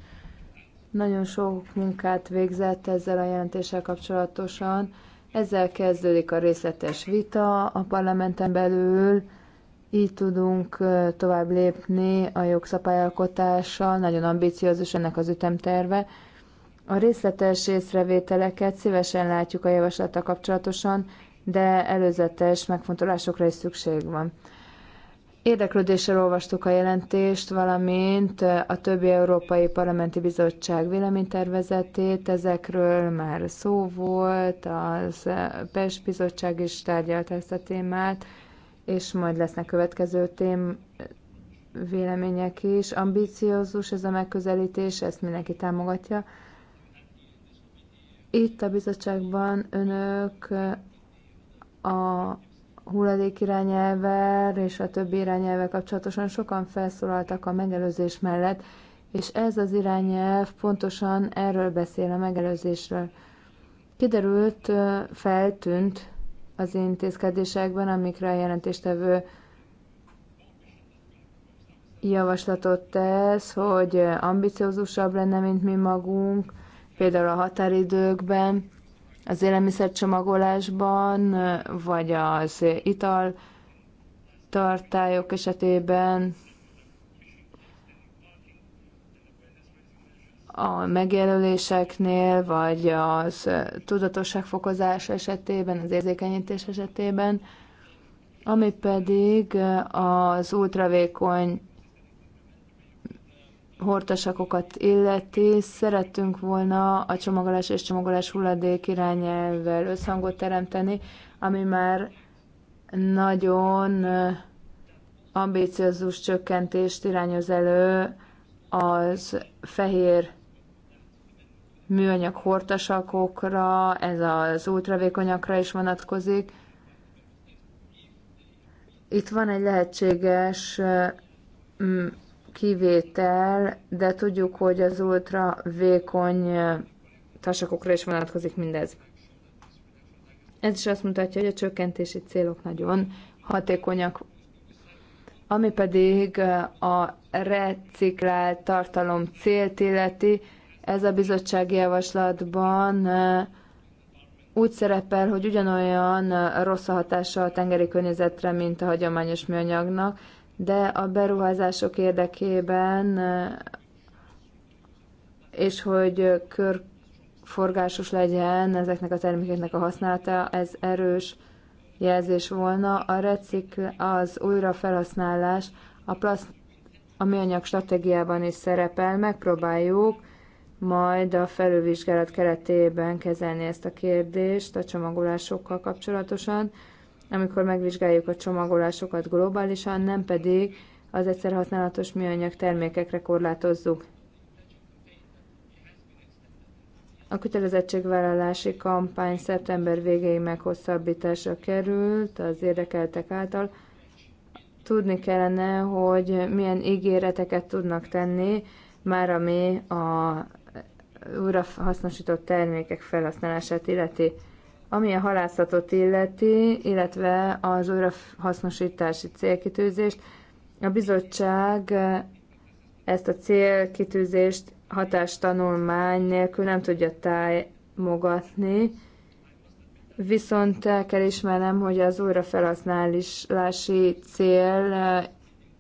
Nagyon sok munkát végzett ezzel a jelentéssel kapcsolatosan. Ezzel kezdődik a részletes vita a parlamenten belül, így tudunk tovább lépni a jogszabályalkotással, nagyon ambiciózus ennek az ütemterve. A részletes észrevételeket szívesen látjuk a javaslata kapcsolatosan, de előzetes megfontolásokra is szükség van. Érdeklődéssel olvastuk a jelentést, valamint a többi Európai Parlamenti Bizottság véleménytervezetét. Ezekről már szó volt, az PES Bizottság is tárgyalta ezt a témát, és majd lesznek következő tém vélemények is. Ambiciózus ez a megközelítés, ezt mindenki támogatja. Itt a bizottságban önök a hulladék irányelvvel és a többi irányelvvel kapcsolatosan sokan felszólaltak a megelőzés mellett, és ez az irányelv pontosan erről beszél a megelőzésről. Kiderült, feltűnt az intézkedésekben, amikre a jelentéstevő javaslatot tesz, hogy ambiciózusabb lenne, mint mi magunk, például a határidőkben, az élelmiszercsomagolásban, vagy az ital tartályok esetében a megjelöléseknél, vagy az tudatosságfokozás esetében, az érzékenyítés esetében, ami pedig az ultravékony hortasakokat illeti, szerettünk volna a csomagolás és csomagolás hulladék irányelvvel összhangot teremteni, ami már nagyon ambíciózus csökkentést irányoz elő az fehér műanyag hortasakokra, ez az ultravékonyakra is vonatkozik. Itt van egy lehetséges kivétel, de tudjuk, hogy az ultra vékony tasakokra is vonatkozik mindez. Ez is azt mutatja, hogy a csökkentési célok nagyon hatékonyak, ami pedig a reciklált tartalom célt illeti, ez a bizottsági javaslatban úgy szerepel, hogy ugyanolyan rossz a hatása a tengeri környezetre, mint a hagyományos műanyagnak, de a beruházások érdekében, és hogy körforgásos legyen ezeknek a termékeknek a használata, ez erős jelzés volna. A recikl, az újrafelhasználás, a, plasz, a műanyag stratégiában is szerepel, megpróbáljuk majd a felülvizsgálat keretében kezelni ezt a kérdést a csomagolásokkal kapcsolatosan amikor megvizsgáljuk a csomagolásokat globálisan, nem pedig az egyszer használatos műanyag termékekre korlátozzuk. A kötelezettségvállalási kampány szeptember végéig meghosszabbításra került az érdekeltek által. Tudni kellene, hogy milyen ígéreteket tudnak tenni, már ami a újra hasznosított termékek felhasználását illeti. Ami a halászatot illeti, illetve az újrahasznosítási célkitűzést, a bizottság eh, ezt a célkitűzést hatástanulmány nélkül nem tudja támogatni, viszont el kell ismernem, hogy az újrafelhasználási cél eh,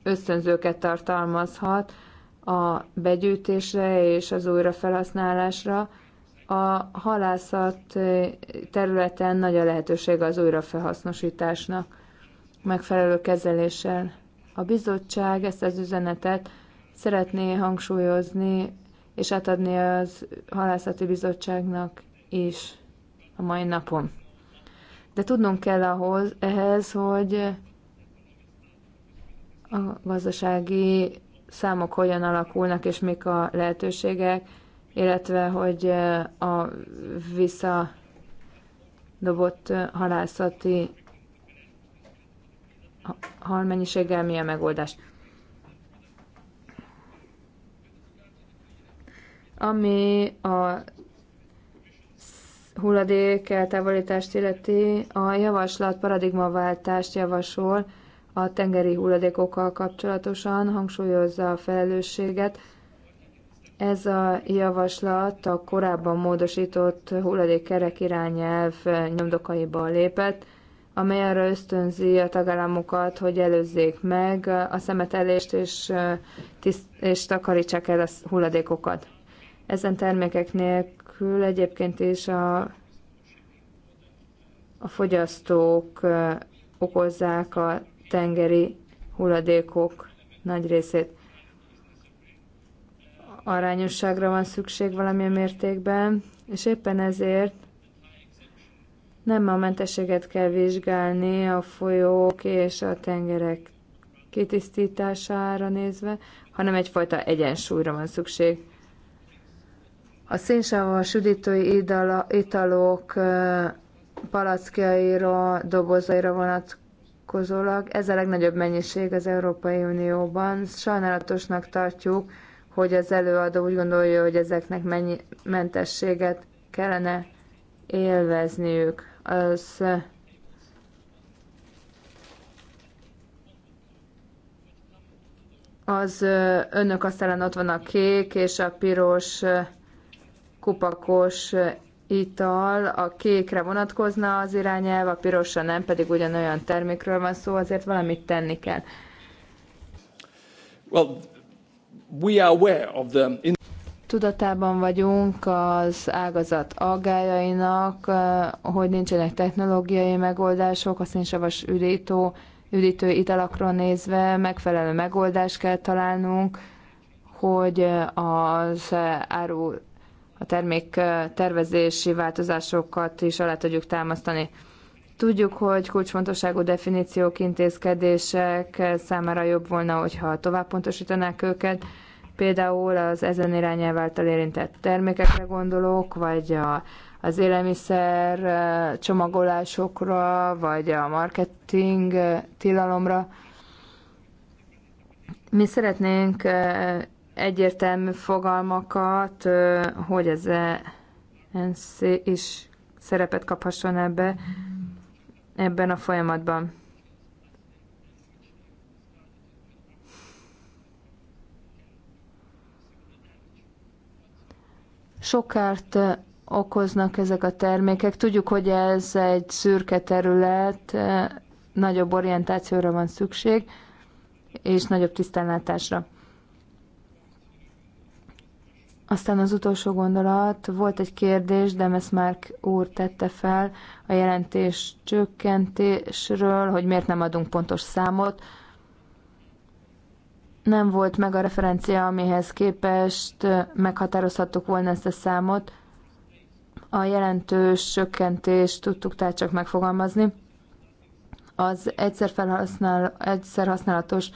ösztönzőket tartalmazhat a begyűjtésre és az újrafelhasználásra, a halászat területen nagy a lehetőség az újrafelhasznosításnak megfelelő kezeléssel. A bizottság ezt az üzenetet szeretné hangsúlyozni és átadni az halászati bizottságnak is a mai napon. De tudnunk kell ahhoz, ehhez, hogy a gazdasági számok hogyan alakulnak és mik a lehetőségek, illetve hogy a visszadobott halászati halmennyiséggel mi a megoldás. Ami a hulladék eltávolítást illeti, a javaslat paradigmaváltást javasol a tengeri hulladékokkal kapcsolatosan, hangsúlyozza a felelősséget, ez a javaslat a korábban módosított hulladékkerek irányelv nyomdokaiba lépett, amely arra ösztönzi a tagállamokat, hogy előzzék meg a szemetelést és, tiszt- és takarítsák el a hulladékokat. Ezen termékek nélkül egyébként is a, a fogyasztók okozzák a tengeri hulladékok nagy részét arányosságra van szükség valamilyen mértékben, és éppen ezért nem a mentességet kell vizsgálni a folyók és a tengerek kitisztítására nézve, hanem egyfajta egyensúlyra van szükség. A szénsavas üdítői italok palackjaira, dobozaira vonatkozólag ez a legnagyobb mennyiség az Európai Unióban. Sajnálatosnak tartjuk, hogy az előadó úgy gondolja, hogy ezeknek mennyi mentességet kellene élvezniük. Az az önök aztán ott van a kék és a piros kupakos ital, a kékre vonatkozna az irányelv, a pirosra nem, pedig ugyanolyan termékről van szó, azért valamit tenni kell. Well, we are aware of the in- Tudatában vagyunk az ágazat aggájainak, hogy nincsenek technológiai megoldások, a szénsavas üdítő üdítő italakról nézve megfelelő megoldást kell találnunk, hogy az áru a termék tervezési változásokat is alá tudjuk támasztani. Tudjuk, hogy kulcsfontosságú definíciók, intézkedések számára jobb volna, hogyha tovább pontosítanák őket, Például az ezen irányelv által érintett termékekre gondolok, vagy a, az élelmiszer csomagolásokra, vagy a marketing tilalomra. Mi szeretnénk egyértelmű fogalmakat, hogy ez ENSZ is szerepet kaphasson ebbe, ebben a folyamatban. Sok kárt okoznak ezek a termékek. Tudjuk, hogy ez egy szürke terület, nagyobb orientációra van szükség, és nagyobb tisztánlátásra. Aztán az utolsó gondolat, volt egy kérdés, ezt Márk úr tette fel a jelentés csökkentésről, hogy miért nem adunk pontos számot nem volt meg a referencia, amihez képest meghatározhattuk volna ezt a számot. A jelentős csökkentést tudtuk tehát csak megfogalmazni. Az egyszer, felhasznál, egyszer használatos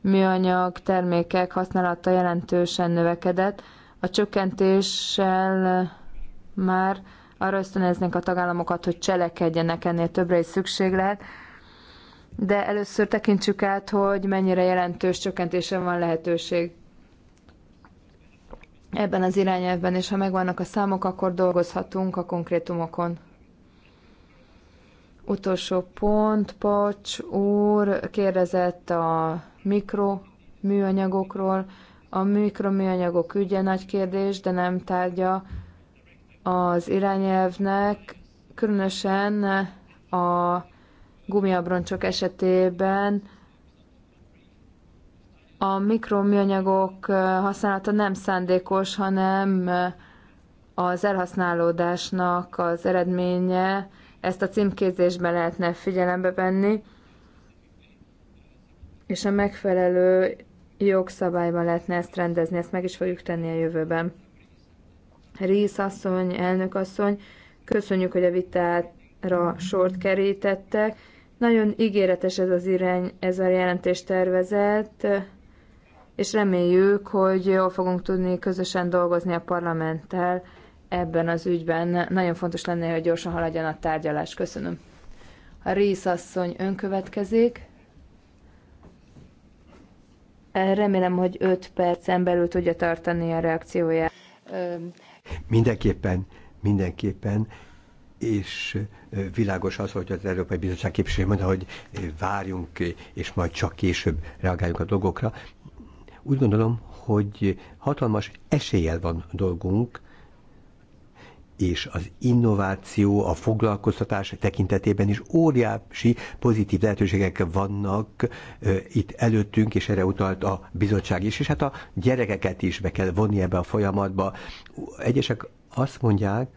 műanyag termékek használata jelentősen növekedett. A csökkentéssel már arra ösztönöznénk a tagállamokat, hogy cselekedjenek, ennél többre is szükség lehet de először tekintsük át, hogy mennyire jelentős csökkentésre van lehetőség ebben az irányelvben, és ha megvannak a számok, akkor dolgozhatunk a konkrétumokon. Utolsó pont, Pacs úr kérdezett a mikroműanyagokról. A mikroműanyagok ügye nagy kérdés, de nem tárgya az irányelvnek, különösen a gumiabroncsok esetében a mikroműanyagok használata nem szándékos, hanem az elhasználódásnak az eredménye, ezt a címkézésben lehetne figyelembe venni, és a megfelelő jogszabályban lehetne ezt rendezni, ezt meg is fogjuk tenni a jövőben. Rész asszony, elnök asszony, köszönjük, hogy a vitára sort kerítettek nagyon ígéretes ez az irány, ez a jelentés tervezet, és reméljük, hogy jól fogunk tudni közösen dolgozni a parlamenttel ebben az ügyben. Nagyon fontos lenne, hogy gyorsan haladjon a tárgyalás. Köszönöm. A részasszony önkövetkezik. Remélem, hogy 5 percen belül tudja tartani a reakcióját. Mindenképpen, mindenképpen és világos az, hogy az Európai Bizottság képviselő mondta, hogy várjunk, és majd csak később reagáljunk a dolgokra. Úgy gondolom, hogy hatalmas eséllyel van dolgunk, és az innováció, a foglalkoztatás tekintetében is óriási pozitív lehetőségek vannak itt előttünk, és erre utalt a bizottság is, és hát a gyerekeket is be kell vonni ebbe a folyamatba. Egyesek azt mondják,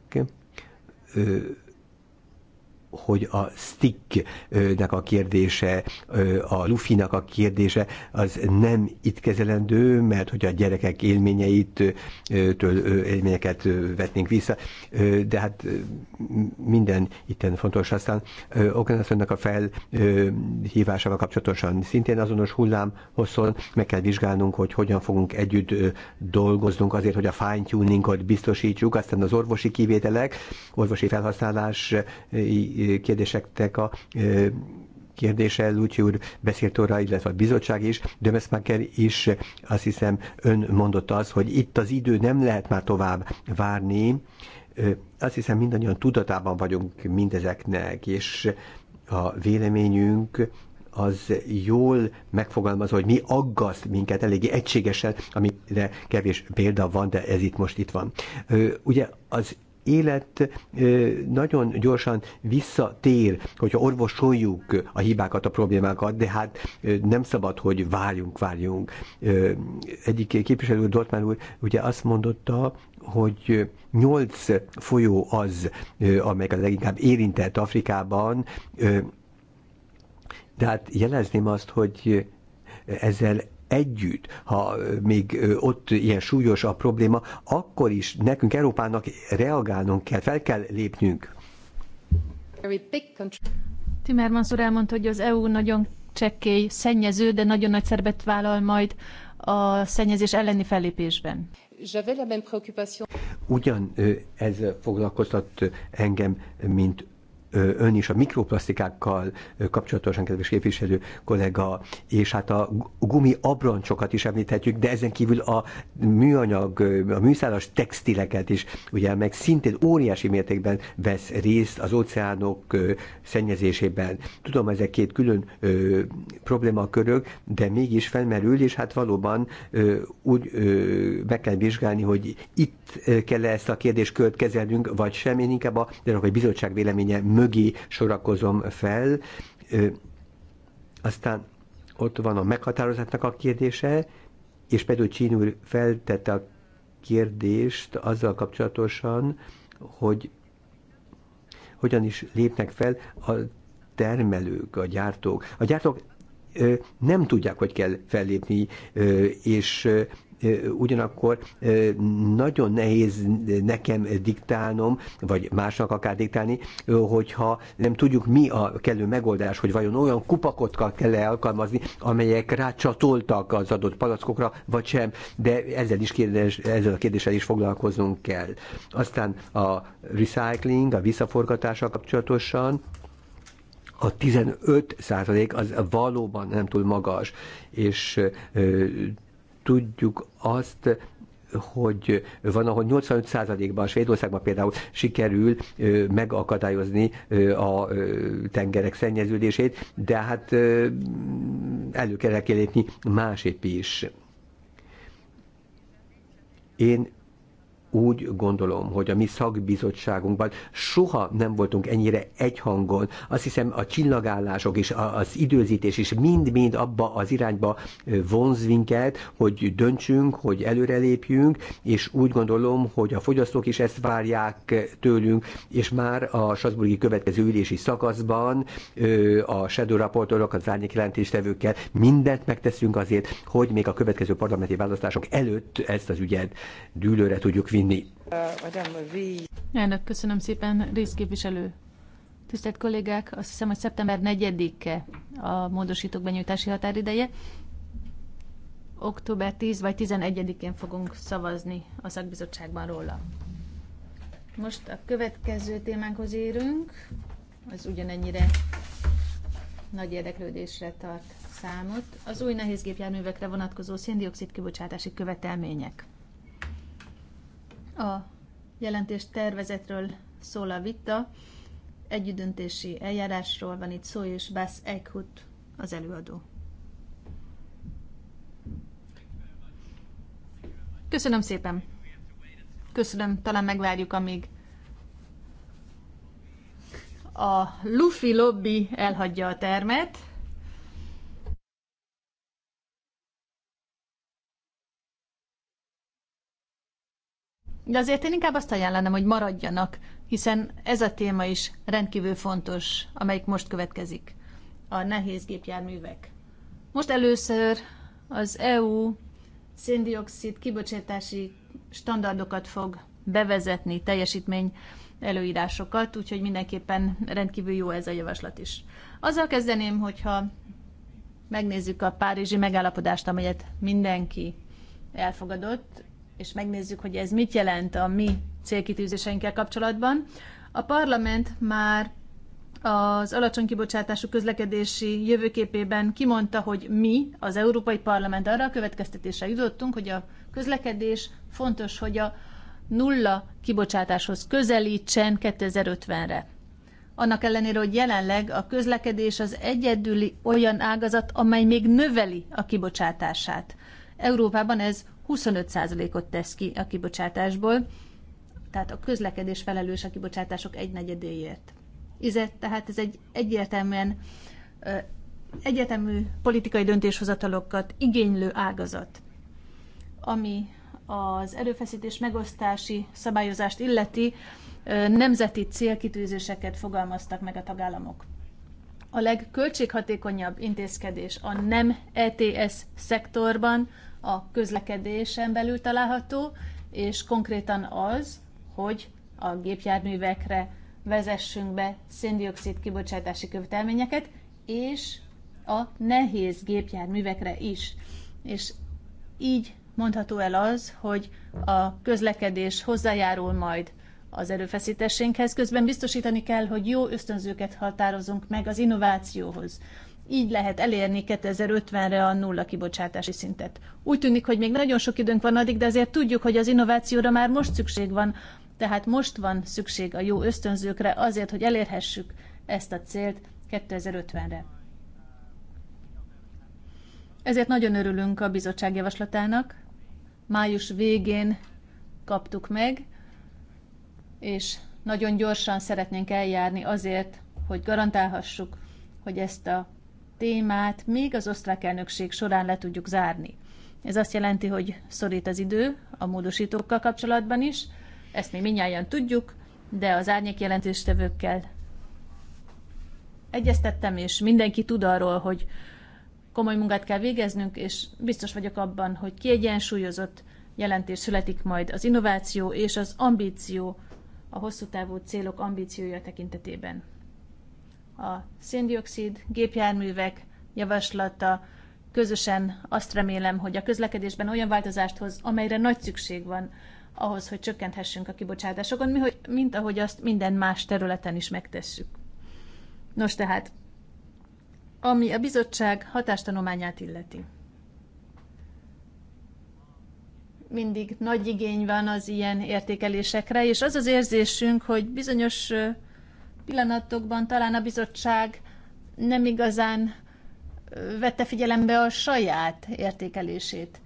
ő hogy a stick-nek a kérdése, a lufinak a kérdése az nem itt kezelendő, mert hogy a gyerekek élményeit, től, élményeket vetnénk vissza, de hát minden itten fontos. Aztán Okenasszonynak a felhívásával kapcsolatosan szintén azonos hullám hosszon meg kell vizsgálnunk, hogy hogyan fogunk együtt dolgoznunk azért, hogy a fine tuningot biztosítsuk, aztán az orvosi kivételek, orvosi felhasználás kérdéseknek a kérdése, Lutyi úr beszélt róla, illetve a bizottság is, Dömeszmaker is azt hiszem ön mondott az, hogy itt az idő nem lehet már tovább várni, azt hiszem mindannyian tudatában vagyunk mindezeknek, és a véleményünk az jól megfogalmazza, hogy mi aggaszt minket eléggé egységesen, amire kevés példa van, de ez itt most itt van. Ugye az élet nagyon gyorsan visszatér, hogyha orvosoljuk a hibákat, a problémákat, de hát nem szabad, hogy várjunk, várjunk. Egyik képviselő úr, úr, ugye azt mondotta, hogy nyolc folyó az, amely a leginkább érintett Afrikában, de hát jelezném azt, hogy ezzel együtt, ha még ott ilyen súlyos a probléma, akkor is nekünk Európának reagálnunk kell, fel kell lépnünk. Timmermans úr elmondta, hogy az EU nagyon csekély szennyező, de nagyon nagy szerepet vállal majd a szennyezés elleni fellépésben. Ugyan ez foglalkoztat engem, mint ön is a mikroplasztikákkal kapcsolatosan, kedves képviselő kollega, és hát a gumi abroncsokat is említhetjük, de ezen kívül a műanyag, a műszálas textileket is, ugye meg szintén óriási mértékben vesz részt az óceánok szennyezésében. Tudom, ezek két külön problémakörök, de mégis felmerül, és hát valóban úgy be kell vizsgálni, hogy itt kell ezt a kérdéskört kezelnünk, vagy sem. Én inkább a Európai Bizottság véleménye mögé sorakozom fel. Aztán ott van a meghatározatnak a kérdése, és Csín úr feltette a kérdést azzal kapcsolatosan, hogy hogyan is lépnek fel a termelők, a gyártók. A gyártók ö, nem tudják, hogy kell fellépni, ö, és ö, ugyanakkor nagyon nehéz nekem diktálnom, vagy másnak akár diktálni, hogyha nem tudjuk mi a kellő megoldás, hogy vajon olyan kupakot kell -e alkalmazni, amelyek rácsatoltak az adott palackokra, vagy sem, de ezzel, is kérdés, ezzel a kérdéssel is foglalkoznunk kell. Aztán a recycling, a visszaforgatással kapcsolatosan, a 15 százalék az valóban nem túl magas, és tudjuk azt, hogy van, ahol 85%-ban, Svédországban például sikerül ö, megakadályozni ö, a ö, tengerek szennyeződését, de hát elő kell lépni másép is. Én úgy gondolom, hogy a mi szakbizottságunkban soha nem voltunk ennyire egyhangon. Azt hiszem a csillagállások és az időzítés is mind-mind abba az irányba vonz minket, hogy döntsünk, hogy előrelépjünk, és úgy gondolom, hogy a fogyasztók is ezt várják tőlünk, és már a Strasburgi következő ülési szakaszban a shadow raportorok, az árnyék jelentéstevőkkel mindent megteszünk azért, hogy még a következő parlamenti választások előtt ezt az ügyet dűlőre tudjuk vinni vinni. Elnök, köszönöm szépen, részképviselő. Tisztelt kollégák, azt hiszem, hogy szeptember 4-e a módosítók benyújtási határideje. Október 10 vagy 11-én fogunk szavazni a szakbizottságban róla. Most a következő témánkhoz érünk, az ugyanennyire nagy érdeklődésre tart számot. Az új nehézgépjárművekre vonatkozó széndiokszid kibocsátási követelmények. A jelentés tervezetről szól a vita, együttdöntési eljárásról van itt szó, és Bász Eichhut az előadó. Köszönöm szépen! Köszönöm, talán megvárjuk, amíg a Luffy Lobby elhagyja a termet. De azért én inkább azt ajánlanám, hogy maradjanak, hiszen ez a téma is rendkívül fontos, amelyik most következik. A nehéz gépjárművek. Most először az EU széndiokszid kibocsátási standardokat fog bevezetni, teljesítmény előírásokat, úgyhogy mindenképpen rendkívül jó ez a javaslat is. Azzal kezdeném, hogyha megnézzük a párizsi megállapodást, amelyet mindenki elfogadott, és megnézzük, hogy ez mit jelent a mi célkitűzéseinkkel kapcsolatban. A parlament már az alacsony kibocsátású közlekedési jövőképében kimondta, hogy mi, az Európai Parlament arra a következtetésre jutottunk, hogy a közlekedés fontos, hogy a nulla kibocsátáshoz közelítsen 2050-re. Annak ellenére, hogy jelenleg a közlekedés az egyedüli olyan ágazat, amely még növeli a kibocsátását. Európában ez 25%-ot tesz ki a kibocsátásból, tehát a közlekedés felelős a kibocsátások egy negyedéért. tehát ez egy egyértelműen egyetemű politikai döntéshozatalokat igénylő ágazat, ami az erőfeszítés megosztási szabályozást illeti, nemzeti célkitűzéseket fogalmaztak meg a tagállamok a legköltséghatékonyabb intézkedés a nem ETS szektorban a közlekedésen belül található, és konkrétan az, hogy a gépjárművekre vezessünk be széndiokszid kibocsátási követelményeket, és a nehéz gépjárművekre is. És így mondható el az, hogy a közlekedés hozzájárul majd az erőfeszítésénkhez. közben biztosítani kell, hogy jó ösztönzőket határozunk meg az innovációhoz. Így lehet elérni 2050-re a nulla kibocsátási szintet. Úgy tűnik, hogy még nagyon sok időnk van addig, de azért tudjuk, hogy az innovációra már most szükség van, tehát most van szükség a jó ösztönzőkre azért, hogy elérhessük ezt a célt 2050-re. Ezért nagyon örülünk a bizottság javaslatának. Május végén kaptuk meg, és nagyon gyorsan szeretnénk eljárni azért, hogy garantálhassuk, hogy ezt a témát még az osztrák elnökség során le tudjuk zárni. Ez azt jelenti, hogy szorít az idő a módosítókkal kapcsolatban is, ezt mi minnyáján tudjuk, de az árnyék jelentéstevőkkel egyeztettem, és mindenki tud arról, hogy komoly munkát kell végeznünk, és biztos vagyok abban, hogy kiegyensúlyozott jelentés születik majd az innováció és az ambíció a hosszú távú célok ambíciója tekintetében. A széndiokszid, gépjárművek javaslata közösen azt remélem, hogy a közlekedésben olyan változást hoz, amelyre nagy szükség van ahhoz, hogy csökkenthessünk a kibocsátásokon, mi, hogy, mint ahogy azt minden más területen is megtesszük. Nos tehát, ami a bizottság hatástanulmányát illeti. mindig nagy igény van az ilyen értékelésekre, és az az érzésünk, hogy bizonyos pillanatokban talán a bizottság nem igazán vette figyelembe a saját értékelését.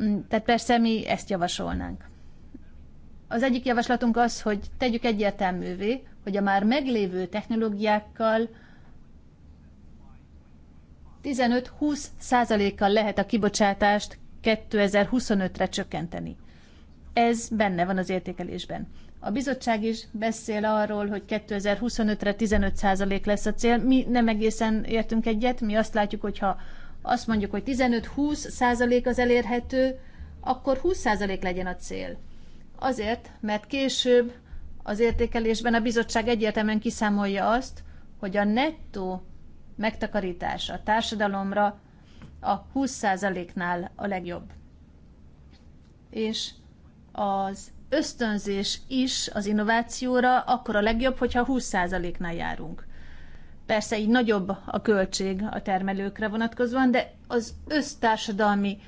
Mm, tehát persze mi ezt javasolnánk. Az egyik javaslatunk az, hogy tegyük egyértelművé, hogy a már meglévő technológiákkal 15-20 százalékkal lehet a kibocsátást 2025-re csökkenteni. Ez benne van az értékelésben. A bizottság is beszél arról, hogy 2025-re 15% lesz a cél. Mi nem egészen értünk egyet, mi azt látjuk, hogy ha azt mondjuk, hogy 15-20% az elérhető, akkor 20% legyen a cél. Azért, mert később az értékelésben a bizottság egyértelműen kiszámolja azt, hogy a nettó megtakarítás a társadalomra a 20%-nál a legjobb. És az ösztönzés is az innovációra akkor a legjobb, hogyha 20%-nál járunk. Persze így nagyobb a költség a termelőkre vonatkozóan, de az össztársadalmi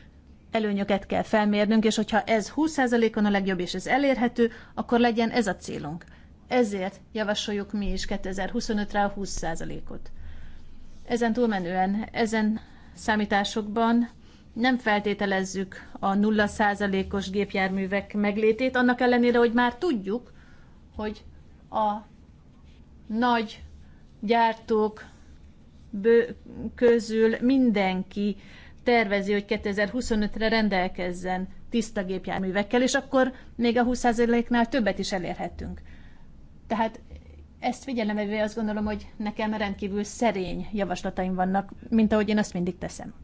előnyöket kell felmérnünk, és hogyha ez 20%-on a legjobb, és ez elérhető, akkor legyen ez a célunk. Ezért javasoljuk mi is 2025-re a 20%-ot. Ezen túlmenően, ezen számításokban nem feltételezzük a 0%-os gépjárművek meglétét, annak ellenére, hogy már tudjuk, hogy a nagy gyártók közül mindenki tervezi, hogy 2025-re rendelkezzen tiszta gépjárművekkel, és akkor még a 20%-nál többet is elérhetünk. Tehát ezt figyelembe véve azt gondolom, hogy nekem rendkívül szerény javaslataim vannak, mint ahogy én azt mindig teszem.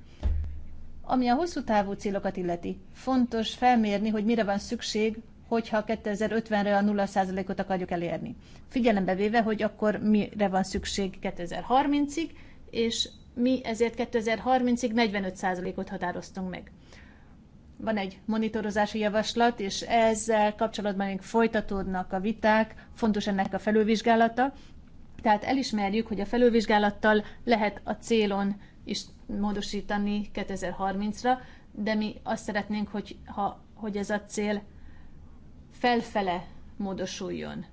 Ami a hosszú távú célokat illeti, fontos felmérni, hogy mire van szükség, hogyha 2050-re a 0%-ot akarjuk elérni. Figyelembe véve, hogy akkor mire van szükség 2030-ig, és mi ezért 2030-ig 45%-ot határoztunk meg van egy monitorozási javaslat, és ezzel kapcsolatban még folytatódnak a viták, fontos ennek a felülvizsgálata. Tehát elismerjük, hogy a felülvizsgálattal lehet a célon is módosítani 2030-ra, de mi azt szeretnénk, hogy, ha, hogy ez a cél felfele módosuljon.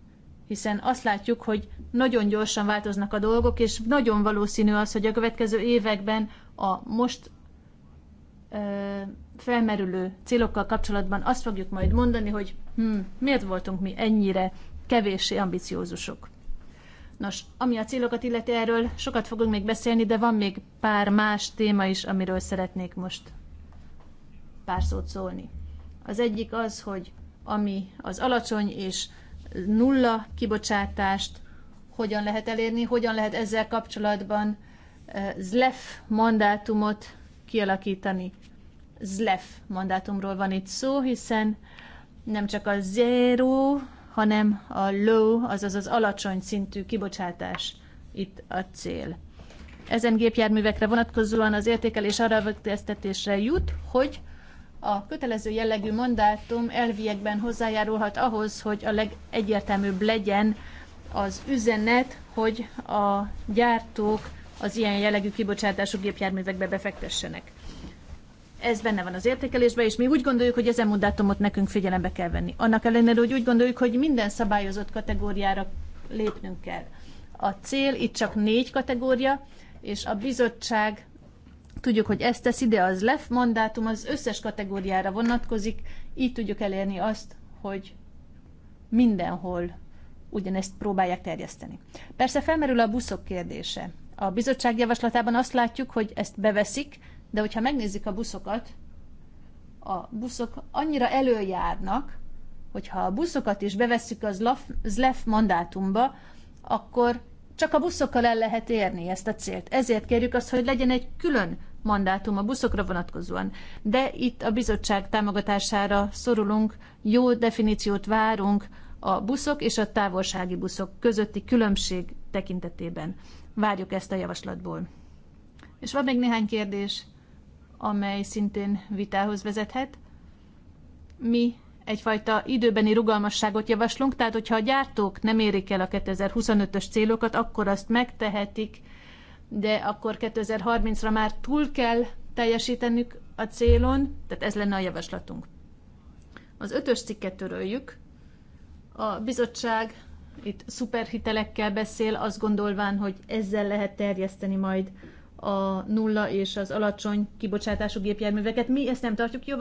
Hiszen azt látjuk, hogy nagyon gyorsan változnak a dolgok, és nagyon valószínű az, hogy a következő években a most ö, felmerülő célokkal kapcsolatban azt fogjuk majd mondani, hogy hm, miért voltunk mi ennyire kevéssé ambiciózusok. Nos, ami a célokat illeti, erről sokat fogunk még beszélni, de van még pár más téma is, amiről szeretnék most pár szót szólni. Az egyik az, hogy ami az alacsony és nulla kibocsátást hogyan lehet elérni, hogyan lehet ezzel kapcsolatban eh, ZLEF mandátumot kialakítani. ZLEF mandátumról van itt szó, hiszen nem csak a zero, hanem a low, azaz az alacsony szintű kibocsátás itt a cél. Ezen gépjárművekre vonatkozóan az értékelés arra vettesztetésre jut, hogy a kötelező jellegű mandátum elviekben hozzájárulhat ahhoz, hogy a legegyértelműbb legyen az üzenet, hogy a gyártók az ilyen jellegű kibocsátású gépjárművekbe befektessenek. Ez benne van az értékelésben, és mi úgy gondoljuk, hogy ezen mondátumot nekünk figyelembe kell venni. Annak ellenére, hogy úgy gondoljuk, hogy minden szabályozott kategóriára lépnünk kell. A cél itt csak négy kategória, és a bizottság tudjuk, hogy ezt tesz ide, az LEF mandátum az összes kategóriára vonatkozik, így tudjuk elérni azt, hogy mindenhol ugyanezt próbálják terjeszteni. Persze felmerül a buszok kérdése. A bizottság javaslatában azt látjuk, hogy ezt beveszik, de hogyha megnézzük a buszokat, a buszok annyira előjárnak, hogyha a buszokat is bevesszük az ZLEF mandátumba, akkor csak a buszokkal el lehet érni ezt a célt. Ezért kérjük azt, hogy legyen egy külön mandátum a buszokra vonatkozóan. De itt a bizottság támogatására szorulunk, jó definíciót várunk a buszok és a távolsági buszok közötti különbség tekintetében. Várjuk ezt a javaslatból. És van még néhány kérdés amely szintén vitához vezethet. Mi egyfajta időbeni rugalmasságot javaslunk, tehát hogyha a gyártók nem érik el a 2025-ös célokat, akkor azt megtehetik, de akkor 2030-ra már túl kell teljesítenük a célon, tehát ez lenne a javaslatunk. Az ötös cikket töröljük. A bizottság itt szuperhitelekkel beszél, azt gondolván, hogy ezzel lehet terjeszteni majd a nulla és az alacsony kibocsátású gépjárműveket. Mi ezt nem tartjuk jó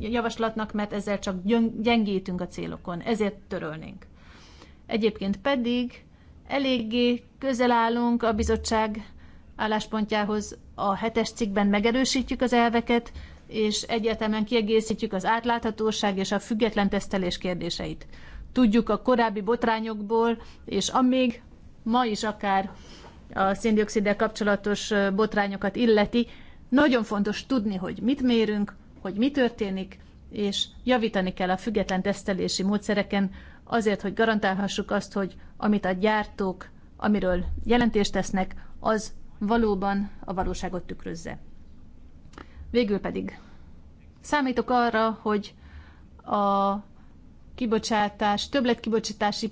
javaslatnak, mert ezzel csak gyengítünk a célokon, ezért törölnénk. Egyébként pedig eléggé közel állunk a bizottság álláspontjához, a hetes cikkben megerősítjük az elveket, és egyértelműen kiegészítjük az átláthatóság és a független tesztelés kérdéseit. Tudjuk a korábbi botrányokból, és amíg ma is akár a széndioksziddel kapcsolatos botrányokat illeti, nagyon fontos tudni, hogy mit mérünk, hogy mi történik, és javítani kell a független tesztelési módszereken azért, hogy garantálhassuk azt, hogy amit a gyártók, amiről jelentést tesznek, az valóban a valóságot tükrözze. Végül pedig számítok arra, hogy a kibocsátás, többletkibocsátási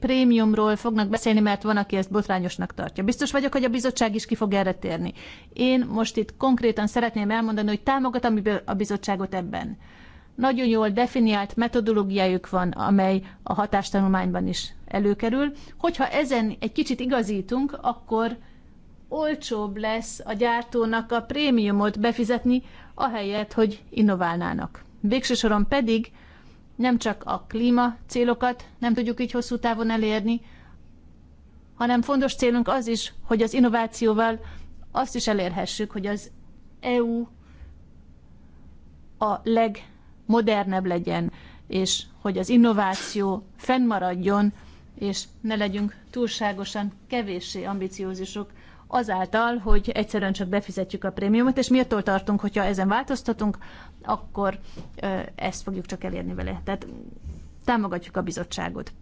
prémiumról fognak beszélni, mert van, aki ezt botrányosnak tartja. Biztos vagyok, hogy a bizottság is ki fog erre térni. Én most itt konkrétan szeretném elmondani, hogy támogatom a bizottságot ebben. Nagyon jól definiált metodológiájuk van, amely a hatástanulmányban is előkerül. Hogyha ezen egy kicsit igazítunk, akkor olcsóbb lesz a gyártónak a prémiumot befizetni, ahelyett, hogy innoválnának. Végső soron pedig nem csak a klíma célokat nem tudjuk így hosszú távon elérni, hanem fontos célunk az is, hogy az innovációval azt is elérhessük, hogy az EU a legmodernebb legyen, és hogy az innováció fennmaradjon, és ne legyünk túlságosan kevéssé ambiciózusok azáltal, hogy egyszerűen csak befizetjük a prémiumot, és miattól tartunk, hogyha ezen változtatunk, akkor ezt fogjuk csak elérni vele. Tehát támogatjuk a bizottságot.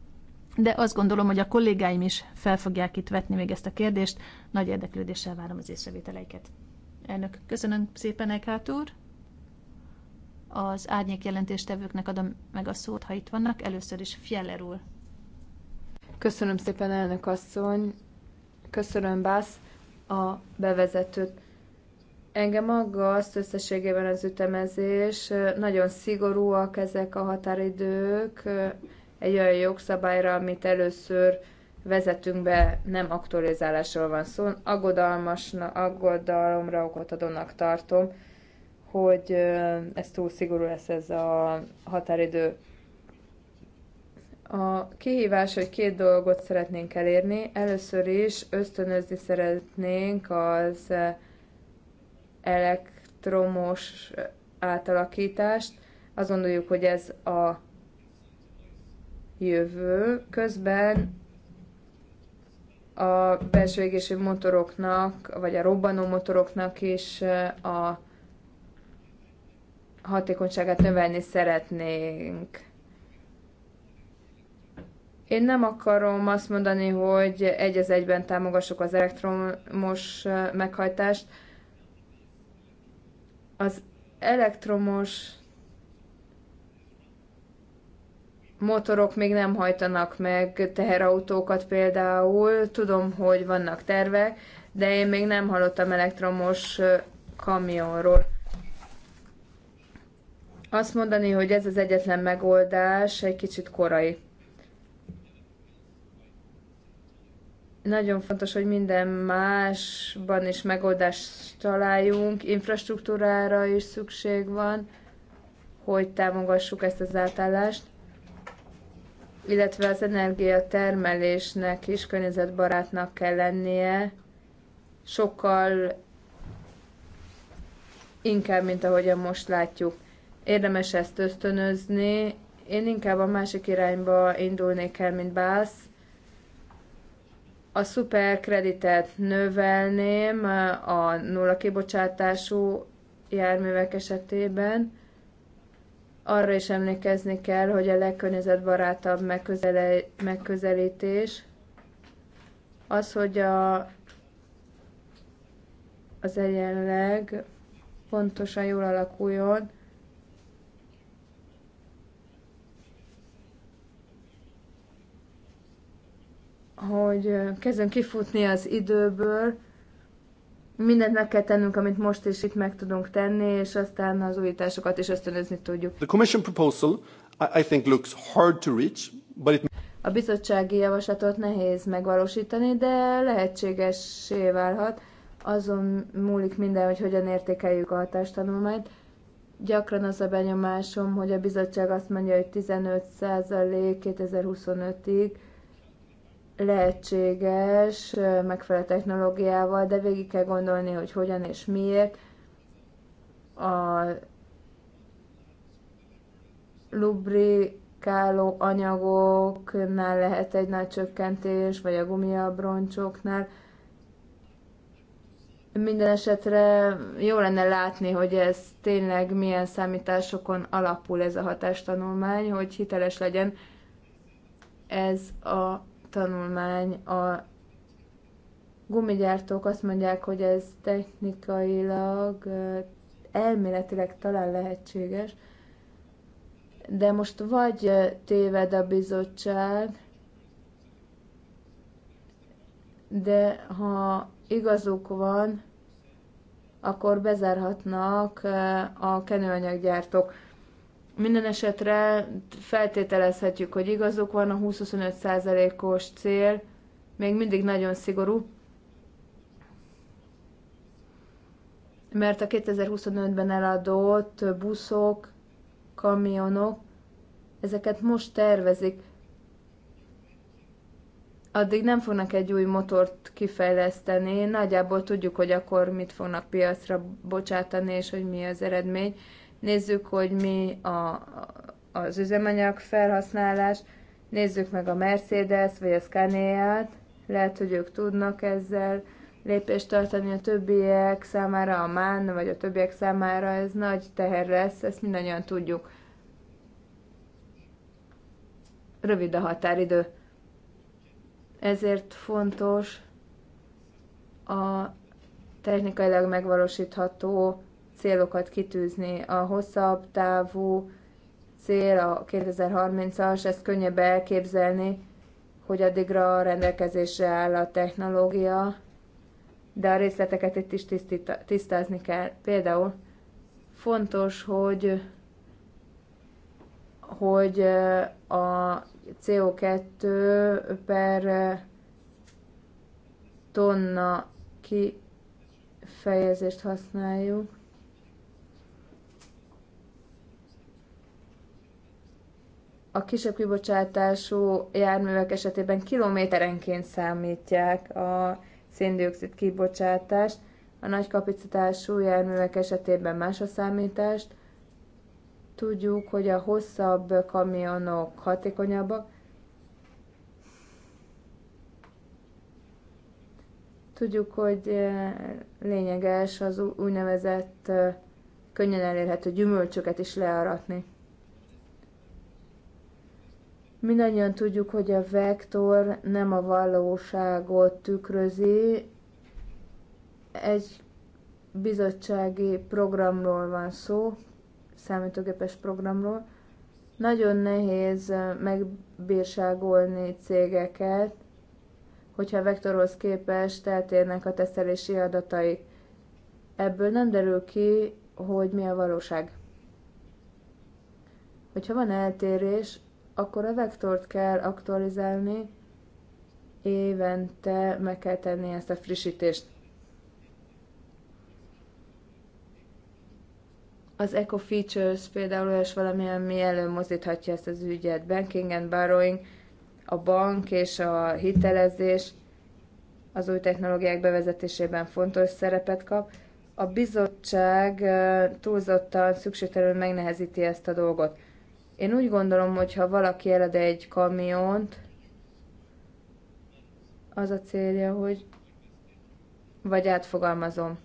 De azt gondolom, hogy a kollégáim is fel fogják itt vetni még ezt a kérdést. Nagy érdeklődéssel várom az észrevételeiket. Elnök, köszönöm szépen, Eckhart úr. Az árnyék jelentéstevőknek adom meg a szót, ha itt vannak. Először is Fjeller úr. Köszönöm szépen, elnök asszony. Köszönöm, Bász a bevezetőt. Engem azt összességében az ütemezés, nagyon szigorúak ezek a határidők, egy olyan jogszabályra, amit először vezetünk be, nem aktualizálásról van szó. Aggodalmasna, aggodalomra okot adónak tartom, hogy ez túl szigorú lesz ez a határidő. A kihívás, hogy két dolgot szeretnénk elérni. Először is ösztönözni szeretnénk az eh, elektromos átalakítást. Azt gondoljuk, hogy ez a jövő. Közben a belső égésű motoroknak, vagy a robbanó motoroknak is eh, a hatékonyságát növelni szeretnénk én nem akarom azt mondani, hogy egy az egyben támogassuk az elektromos meghajtást. Az elektromos motorok még nem hajtanak meg teherautókat például. Tudom, hogy vannak tervek, de én még nem hallottam elektromos kamionról. Azt mondani, hogy ez az egyetlen megoldás egy kicsit korai. Nagyon fontos, hogy minden másban is megoldást találjunk, infrastruktúrára is szükség van, hogy támogassuk ezt az átállást, illetve az energiatermelésnek is környezetbarátnak kell lennie, sokkal inkább, mint ahogyan most látjuk. Érdemes ezt ösztönözni. Én inkább a másik irányba indulnék el, mint Bász. A szuperkreditet növelném a nulla kibocsátású járművek esetében. Arra is emlékezni kell, hogy a legkörnyezetbarátabb megközelítés az, hogy a, az egyenleg pontosan jól alakuljon, hogy kezdem kifutni az időből, mindent meg kell tennünk, amit most is itt meg tudunk tenni, és aztán az újításokat is ösztönözni tudjuk. The commission proposal I think looks hard to reach, but it... A bizottsági javaslatot nehéz megvalósítani, de lehetségessé válhat. Azon múlik minden, hogy hogyan értékeljük a hatástanulmányt. Gyakran az a benyomásom, hogy a bizottság azt mondja, hogy 15% 2025-ig, lehetséges megfelelő technológiával, de végig kell gondolni, hogy hogyan és miért. A lubrikáló anyagoknál lehet egy nagy csökkentés, vagy a gumiabroncsoknál. Minden esetre jó lenne látni, hogy ez tényleg milyen számításokon alapul ez a hatástanulmány, hogy hiteles legyen ez a tanulmány. A gumigyártók azt mondják, hogy ez technikailag, elméletileg talán lehetséges, de most vagy téved a bizottság, de ha igazuk van, akkor bezárhatnak a kenőanyaggyártók. Minden esetre feltételezhetjük, hogy igazuk van, a 20-25%-os cél még mindig nagyon szigorú, mert a 2025-ben eladott buszok, kamionok, ezeket most tervezik. Addig nem fognak egy új motort kifejleszteni, nagyjából tudjuk, hogy akkor mit fognak piacra bocsátani, és hogy mi az eredmény nézzük, hogy mi a, az üzemanyag felhasználás, nézzük meg a Mercedes vagy a Scania-t, lehet, hogy ők tudnak ezzel lépést tartani a többiek számára, a MAN vagy a többiek számára, ez nagy teher lesz, ezt mindannyian tudjuk. Rövid a határidő. Ezért fontos a technikailag megvalósítható célokat kitűzni. A hosszabb távú cél a 2030-as, ezt könnyebb elképzelni, hogy addigra rendelkezésre áll a technológia, de a részleteket itt is tisztita, tisztázni kell. Például fontos, hogy, hogy eh, a CO2 per tonna kifejezést használjuk. a kisebb kibocsátású járművek esetében kilométerenként számítják a széndiokszid kibocsátást, a nagy kapacitású járművek esetében más a számítást. Tudjuk, hogy a hosszabb kamionok hatékonyabbak. Tudjuk, hogy eh, lényeges az úgynevezett eh, könnyen elérhető gyümölcsöket is learatni. Mindannyian tudjuk, hogy a vektor nem a valóságot tükrözi. Egy bizottsági programról van szó, számítógépes programról. Nagyon nehéz megbírságolni cégeket, hogyha a vektorhoz képest eltérnek a tesztelési adatai, Ebből nem derül ki, hogy mi a valóság. Hogyha van eltérés, akkor a vektort kell aktualizálni, évente meg kell tenni ezt a frissítést. Az Eco Features például olyas valami, mi előmozdíthatja ezt az ügyet. Banking and Borrowing, a bank és a hitelezés az új technológiák bevezetésében fontos szerepet kap. A bizottság túlzottan szükségtelenül megnehezíti ezt a dolgot. Én úgy gondolom, hogy ha valaki elad egy kamiont, az a célja, hogy vagy átfogalmazom.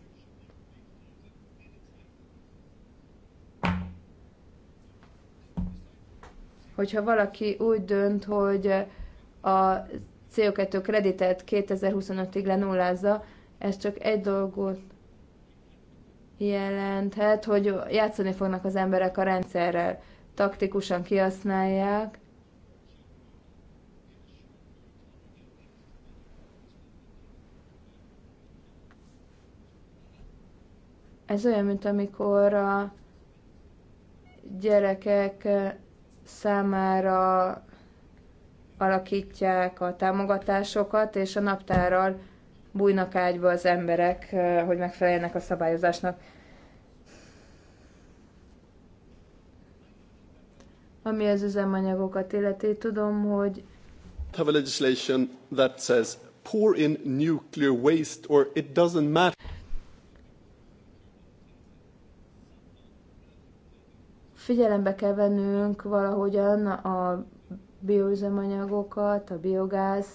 Hogyha valaki úgy dönt, hogy a CO2 kreditet 2025-ig lenullázza, ez csak egy dolgot jelenthet, hogy játszani fognak az emberek a rendszerrel taktikusan kihasználják, ez olyan, mint amikor a gyerekek számára alakítják a támogatásokat, és a naptárral bújnak ágyba az emberek, hogy megfeleljenek a szabályozásnak. ami az üzemanyagokat illeti. Tudom, hogy have a legislation that says pour in nuclear waste or it doesn't matter. Figyelembe kell vennünk valahogyan a bioüzemanyagokat, a biogáz,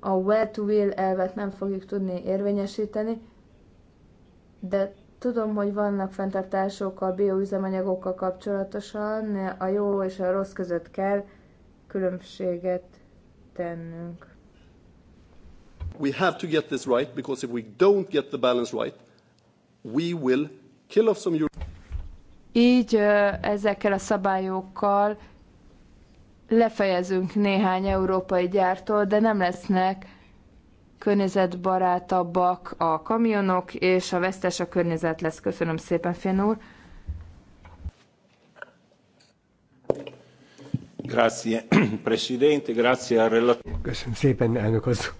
a where to will elvet nem fogjuk tudni érvényesíteni, de Tudom, hogy vannak fenntartások a bioüzemanyagokkal kapcsolatosan, a jó és a rossz között kell különbséget tennünk. We have to get this right, because if we don't get the balance right, we will kill off some... Így ezekkel a szabályokkal lefejezünk néhány európai gyártól, de nem lesznek környezetbarátabbak a kamionok, és a vesztes a környezet lesz. Köszönöm szépen, Fén úr. Grazie, Presidente, grazie al relatore. Köszönöm szépen, elnök asszony.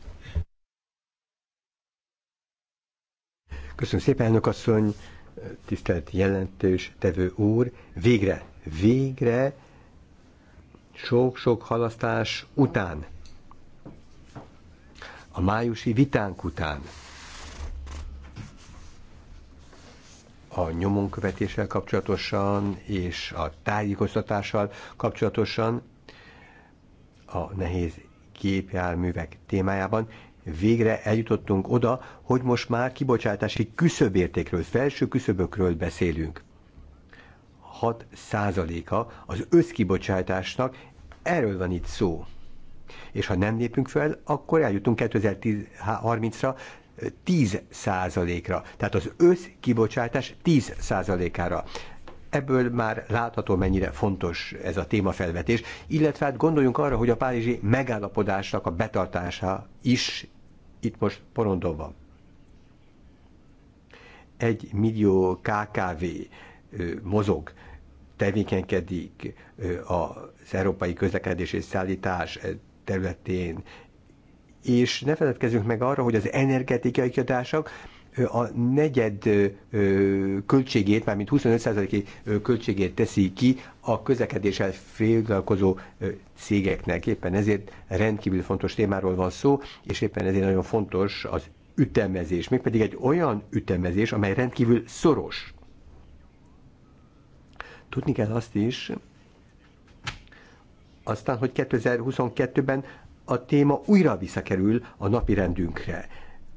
Köszönöm szépen, elnök asszony, tisztelt jelentős tevő úr. Végre, végre, sok-sok halasztás után a májusi vitánk után. a nyomonkövetéssel kapcsolatosan és a tájékoztatással kapcsolatosan a nehéz képjárművek témájában végre eljutottunk oda, hogy most már kibocsátási küszöbértékről, felső küszöbökről beszélünk. 6 százaléka az összkibocsátásnak, erről van itt szó. És ha nem lépünk fel, akkor eljutunk 2030-ra 10 százalékra, tehát az összkibocsátás 10 százalékára ebből már látható, mennyire fontos ez a témafelvetés, illetve hát gondoljunk arra, hogy a párizsi megállapodásnak a betartása is itt most porondon van. Egy millió KKV mozog, tevékenykedik az európai közlekedés és szállítás területén. És ne feledkezzünk meg arra, hogy az energetikai kiadások a negyed költségét, mármint 25%-i költségét teszi ki a közlekedéssel foglalkozó cégeknek. Éppen ezért rendkívül fontos témáról van szó, és éppen ezért nagyon fontos az ütemezés, mégpedig egy olyan ütemezés, amely rendkívül szoros. Tudni kell azt is, aztán, hogy 2022-ben a téma újra visszakerül a napi rendünkre.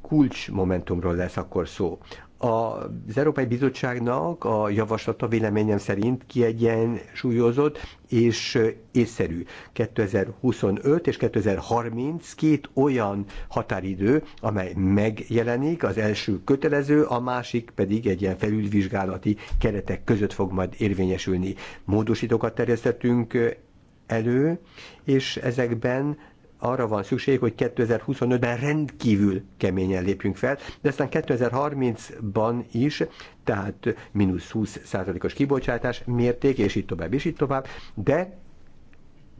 Kulcs momentumról lesz akkor szó. Az Európai Bizottságnak a javaslata véleményem szerint kiegyensúlyozott és észszerű. 2025 és 2030 két olyan határidő, amely megjelenik, az első kötelező, a másik pedig egy ilyen felülvizsgálati keretek között fog majd érvényesülni. Módosítókat terjesztettünk elő, és ezekben arra van szükség, hogy 2025-ben rendkívül keményen lépjünk fel, de aztán 2030-ban is, tehát mínusz 20 százalékos kibocsátás mérték, és így tovább, és így tovább, de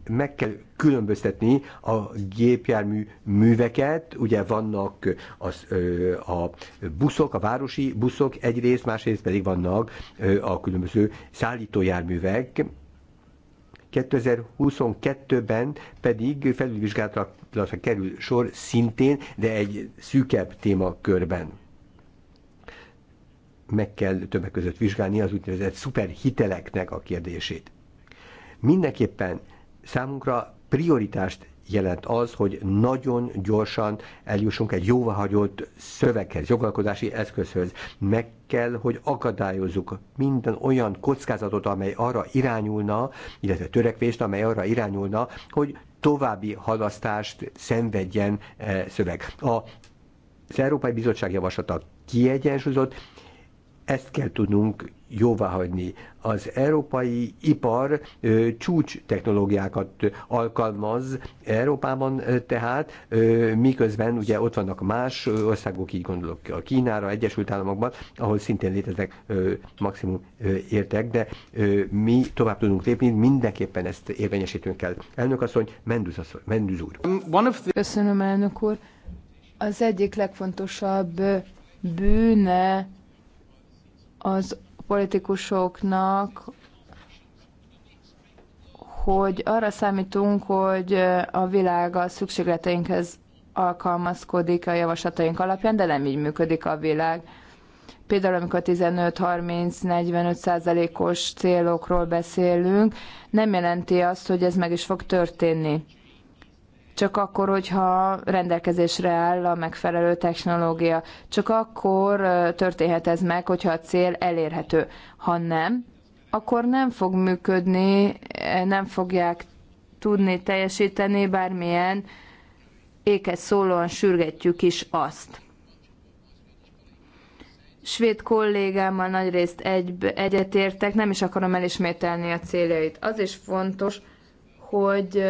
meg kell különböztetni a gépjármű műveket, ugye vannak az, a buszok, a városi buszok egyrészt, másrészt pedig vannak a különböző szállítójárművek, 2022-ben pedig felülvizsgálatra kerül sor szintén, de egy szűkebb témakörben meg kell többek között vizsgálni az úgynevezett szuperhiteleknek a kérdését. Mindenképpen számunkra prioritást jelent az, hogy nagyon gyorsan eljussunk egy jóvahagyott szöveghez, jogalkodási eszközhöz. Meg kell, hogy akadályozzuk minden olyan kockázatot, amely arra irányulna, illetve törekvést, amely arra irányulna, hogy további halasztást szenvedjen e, szöveg. A, az Európai Bizottság javaslata kiegyensúlyozott, ezt kell tudnunk jóváhagyni. Az európai ipar ö, csúcs technológiákat alkalmaz Európában ö, tehát, ö, miközben ugye ott vannak más országok, így gondolok a Kínára, Egyesült Államokban, ahol szintén léteznek ö, maximum ö, értek, de ö, mi tovább tudunk lépni, mindenképpen ezt érvényesítünk kell. Elnök asszony, Menduz, asszony, Menduz úr. Köszönöm, elnök úr. Az egyik legfontosabb bűne az politikusoknak, hogy arra számítunk, hogy a világ a szükségleteinkhez alkalmazkodik a javaslataink alapján, de nem így működik a világ. Például amikor 15-30-45 százalékos célokról beszélünk, nem jelenti azt, hogy ez meg is fog történni csak akkor, hogyha rendelkezésre áll a megfelelő technológia. Csak akkor történhet ez meg, hogyha a cél elérhető. Ha nem, akkor nem fog működni, nem fogják tudni teljesíteni, bármilyen éket szólóan sürgetjük is azt. Svéd kollégámmal nagyrészt egy, egyetértek, nem is akarom elismételni a céljait. Az is fontos, hogy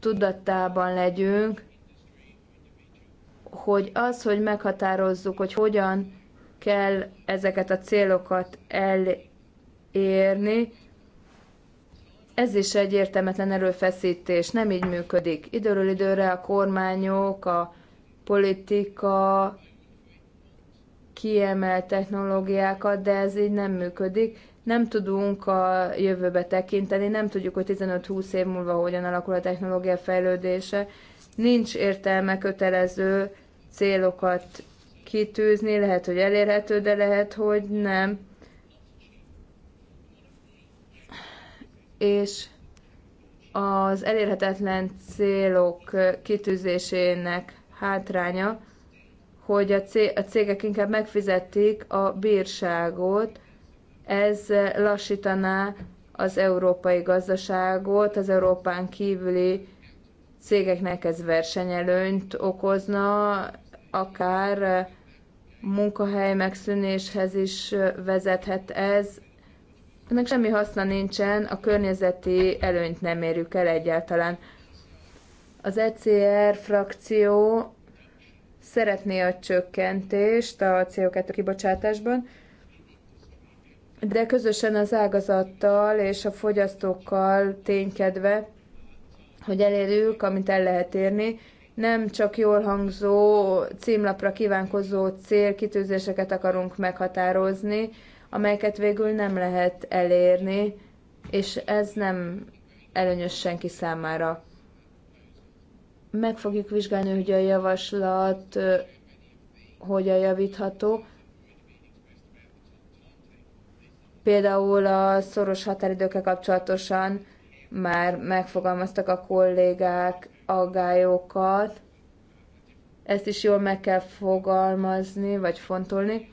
tudatában legyünk, hogy az, hogy meghatározzuk, hogy hogyan kell ezeket a célokat elérni, ez is egy értelmetlen erőfeszítés, nem így működik. Időről időre a kormányok, a politika kiemel technológiákat, de ez így nem működik nem tudunk a jövőbe tekinteni, nem tudjuk, hogy 15-20 év múlva hogyan alakul a technológia fejlődése. Nincs értelme kötelező célokat kitűzni, lehet, hogy elérhető, de lehet, hogy nem. És az elérhetetlen célok kitűzésének hátránya, hogy a cégek inkább megfizetik a bírságot, ez lassítaná az európai gazdaságot, az Európán kívüli cégeknek ez versenyelőnyt okozna, akár munkahely megszűnéshez is vezethet ez. Ennek semmi haszna nincsen, a környezeti előnyt nem érjük el egyáltalán. Az ECR frakció szeretné a csökkentést a CO2 kibocsátásban, de közösen az ágazattal és a fogyasztókkal ténykedve, hogy elérjük, amit el lehet érni, nem csak jól hangzó, címlapra kívánkozó célkitűzéseket akarunk meghatározni, amelyeket végül nem lehet elérni, és ez nem előnyös senki számára. Meg fogjuk vizsgálni, hogy a javaslat hogyan javítható, Például a szoros határidőkkel kapcsolatosan már megfogalmaztak a kollégák aggályokat, ezt is jól meg kell fogalmazni, vagy fontolni.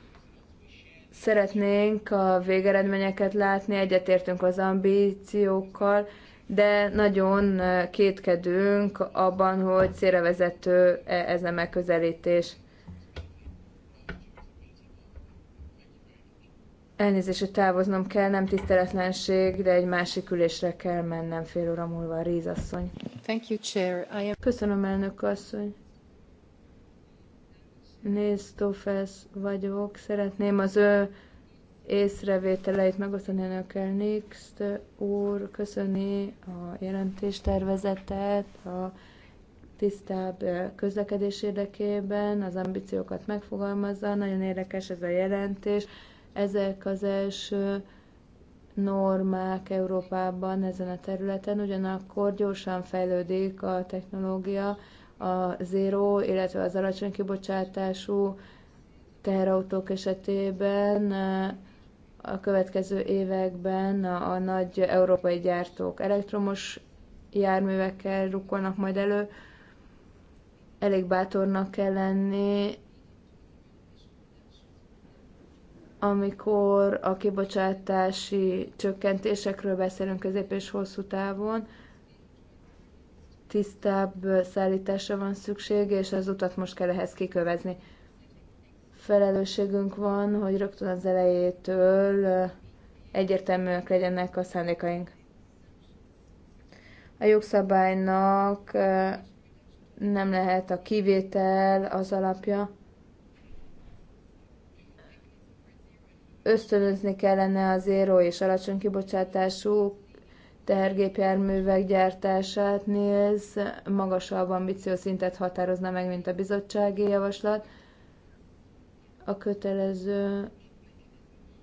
Szeretnénk a végeredményeket látni, egyetértünk az ambíciókkal, de nagyon kétkedünk abban, hogy célra vezető ez a megközelítés. Elnézést, hogy távoznom kell, nem tiszteletlenség, de egy másik ülésre kell mennem fél óra múlva, Rízasszony. Thank you, Chair. I am... Köszönöm, elnök asszony. Néztofesz vagyok, szeretném az ő észrevételeit megosztani önökkel. Nixt úr köszöni a jelentéstervezetet, a tisztább közlekedés érdekében, az ambíciókat megfogalmazza, nagyon érdekes ez a jelentés ezek az első normák Európában ezen a területen, ugyanakkor gyorsan fejlődik a technológia, a zéró, illetve az alacsony kibocsátású teherautók esetében eh, a következő években a, a nagy európai gyártók elektromos járművekkel rukkolnak majd elő. Elég bátornak kell lenni amikor a kibocsátási csökkentésekről beszélünk közép és hosszú távon, tisztább szállításra van szükség, és az utat most kell ehhez kikövezni. Felelősségünk van, hogy rögtön az elejétől egyértelműek legyenek a szándékaink. A jogszabálynak nem lehet a kivétel az alapja, ösztönözni kellene az éró és alacsony kibocsátású tehergépjárművek gyártását néz, magasabb ambíciószintet határozna meg, mint a bizottsági javaslat. A kötelező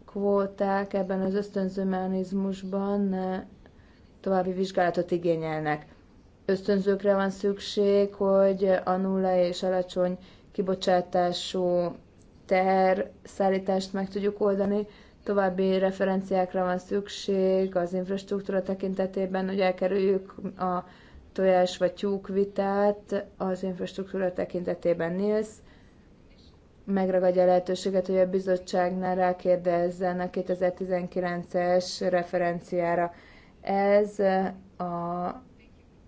kvóták ebben az ösztönző mechanizmusban további vizsgálatot igényelnek. Ösztönzőkre van szükség, hogy a nulla és alacsony kibocsátású szállítást meg tudjuk oldani. További referenciákra van szükség az infrastruktúra tekintetében, hogy elkerüljük a tojás vagy tyúk vitát az infrastruktúra tekintetében nélsz, megragadja a lehetőséget, hogy a bizottságnál rákérdezzen a 2019-es referenciára. Ez a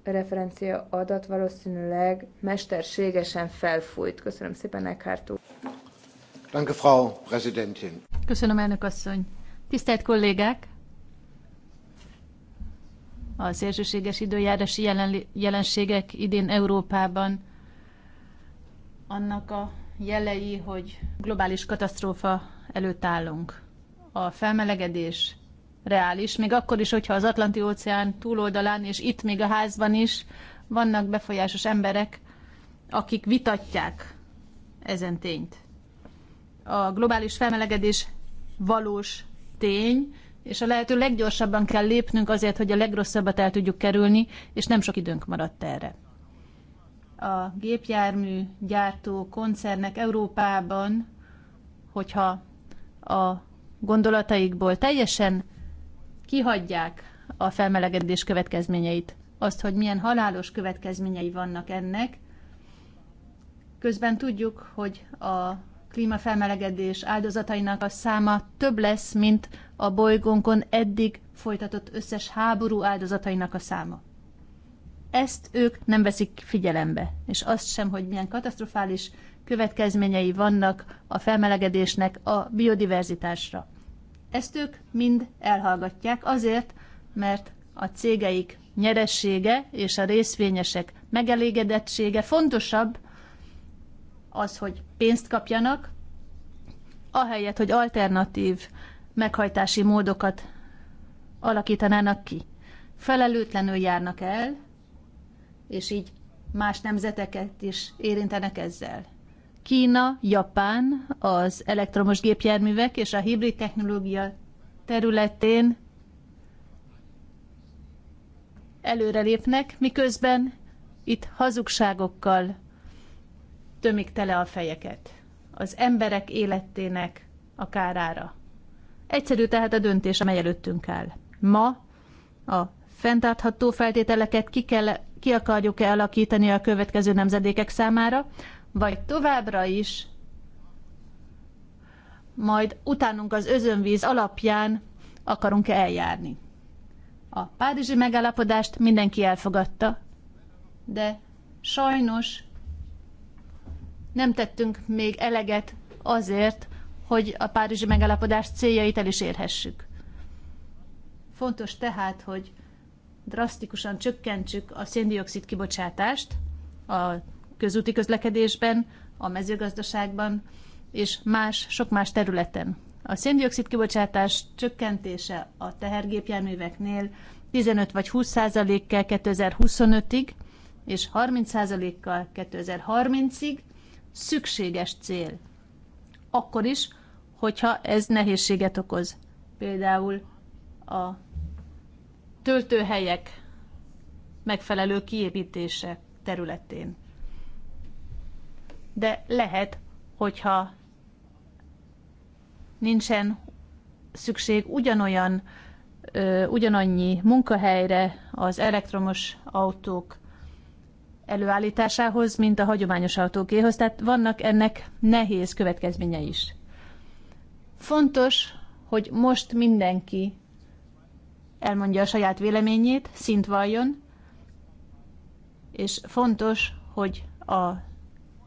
referencia adat valószínűleg mesterségesen felfújt. Köszönöm szépen, Eckhart Danke, Frau Präsidentin. Köszönöm, elnök asszony. Tisztelt kollégák! A szélsőséges időjárási jelen, jelenségek idén Európában annak a jelei, hogy globális katasztrófa előtt állunk. A felmelegedés reális, még akkor is, hogyha az Atlanti-óceán túloldalán és itt még a házban is vannak befolyásos emberek, akik vitatják ezen tényt a globális felmelegedés valós tény, és a lehető leggyorsabban kell lépnünk azért, hogy a legrosszabbat el tudjuk kerülni, és nem sok időnk maradt erre. A gépjármű gyártó koncernek Európában, hogyha a gondolataikból teljesen kihagyják a felmelegedés következményeit, azt, hogy milyen halálos következményei vannak ennek, közben tudjuk, hogy a klímafelmelegedés áldozatainak a száma több lesz, mint a bolygónkon eddig folytatott összes háború áldozatainak a száma. Ezt ők nem veszik figyelembe, és azt sem, hogy milyen katasztrofális következményei vannak a felmelegedésnek a biodiverzitásra. Ezt ők mind elhallgatják azért, mert a cégeik nyeressége és a részvényesek megelégedettsége fontosabb, az, hogy pénzt kapjanak, ahelyett, hogy alternatív meghajtási módokat alakítanának ki. Felelőtlenül járnak el, és így más nemzeteket is érintenek ezzel. Kína, Japán az elektromos gépjárművek és a hibrid technológia területén előrelépnek, miközben itt hazugságokkal tömik tele a fejeket. Az emberek életének a kárára. Egyszerű tehát a döntés, amely előttünk áll. Ma a fenntartható feltételeket ki, kell, ki akarjuk-e alakítani a következő nemzedékek számára, vagy továbbra is majd utánunk az özönvíz alapján akarunk-e eljárni. A párizsi megállapodást mindenki elfogadta, de sajnos nem tettünk még eleget azért, hogy a párizsi megállapodás céljait el is érhessük. Fontos tehát, hogy drasztikusan csökkentsük a széndiokszid kibocsátást a közúti közlekedésben, a mezőgazdaságban és más, sok más területen. A széndiokszid kibocsátás csökkentése a tehergépjárműveknél 15 vagy 20 százalékkal 2025-ig, és 30 százalékkal 2030-ig, szükséges cél. Akkor is, hogyha ez nehézséget okoz. Például a töltőhelyek megfelelő kiépítése területén. De lehet, hogyha nincsen szükség ugyanolyan, ugyanannyi munkahelyre az elektromos autók előállításához, mint a hagyományos autókéhoz, tehát vannak ennek nehéz következménye is. Fontos, hogy most mindenki elmondja a saját véleményét, szint valljon, és fontos, hogy a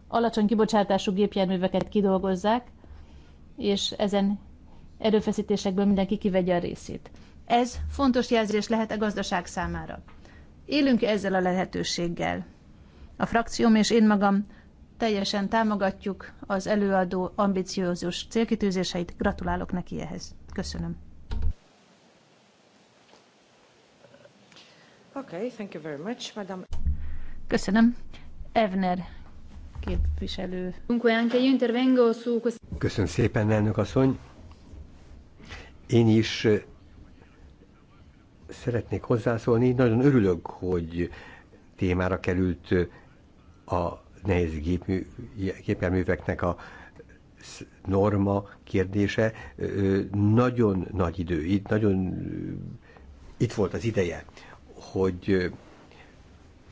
alacsony kibocsátású gépjárműveket kidolgozzák, és ezen erőfeszítésekből mindenki kivegye a részét. Ez fontos jelzés lehet a gazdaság számára. Élünk ezzel a lehetőséggel. A frakcióm és én magam teljesen támogatjuk az előadó ambiciózus célkitűzéseit. Gratulálok neki ehhez. Köszönöm. Okay, thank you very much, madam. Köszönöm. Evner képviselő. Köszönöm szépen, elnök asszony. Én is szeretnék hozzászólni. Nagyon örülök, hogy témára került a nehéz gépmű, gépjárműveknek a norma kérdése nagyon nagy idő, itt nagyon itt volt az ideje, hogy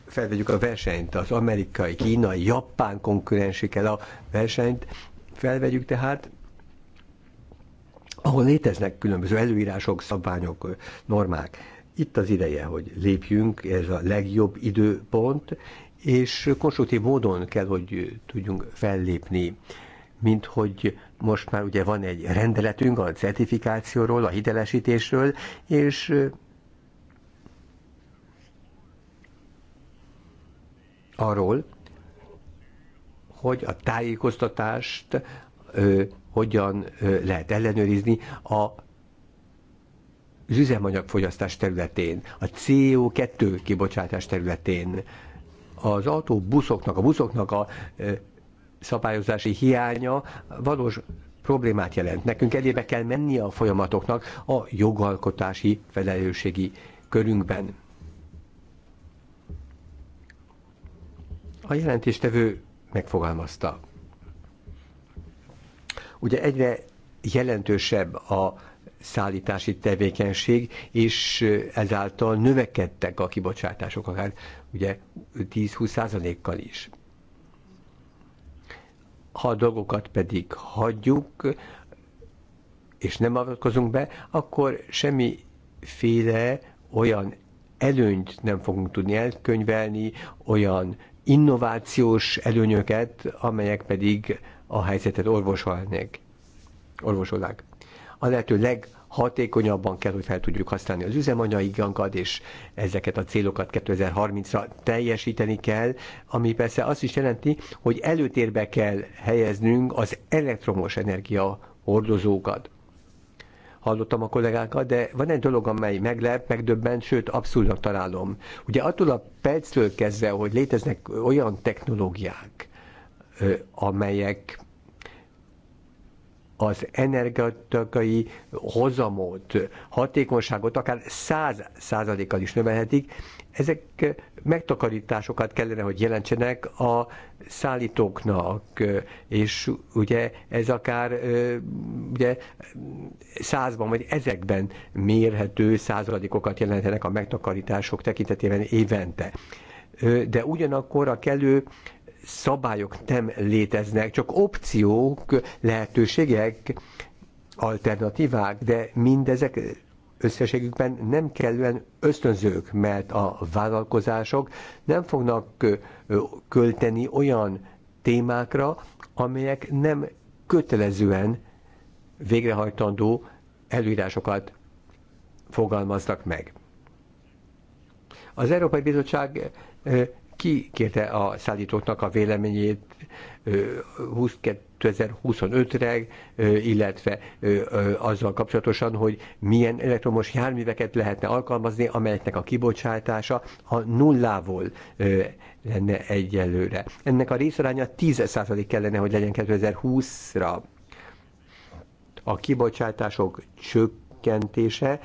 felvegyük a versenyt, az amerikai, kínai, japán konkurensikkel a versenyt, felvegyük tehát, ahol léteznek különböző előírások, szabványok, normák. Itt az ideje, hogy lépjünk, ez a legjobb időpont, és konstruktív módon kell, hogy tudjunk fellépni mint hogy most már ugye van egy rendeletünk a certifikációról, a hitelesítésről, és arról, hogy a tájékoztatást ö, hogyan ö, lehet ellenőrizni a az üzemanyagfogyasztás területén, a CO2 kibocsátás területén az autóbuszoknak, a buszoknak a szabályozási hiánya valós problémát jelent. Nekünk elébe kell mennie a folyamatoknak a jogalkotási felelősségi körünkben. A jelentéstevő megfogalmazta. Ugye egyre jelentősebb a szállítási tevékenység, és ezáltal növekedtek a kibocsátások, akár ugye 10-20 százalékkal is. Ha a dolgokat pedig hagyjuk, és nem avatkozunk be, akkor semmiféle olyan előnyt nem fogunk tudni elkönyvelni, olyan innovációs előnyöket, amelyek pedig a helyzetet orvosolnék, Orvosolnák. A lehető leg hatékonyabban kell, hogy fel tudjuk használni az üzemanyaginkat, és ezeket a célokat 2030-ra teljesíteni kell, ami persze azt is jelenti, hogy előtérbe kell helyeznünk az elektromos energia hordozókat hallottam a kollégákat, de van egy dolog, amely meglep, megdöbbent, sőt abszurdnak találom. Ugye attól a perctől kezdve, hogy léteznek olyan technológiák, amelyek az energetikai hozamot, hatékonyságot akár száz százalékkal is növelhetik, ezek megtakarításokat kellene, hogy jelentsenek a szállítóknak, és ugye ez akár ugye százban vagy ezekben mérhető százalékokat jelentenek a megtakarítások tekintetében évente. De ugyanakkor a kellő szabályok nem léteznek, csak opciók, lehetőségek, alternatívák, de mindezek összességükben nem kellően ösztönzők, mert a vállalkozások nem fognak költeni olyan témákra, amelyek nem kötelezően végrehajtandó előírásokat fogalmaznak meg. Az Európai Bizottság ki kérte a szállítóknak a véleményét 2025-re, illetve azzal kapcsolatosan, hogy milyen elektromos járműveket lehetne alkalmazni, amelyeknek a kibocsátása a nullából lenne egyelőre. Ennek a részaránya 10% kellene, hogy legyen 2020-ra. A kibocsátások csökkentése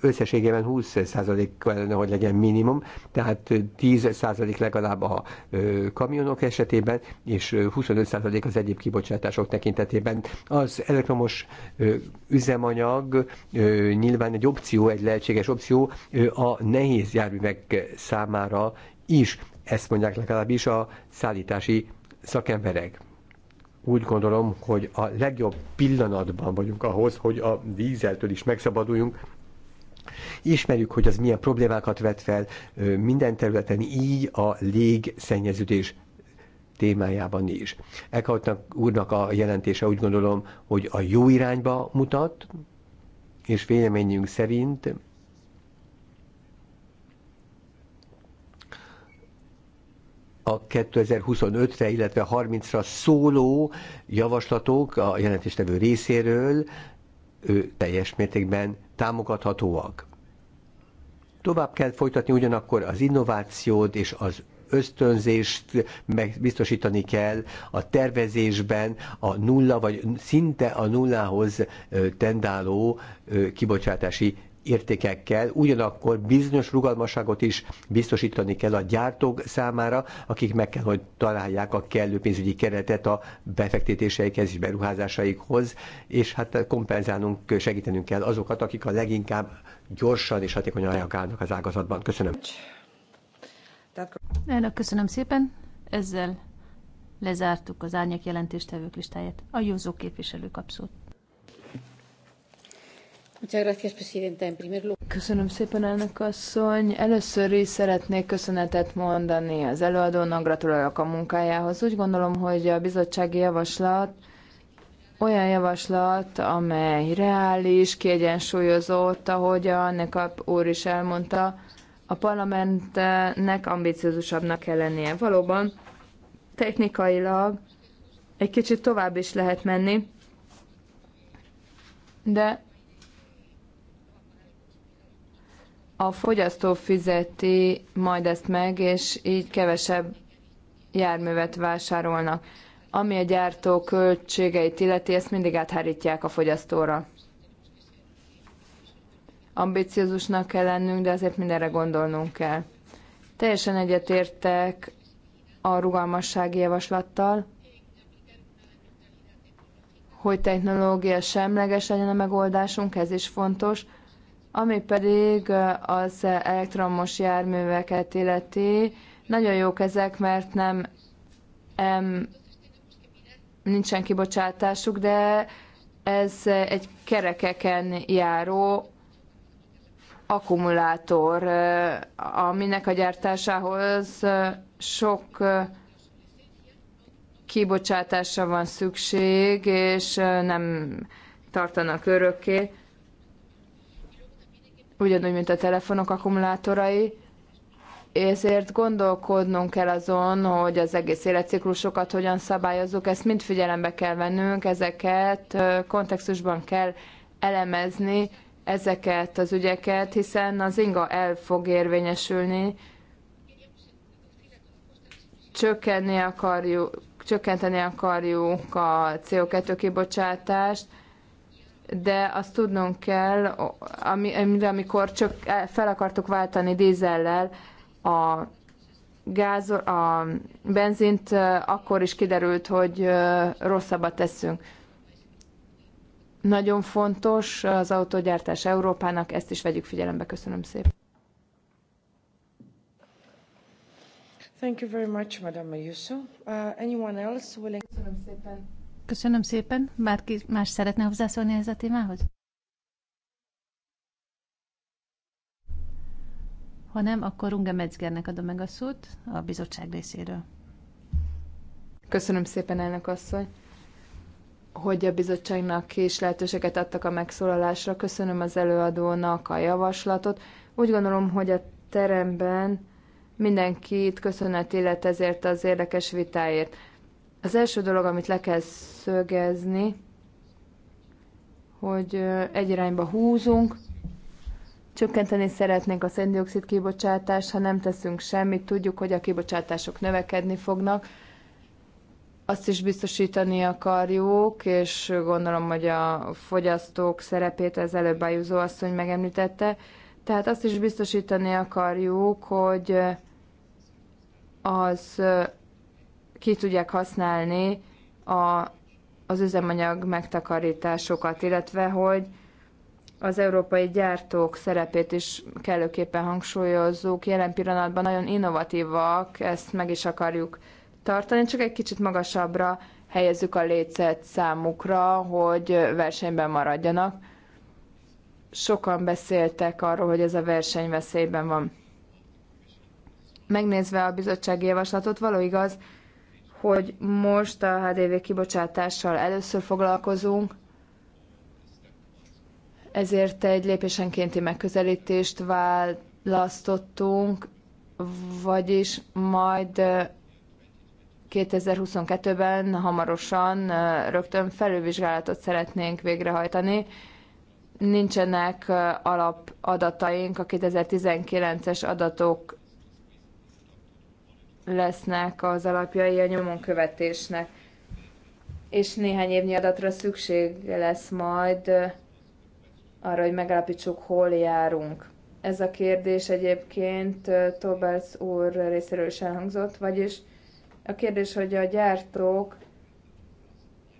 összességében 20% kellene, hogy legyen minimum, tehát 10% legalább a kamionok esetében, és 25% az egyéb kibocsátások tekintetében. Az elektromos üzemanyag nyilván egy opció, egy lehetséges opció a nehéz járművek számára is, ezt mondják legalábbis a szállítási szakemberek úgy gondolom, hogy a legjobb pillanatban vagyunk ahhoz, hogy a vízeltől is megszabaduljunk, Ismerjük, hogy az milyen problémákat vet fel minden területen, így a légszennyeződés témájában is. Eckhartnak úrnak a jelentése úgy gondolom, hogy a jó irányba mutat, és véleményünk szerint a 2025-re, illetve 30-ra szóló javaslatok a jelentéstevő részéről ő teljes mértékben támogathatóak. Tovább kell folytatni ugyanakkor az innovációt és az ösztönzést biztosítani kell a tervezésben a nulla, vagy szinte a nullához tendáló kibocsátási értékekkel, ugyanakkor bizonyos rugalmasságot is biztosítani kell a gyártók számára, akik meg kell, hogy találják a kellő pénzügyi keretet a befektetéseikhez és beruházásaikhoz, és hát kompenzálnunk, segítenünk kell azokat, akik a leginkább gyorsan és hatékonyan reagálnak az ágazatban. Köszönöm. Elnök, köszönöm szépen. Ezzel lezártuk az árnyak jelentéstevők listáját. A Józó képviselő kapszót. Köszönöm szépen, elnök asszony. Először is szeretnék köszönetet mondani az előadónak, gratulálok a munkájához. Úgy gondolom, hogy a bizottsági javaslat olyan javaslat, amely reális, kiegyensúlyozott, ahogy a Nekap úr is elmondta, a parlamentnek ambiciózusabbnak kell lennie. Valóban technikailag egy kicsit tovább is lehet menni, de a fogyasztó fizeti majd ezt meg, és így kevesebb járművet vásárolnak. Ami a gyártó költségeit illeti, ezt mindig áthárítják a fogyasztóra. Ambiciózusnak kell lennünk, de azért mindenre gondolnunk kell. Teljesen egyetértek a rugalmassági javaslattal, hogy technológia semleges legyen a megoldásunk, ez is fontos – ami pedig az elektromos járműveket illeti, nagyon jók ezek, mert nem em, nincsen kibocsátásuk, de ez egy kerekeken járó akkumulátor, aminek a gyártásához sok kibocsátásra van szükség, és nem tartanak örökké ugyanúgy, mint a telefonok akkumulátorai, ezért gondolkodnunk kell azon, hogy az egész életciklusokat hogyan szabályozzuk, ezt mind figyelembe kell vennünk, ezeket kontextusban kell elemezni, ezeket az ügyeket, hiszen az inga el fog érvényesülni, csökkenni akarjuk, csökkenteni akarjuk a CO2 kibocsátást, de azt tudnunk kell, ami, amikor csak fel akartuk váltani dízellel a gáz, a benzint, akkor is kiderült, hogy rosszabbat teszünk. Nagyon fontos az autógyártás Európának, ezt is vegyük figyelembe. Köszönöm szépen. Thank you very much, Madame Ayuso. Uh, anyone else willing? Köszönöm szépen. Köszönöm szépen. Bárki más szeretne hozzászólni ez a témához? Ha nem, akkor Runge Metzgernek adom meg a szót a bizottság részéről. Köszönöm szépen, elnök asszony, hogy a bizottságnak is lehetőséget adtak a megszólalásra. Köszönöm az előadónak a javaslatot. Úgy gondolom, hogy a teremben mindenkit köszönet illet ezért az érdekes vitáért. Az első dolog, amit le kell szögezni, hogy egy irányba húzunk, csökkenteni szeretnénk a széndiokszid kibocsátást, ha nem teszünk semmit, tudjuk, hogy a kibocsátások növekedni fognak. Azt is biztosítani akarjuk, és gondolom, hogy a fogyasztók szerepét az előbb Ajuzó asszony megemlítette, tehát azt is biztosítani akarjuk, hogy az ki tudják használni a, az üzemanyag megtakarításokat, illetve hogy az európai gyártók szerepét is kellőképpen hangsúlyozzuk. Jelen pillanatban nagyon innovatívak, ezt meg is akarjuk tartani, csak egy kicsit magasabbra helyezzük a lécet számukra, hogy versenyben maradjanak. Sokan beszéltek arról, hogy ez a verseny veszélyben van. Megnézve a bizottsági javaslatot, való igaz, hogy most a HDV kibocsátással először foglalkozunk, ezért egy lépésenkénti megközelítést választottunk, vagyis majd 2022-ben hamarosan rögtön felülvizsgálatot szeretnénk végrehajtani. Nincsenek alapadataink a 2019-es adatok lesznek az alapjai a nyomon követésnek. És néhány évnyi adatra szükség lesz majd arra, hogy megállapítsuk, hol járunk. Ez a kérdés egyébként Tobels úr részéről is elhangzott, vagyis a kérdés, hogy a gyártók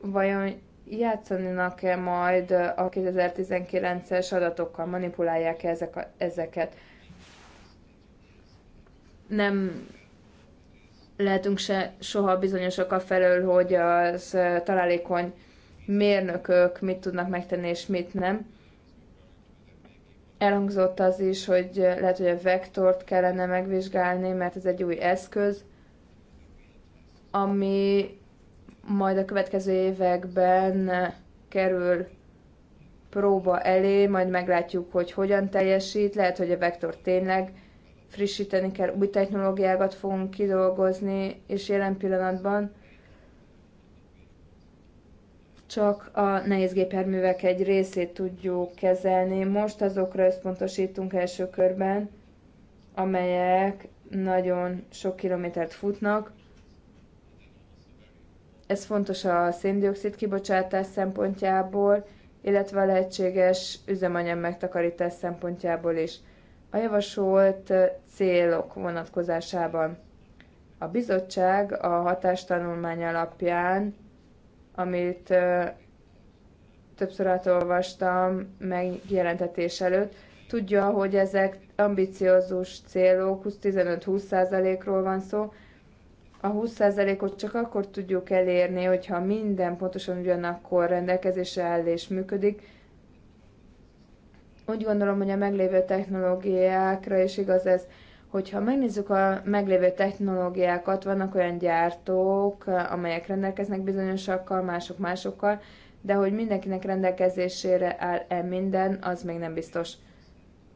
vajon játszanak-e majd a 2019-es adatokkal, manipulálják -e ezek a, ezeket. Nem lehetünk se soha bizonyosak a felől, hogy az találékony mérnökök mit tudnak megtenni és mit nem. Elhangzott az is, hogy lehet, hogy a vektort kellene megvizsgálni, mert ez egy új eszköz, ami majd a következő években kerül próba elé, majd meglátjuk, hogy hogyan teljesít. Lehet, hogy a vektor tényleg frissíteni kell, új technológiákat fogunk kidolgozni, és jelen pillanatban csak a nehéz gépjárművek egy részét tudjuk kezelni. Most azokra összpontosítunk első körben, amelyek nagyon sok kilométert futnak. Ez fontos a széndiokszid kibocsátás szempontjából, illetve a lehetséges üzemanyag megtakarítás szempontjából is a javasolt célok vonatkozásában. A bizottság a hatástanulmány alapján, amit többször átolvastam megjelentetés előtt, tudja, hogy ezek ambiciózus célok, 15-20%-ról van szó. A 20%-ot csak akkor tudjuk elérni, hogyha minden pontosan ugyanakkor rendelkezésre áll és működik, úgy gondolom, hogy a meglévő technológiákra is igaz ez. Hogyha megnézzük a meglévő technológiákat, vannak olyan gyártók, amelyek rendelkeznek bizonyosakkal, mások másokkal, de hogy mindenkinek rendelkezésére áll-e minden, az még nem biztos.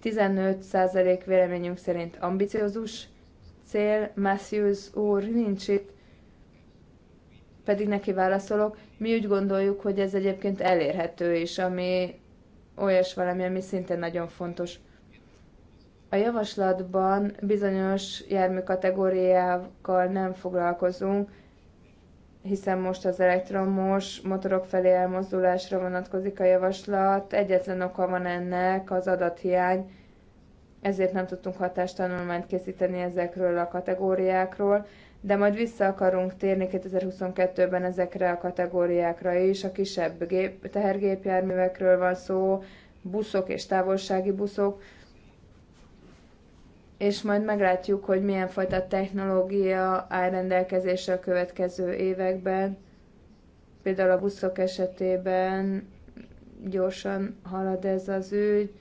15% véleményünk szerint ambiciózus cél, Matthews úr nincs itt, pedig neki válaszolok. Mi úgy gondoljuk, hogy ez egyébként elérhető is, ami olyas valami, ami szintén nagyon fontos. A javaslatban bizonyos jármű kategóriákkal nem foglalkozunk, hiszen most az elektromos motorok felé elmozdulásra vonatkozik a javaslat. Egyetlen oka van ennek az adathiány, ezért nem tudtunk hatástanulmányt készíteni ezekről a kategóriákról de majd vissza akarunk térni 2022-ben ezekre a kategóriákra is. A kisebb gép, tehergépjárművekről van szó, buszok és távolsági buszok, és majd meglátjuk, hogy milyen fajta technológia áll rendelkezésre a következő években. Például a buszok esetében gyorsan halad ez az ügy,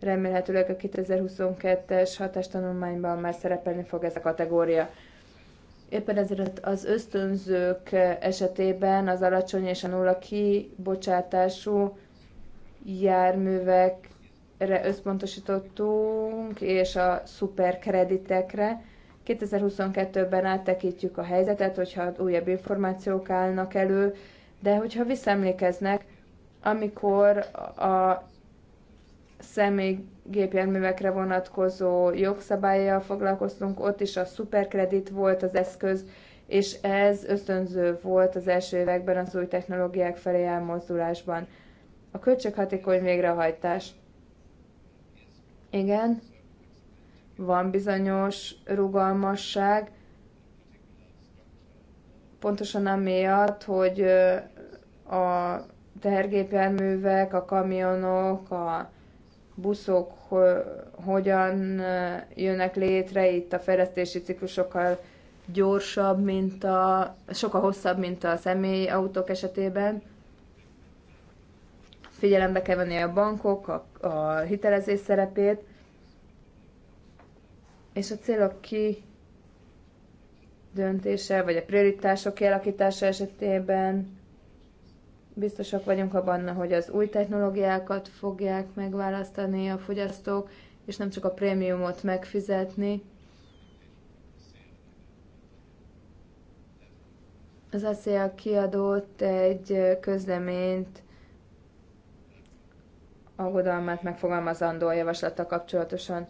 remélhetőleg a 2022-es hatástanulmányban már szerepelni fog ez a kategória. Éppen ezért az ösztönzők esetében az alacsony és a nulla kibocsátású járművekre összpontosítottunk, és a szuperkreditekre. 2022-ben áttekintjük a helyzetet, hogyha újabb információk állnak elő, de hogyha visszaemlékeznek, amikor a személy gépjárművekre vonatkozó jogszabályjal foglalkoztunk, ott is a szuperkredit volt az eszköz, és ez ösztönző volt az első években az új technológiák felé elmozdulásban. A költséghatékony végrehajtás. Igen, van bizonyos rugalmasság, pontosan amiatt, hogy a tehergépjárművek, a kamionok, a buszok hogyan jönnek létre, itt a fejlesztési ciklusokkal gyorsabb, mint a, sokkal hosszabb, mint a személyautók esetében. Figyelembe kell venni a bankok, a, a hitelezés szerepét, és a célok ki döntése, vagy a prioritások kialakítása esetében biztosak vagyunk abban, hogy az új technológiákat fogják megválasztani a fogyasztók, és nem csak a prémiumot megfizetni. Az ASEA kiadott egy közleményt, aggodalmát megfogalmazandó a javaslata kapcsolatosan.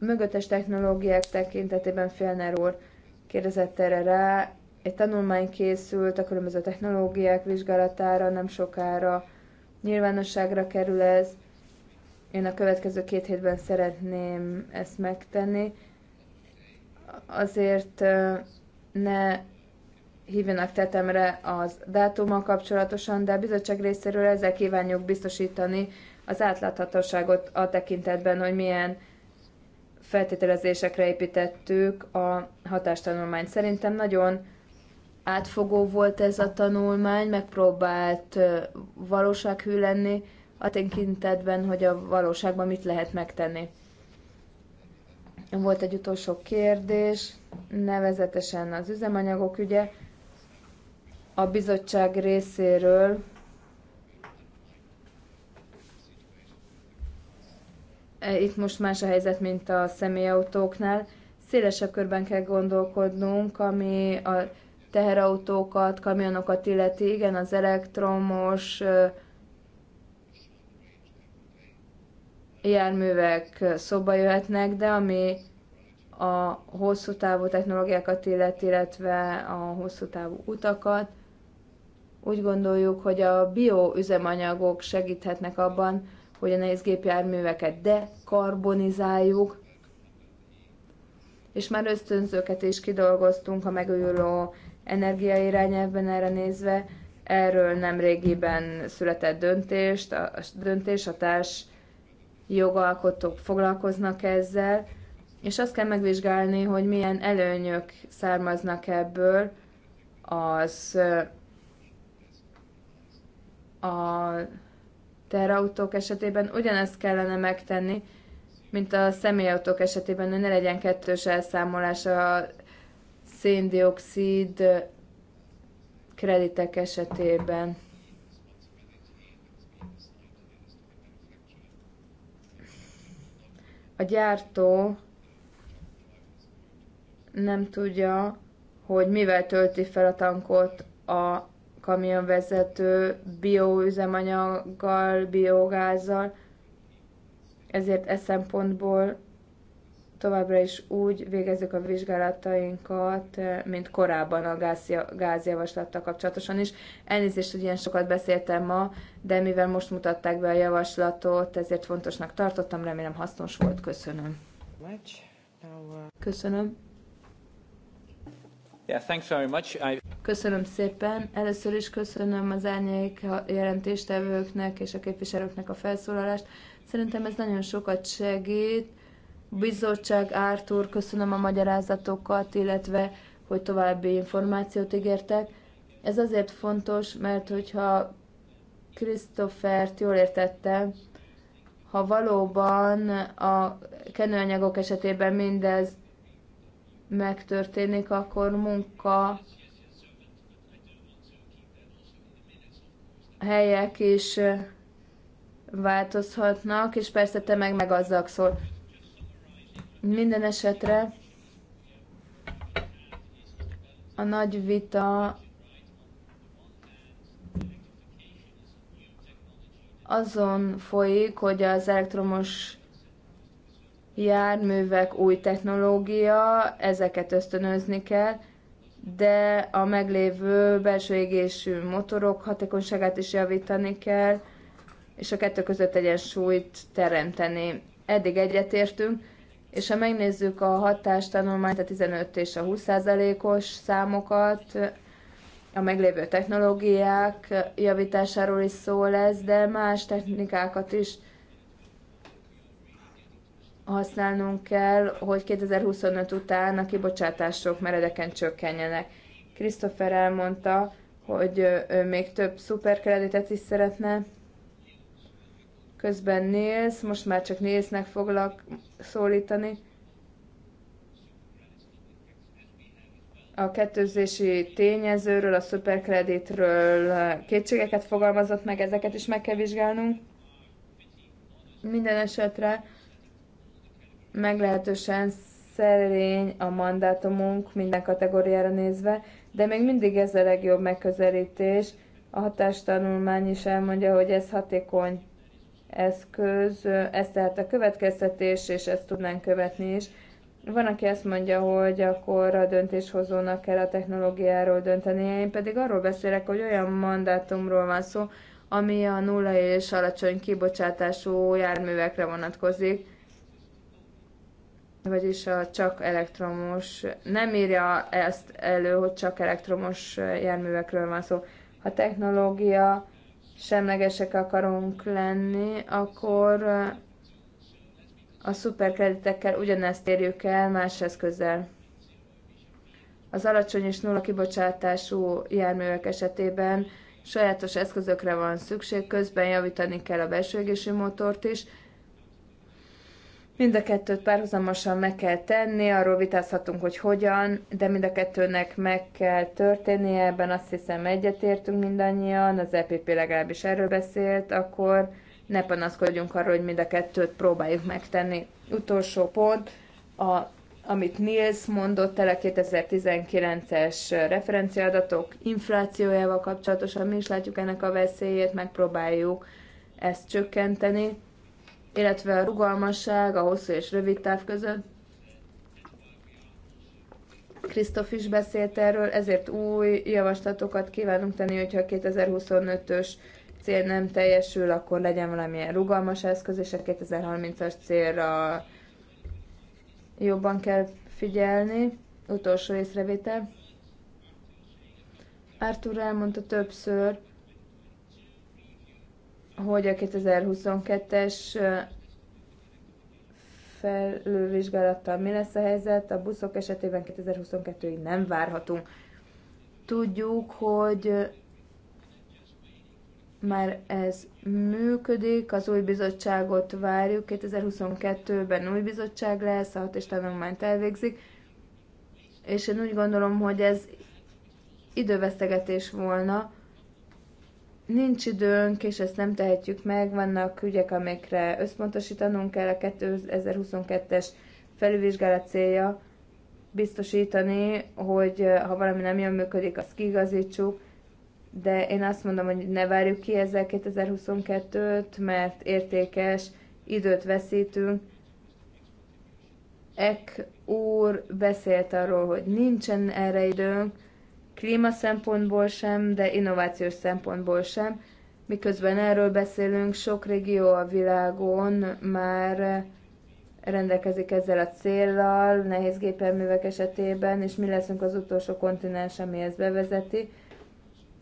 A mögöttes technológiák tekintetében Félner úr kérdezett erre rá, egy tanulmány készült a különböző technológiák vizsgálatára, nem sokára nyilvánosságra kerül ez. Én a következő két hétben szeretném ezt megtenni. Azért ne hívjanak tetemre az dátummal kapcsolatosan, de a bizottság részéről ezzel kívánjuk biztosítani az átláthatóságot a tekintetben, hogy milyen feltételezésekre építettük a hatástanulmányt. Szerintem nagyon átfogó volt ez a tanulmány, megpróbált valósághű lenni, a tekintetben, hogy a valóságban mit lehet megtenni. Volt egy utolsó kérdés, nevezetesen az üzemanyagok ügye. A bizottság részéről e, itt most más a helyzet, mint a személyautóknál. Szélesebb körben kell gondolkodnunk, ami a teherautókat, kamionokat illeti, igen, az elektromos járművek szóba jöhetnek, de ami a hosszú távú technológiákat illet, illetve a hosszú távú utakat, úgy gondoljuk, hogy a bioüzemanyagok segíthetnek abban, hogy a nehéz gépjárműveket dekarbonizáljuk, és már ösztönzőket is kidolgoztunk a megújuló energia irányában erre nézve. Erről nem régiben született döntést, a, a döntés, a társ jogalkotók foglalkoznak ezzel, és azt kell megvizsgálni, hogy milyen előnyök származnak ebből az a terautók esetében ugyanezt kellene megtenni, mint a személyautók esetében, hogy ne legyen kettős elszámolás a széndiokszid kreditek esetében. A gyártó nem tudja, hogy mivel tölti fel a tankot a kamionvezető bioüzemanyaggal, biogázzal, ezért e szempontból továbbra is úgy végezzük a vizsgálatainkat, eh, mint korábban a gázjavaslattal kapcsolatosan is. Elnézést, hogy ilyen sokat beszéltem ma, de mivel most mutatták be a javaslatot, ezért fontosnak tartottam, remélem hasznos volt. Köszönöm. Köszönöm. Yeah, thanks very much. I... Köszönöm szépen. Először is köszönöm az árnyék jelentéstevőknek és a képviselőknek a felszólalást. Szerintem ez nagyon sokat segít bizottság, Ártúr, köszönöm a magyarázatokat, illetve hogy további információt ígértek. Ez azért fontos, mert hogyha Krisztofert jól értette, ha valóban a kenőanyagok esetében mindez megtörténik, akkor munka helyek is eh, változhatnak, és persze te meg meg azzal szól. Minden esetre a nagy vita azon folyik, hogy az elektromos járművek új technológia, ezeket ösztönözni kell, de a meglévő belső égésű motorok hatékonyságát is javítani kell, és a kettő között egyensúlyt teremteni. Eddig egyetértünk, és ha megnézzük a hatástanulmányt, a 15 és a 20 százalékos számokat, a meglévő technológiák javításáról is szó lesz, de más technikákat is használnunk kell, hogy 2025 után a kibocsátások meredeken csökkenjenek. Christopher elmondta, hogy ő még több szuperkreditet is szeretne Közben Nils, most már csak Nilsnek foglak szólítani. A kettőzési tényezőről, a szuperkreditről kétségeket fogalmazott meg, ezeket is meg kell vizsgálnunk. Minden esetre meglehetősen szerény a mandátumunk minden kategóriára nézve, de még mindig ez a legjobb megközelítés. A hatástanulmány is elmondja, hogy ez hatékony eszköz, ez tehát a következtetés, és ezt tudnánk követni is. Van, aki azt mondja, hogy akkor a döntéshozónak kell a technológiáról dönteni én pedig arról beszélek, hogy olyan mandátumról van szó, ami a nulla és alacsony kibocsátású járművekre vonatkozik, vagyis a csak elektromos, nem írja ezt elő, hogy csak elektromos járművekről van szó. A technológia semlegesek akarunk lenni, akkor eh, a szuperkreditekkel ugyanezt érjük el más eszközzel. Az alacsony és nulla kibocsátású járművek esetében sajátos eszközökre van szükség, közben javítani kell a belső motort is, Mind a kettőt párhuzamosan meg kell tenni, arról vitázhatunk, hogy hogyan, de mind a kettőnek meg kell történnie, ebben azt hiszem egyetértünk mindannyian, az EPP legalábbis erről beszélt, akkor ne panaszkodjunk arról, hogy mind a kettőt próbáljuk megtenni. Utolsó pont, a, amit Nils mondott el a 2019-es referenciadatok inflációjával kapcsolatosan, mi is látjuk ennek a veszélyét, megpróbáljuk ezt csökkenteni illetve a rugalmasság a hosszú és rövid táv között. Krisztof is beszélt erről, ezért új javaslatokat kívánunk tenni, hogyha a 2025-ös cél nem teljesül, akkor legyen valamilyen rugalmas eszköz, és a 2030-as célra jobban kell figyelni. Utolsó észrevétel. Arthur elmondta többször, hogy a 2022-es felülvizsgálattal mi lesz a helyzet. A buszok esetében 2022-ig nem várhatunk. Tudjuk, hogy már ez működik, az új bizottságot várjuk, 2022-ben új bizottság lesz, a és tanulmányt elvégzik, és én úgy gondolom, hogy ez idővesztegetés volna, nincs időnk, és ezt nem tehetjük meg, vannak ügyek, amikre összpontosítanunk kell, a 2022-es felülvizsgálat célja biztosítani, hogy eh, ha valami nem jön működik, azt kigazítsuk, de én azt mondom, hogy ne várjuk ki ezzel 2022-t, mert értékes időt veszítünk. Ek úr beszélt arról, hogy nincsen erre időnk, klíma szempontból sem, de innovációs szempontból sem. Miközben erről beszélünk, sok régió a világon már rendelkezik ezzel a céllal, nehéz gépjárművek esetében, és mi leszünk az utolsó kontinens, ami ezt bevezeti.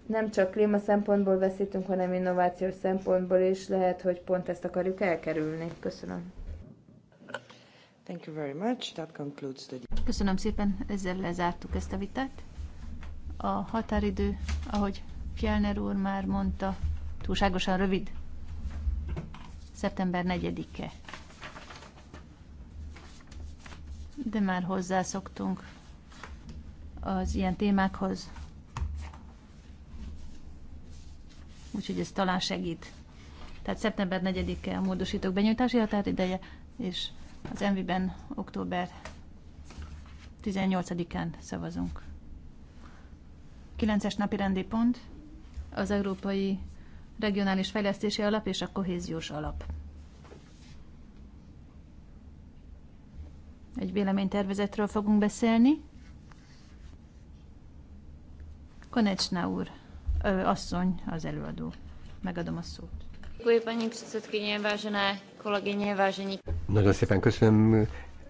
Nem csak klíma szempontból veszítünk, hanem innovációs szempontból is lehet, hogy pont ezt akarjuk elkerülni. Köszönöm. Thank you very much. That concludes the... Köszönöm szépen, ezzel lezártuk ezt a vitát. A határidő, ahogy Fjellner úr már mondta, túlságosan rövid. Szeptember 4-e. De már hozzászoktunk az ilyen témákhoz. Úgyhogy ez talán segít. Tehát szeptember 4-e a módosítók benyújtási határideje, és az MV-ben október 18-án szavazunk. 9-es napi rendi pont az Európai Regionális Fejlesztési Alap és a Kohéziós Alap. Egy véleménytervezetről fogunk beszélni. Konecsna úr, ö, asszony az előadó. Megadom a szót. Nagyon szépen köszönöm,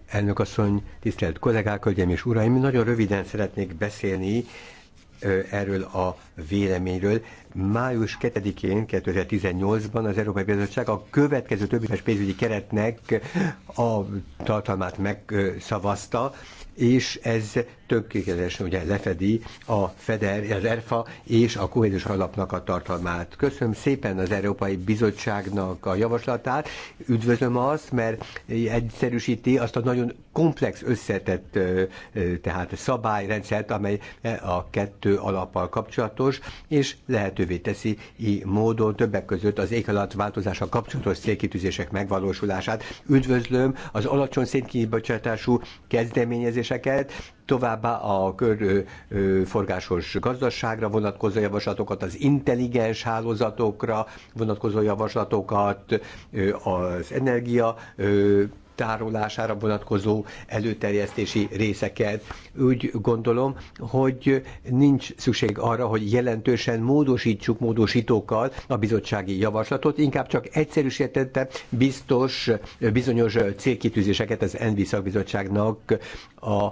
elnök asszony, tisztelt kollégák, hölgyeim és uraim. Nagyon röviden szeretnék beszélni erről a véleményről. Május 2-én 2018-ban az Európai Bizottság a következő éves pénzügyi keretnek a tartalmát megszavazta, és ez tökéletesen ugye lefedi a FEDER, az ERFA és a kohéziós alapnak a tartalmát. Köszönöm szépen az Európai Bizottságnak a javaslatát, üdvözlöm azt, mert egyszerűsíti azt a nagyon komplex, összetett tehát szabályrendszert, amely a kettő alappal kapcsolatos, és lehetővé teszi így módon többek között az éghajlatváltozással kapcsolatos célkitűzések megvalósulását. Üdvözlöm az alacsony szintkibocsátású kezdeményezéseket, továbbá a körforgásos gazdaságra vonatkozó javaslatokat, az intelligens hálózatokra vonatkozó javaslatokat, az energia tárolására vonatkozó előterjesztési részeket. Úgy gondolom, hogy nincs szükség arra, hogy jelentősen módosítsuk módosítókkal a bizottsági javaslatot, inkább csak egyszerűsítette biztos bizonyos célkitűzéseket az ENVI szakbizottságnak a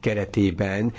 keretében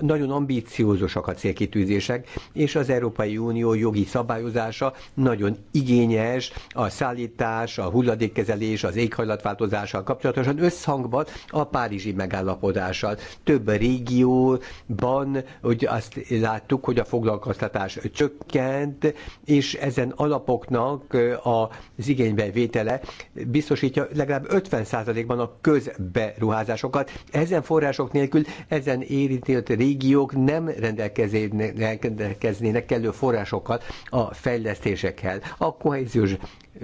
nagyon ambíciózusak a célkitűzések, és az Európai Unió jogi szabályozása nagyon igényes, a szállítás, a hulladékkezelés, az éghajlatváltozással kapcsolatosan összhangban a Párizsi megállapodással. Több régióban hogy azt láttuk, hogy a foglalkoztatás csökkent, és ezen alapoknak az igénybevétele biztosítja legalább 50%-ban a közberuházásokat, ezen források nélkül ezen érintett régiók nem rendelkeznének kellő forrásokkal a fejlesztésekkel. A kohéziós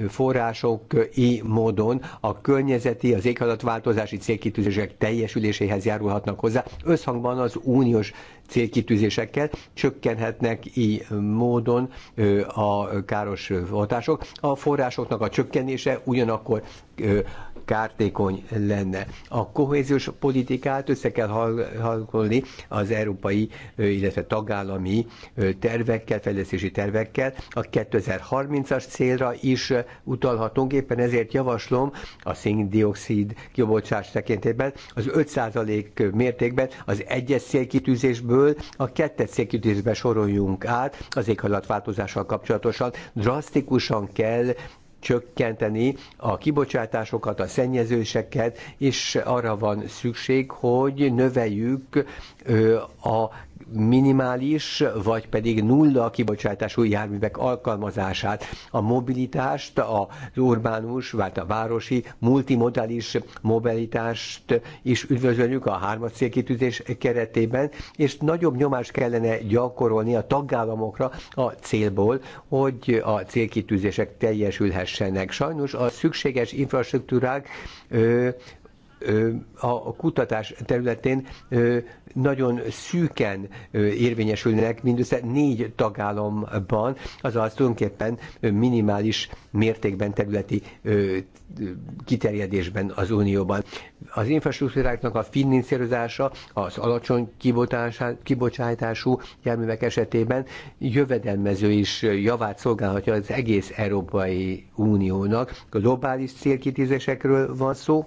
források így módon a környezeti, az éghajlatváltozási célkitűzések teljesüléséhez járulhatnak hozzá, összhangban az uniós célkitűzésekkel csökkenhetnek így módon a káros hatások. A forrásoknak a csökkenése ugyanakkor kártékony lenne. A kohéziós politikát össze kell hallgatni az európai, illetve tagállami tervekkel, fejlesztési tervekkel. A 2030-as célra is utalhatunk, éppen ezért javaslom a széndiokszid kibocsás tekintében az 5% mértékben az egyes célkitűzésből a kettes célkitűzésbe soroljunk át az éghajlatváltozással kapcsolatosan. Drasztikusan kell csökkenteni a kibocsátásokat, a szennyezőseket, és arra van szükség, hogy növeljük a minimális, vagy pedig nulla kibocsátású járművek alkalmazását, a mobilitást, az urbánus, vagy a városi, multimodális mobilitást is üdvözöljük a hármas célkitűzés keretében, és nagyobb nyomást kellene gyakorolni a tagállamokra a célból, hogy a célkitűzések teljesülhessenek. Sajnos a szükséges infrastruktúrák ö, a kutatás területén nagyon szűken érvényesülnek mindössze négy tagállamban, azaz tulajdonképpen minimális mértékben területi kiterjedésben az Unióban. Az infrastruktúráknak a finanszírozása az alacsony kibocsátású járművek esetében jövedelmező is javát szolgálhatja az egész Európai Uniónak. Globális célkitűzésekről van szó,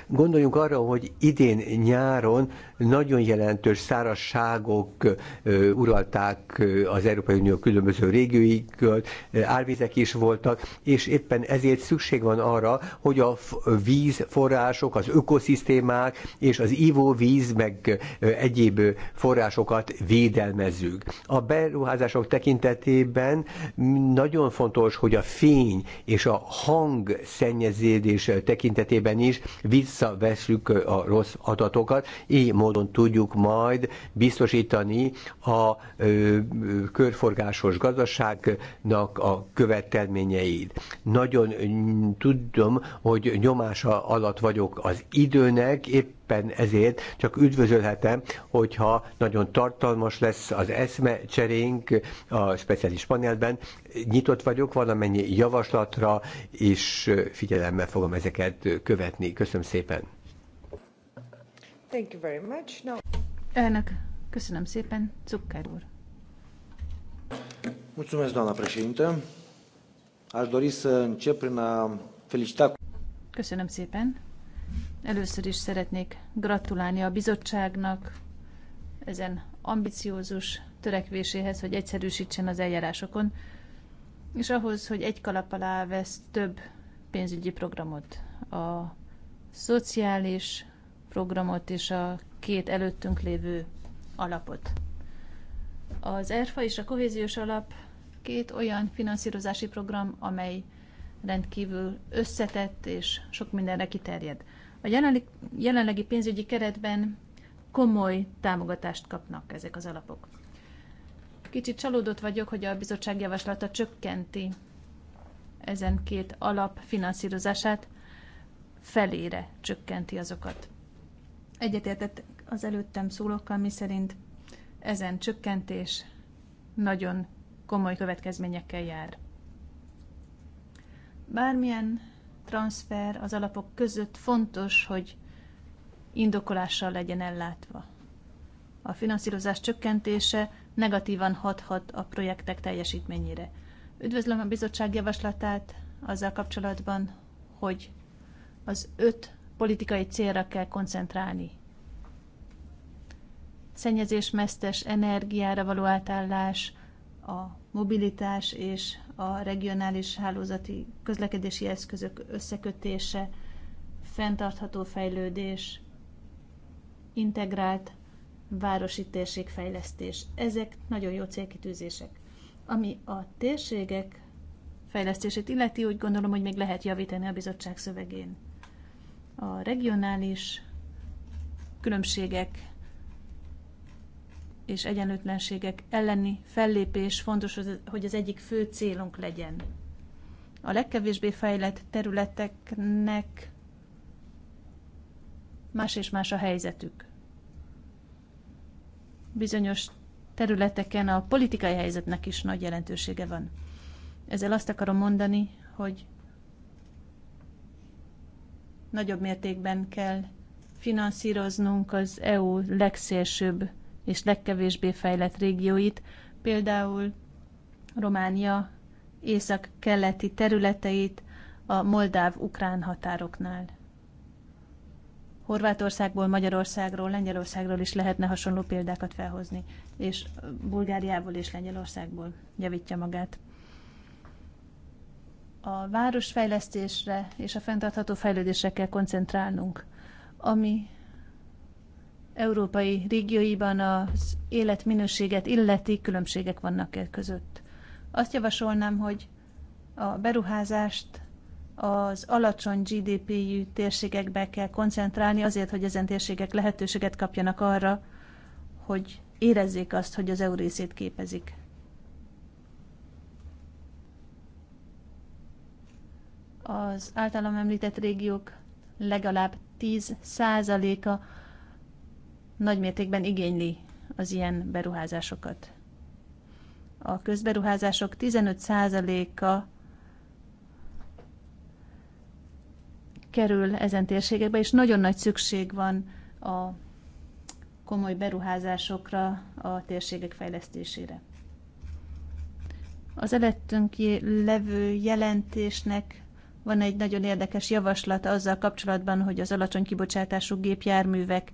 Gondoljunk arra, hogy idén nyáron nagyon jelentős szárasságok uralták az Európai Unió különböző régióikat, árvizek is voltak, és éppen ezért szükség van arra, hogy a vízforrások, az ökoszisztémák és az ivóvíz meg egyéb forrásokat védelmezzük. A beruházások tekintetében nagyon fontos, hogy a fény és a hang szennyeződés tekintetében is víz visszavessük a rossz adatokat, így módon tudjuk majd biztosítani a körforgásos gazdaságnak a követelményeit. Nagyon mm, tudom, hogy nyomása alatt vagyok az időnek, épp éppen ezért csak üdvözölhetem, hogyha nagyon tartalmas lesz az eszme cserénk a speciális panelben. Nyitott vagyok valamennyi javaslatra, és figyelemmel fogom ezeket követni. Köszönöm szépen! Thank you very much. No. Elnök, köszönöm szépen, Cukker úr. Mulțumesc, doamna președintă. Aș dori să încep prin a felicita... Köszönöm szépen. Először is szeretnék gratulálni a bizottságnak ezen ambiciózus törekvéséhez, hogy egyszerűsítsen az eljárásokon, és ahhoz, hogy egy kalap alá vesz több pénzügyi programot. A szociális programot és a két előttünk lévő alapot. Az ERFA és a kohéziós alap két olyan finanszírozási program, amely rendkívül összetett és sok mindenre kiterjed. A jelenlegi pénzügyi keretben komoly támogatást kapnak ezek az alapok. Kicsit csalódott vagyok, hogy a bizottság javaslata csökkenti ezen két alap finanszírozását, felére csökkenti azokat. Egyetértett az előttem szólókkal, mi szerint ezen csökkentés nagyon komoly következményekkel jár. Bármilyen transfer az alapok között fontos, hogy indokolással legyen ellátva. A finanszírozás csökkentése negatívan hathat a projektek teljesítményére. Üdvözlöm a bizottság javaslatát azzal kapcsolatban, hogy az öt politikai célra kell koncentrálni. Szennyezésmesztes energiára való átállás, a mobilitás és a regionális hálózati közlekedési eszközök összekötése, fenntartható fejlődés, integrált városi térségfejlesztés. Ezek nagyon jó célkitűzések. Ami a térségek fejlesztését illeti, úgy gondolom, hogy még lehet javítani a bizottság szövegén. A regionális különbségek és egyenlőtlenségek elleni fellépés fontos, hogy az egyik fő célunk legyen. A legkevésbé fejlett területeknek más és más a helyzetük. Bizonyos területeken a politikai helyzetnek is nagy jelentősége van. Ezzel azt akarom mondani, hogy nagyobb mértékben kell finanszíroznunk az EU legszélsőbb és legkevésbé fejlett régióit, például Románia észak-keleti területeit a moldáv-ukrán határoknál. Horvátországból, Magyarországról, Lengyelországról is lehetne hasonló példákat felhozni, és Bulgáriából és Lengyelországból javítja magát. A városfejlesztésre és a fenntartható fejlődésre kell koncentrálnunk, ami európai régióiban az életminőséget illeti különbségek vannak e között. Azt javasolnám, hogy a beruházást az alacsony GDP-jű térségekbe kell koncentrálni azért, hogy ezen térségek lehetőséget kapjanak arra, hogy érezzék azt, hogy az EU részét képezik. Az általam említett régiók legalább 10%-a nagymértékben igényli az ilyen beruházásokat. A közberuházások 15%-a kerül ezen térségekbe, és nagyon nagy szükség van a komoly beruházásokra a térségek fejlesztésére. Az elettünk levő jelentésnek van egy nagyon érdekes javaslat azzal kapcsolatban, hogy az alacsony kibocsátású gépjárművek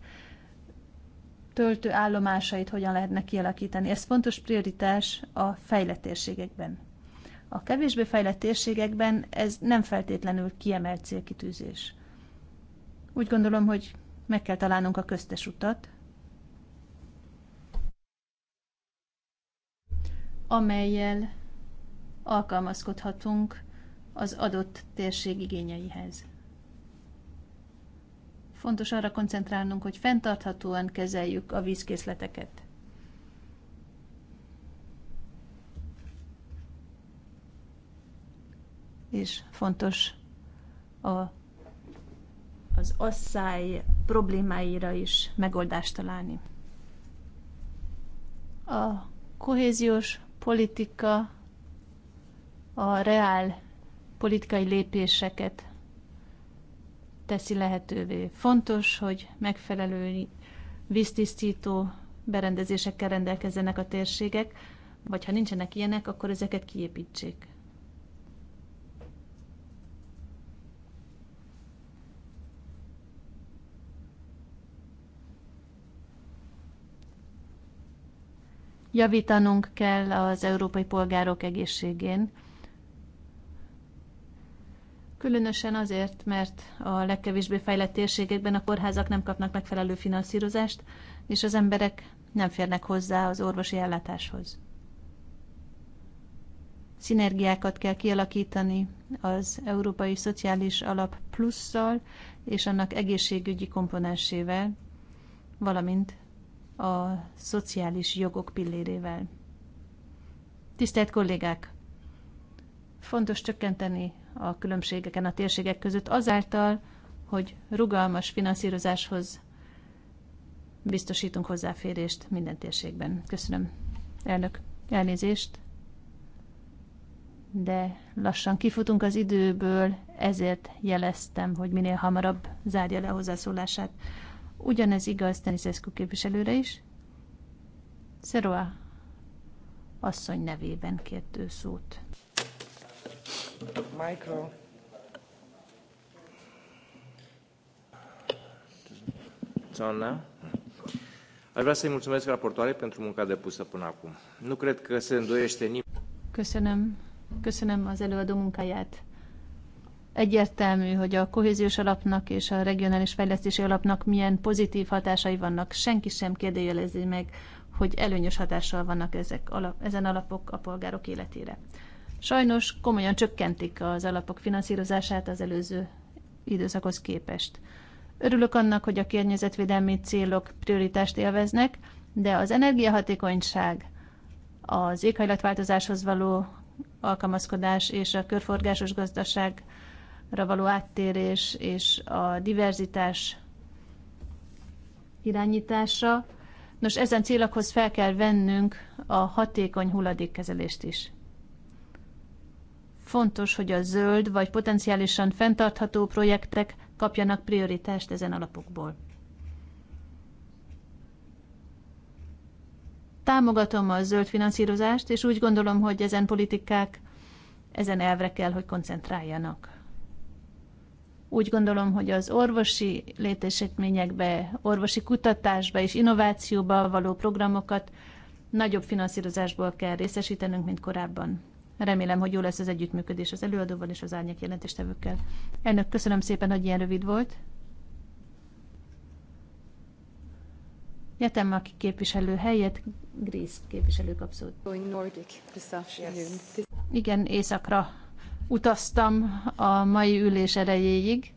töltő állomásait hogyan lehetne kialakítani. Ez fontos prioritás a fejlett térségekben. A kevésbé fejlett térségekben ez nem feltétlenül kiemelt célkitűzés. Úgy gondolom, hogy meg kell találnunk a köztes utat, amelyel alkalmazkodhatunk az adott térség igényeihez. Fontos arra koncentrálnunk, hogy fenntarthatóan kezeljük a vízkészleteket. És fontos a, az asszály problémáira is megoldást találni. A kohéziós politika a reál politikai lépéseket teszi lehetővé. Fontos, hogy megfelelő víztisztító berendezésekkel rendelkezzenek a térségek, vagy ha nincsenek ilyenek, akkor ezeket kiépítsék. Javítanunk kell az európai polgárok egészségén, Különösen azért, mert a legkevésbé fejlett térségekben a kórházak nem kapnak megfelelő finanszírozást, és az emberek nem férnek hozzá az orvosi ellátáshoz. Szinergiákat kell kialakítani az Európai Szociális Alap plusszal és annak egészségügyi komponensével, valamint a szociális jogok pillérével. Tisztelt kollégák! Fontos csökkenteni a különbségeken a térségek között azáltal, hogy rugalmas finanszírozáshoz biztosítunk hozzáférést minden térségben. Köszönöm, elnök. Elnézést, de lassan kifutunk az időből, ezért jeleztem, hogy minél hamarabb zárja le a hozzászólását. Ugyanez igaz Teniszeszkú képviselőre is. Szeroa asszony nevében kért ő szót. Michael. It's on now. Aș vrea să-i mulțumesc raportoare pentru munca depusă până acum. Nu cred că se îndoiește nimeni. Köszönöm. Köszönöm az előadó munkáját. Egyértelmű, hogy a kohéziós alapnak és a regionális fejlesztési alapnak milyen pozitív hatásai vannak. Senki sem kérdőjelezi meg, hogy előnyös hatással vannak ezek alap, ezen alapok a polgárok életére. Sajnos komolyan csökkentik az alapok finanszírozását az előző időszakhoz képest. Örülök annak, hogy a környezetvédelmi célok prioritást élveznek, de az energiahatékonyság, az éghajlatváltozáshoz való alkalmazkodás és a körforgásos gazdaságra való áttérés és a diverzitás irányítása. Nos, ezen célokhoz fel kell vennünk a hatékony hulladékkezelést is. Fontos, hogy a zöld vagy potenciálisan fenntartható projektek kapjanak prioritást ezen alapokból. Támogatom a zöld finanszírozást, és úgy gondolom, hogy ezen politikák ezen elvre kell, hogy koncentráljanak. Úgy gondolom, hogy az orvosi létesítményekbe, orvosi kutatásba és innovációba való programokat nagyobb finanszírozásból kell részesítenünk, mint korábban. Remélem, hogy jó lesz az együttműködés az előadóval és az árnyak jelentéstevőkkel. Elnök, köszönöm szépen, hogy ilyen rövid volt. Jetem, aki képviselő helyet, Grész képviselő kapszót. Igen, éjszakra utaztam a mai ülés erejéig.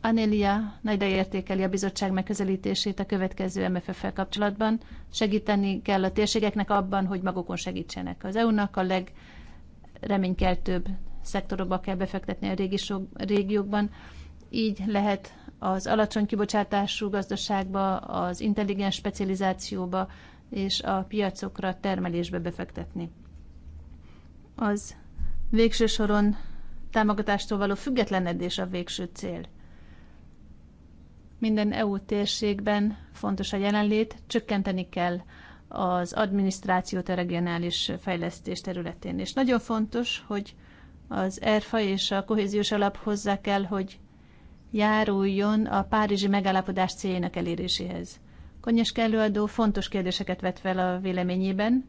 Anélia nagyra értékeli a bizottság megközelítését a következő MFF-fel kapcsolatban. Segíteni kell a térségeknek abban, hogy magukon segítsenek. Az EU-nak a legreménykeltőbb szektorokba kell befektetni a régi régiókban. Így lehet az alacsony kibocsátású gazdaságba, az intelligens specializációba és a piacokra, termelésbe befektetni. Az végső soron támogatástól való függetlenedés a végső cél minden EU térségben fontos a jelenlét, csökkenteni kell az adminisztrációt a regionális fejlesztés területén. És nagyon fontos, hogy az ERFA és a kohéziós alap hozzá kell, hogy járuljon a párizsi megállapodás céljának eléréséhez. Konyes előadó fontos kérdéseket vett fel a véleményében,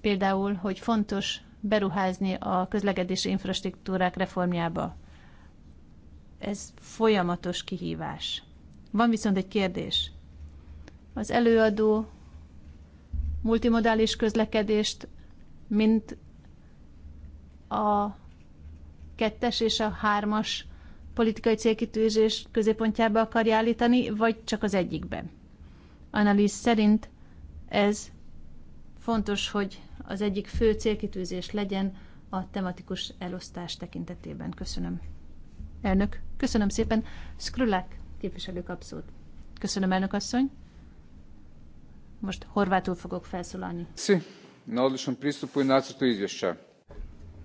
például, hogy fontos beruházni a közlekedési infrastruktúrák reformjába. Ez folyamatos kihívás. Van viszont egy kérdés. Az előadó multimodális közlekedést, mint a kettes és a hármas politikai célkitűzés középpontjába akarja állítani, vagy csak az egyikben. Analíz szerint ez fontos, hogy az egyik fő célkitűzés legyen a tematikus elosztás tekintetében. Köszönöm. Elnök, köszönöm szépen. Skrulák képviselők abszolút. Köszönöm, elnök asszony. Most horvátul fogok felszólalni. Szí. Na odličnom pristupu i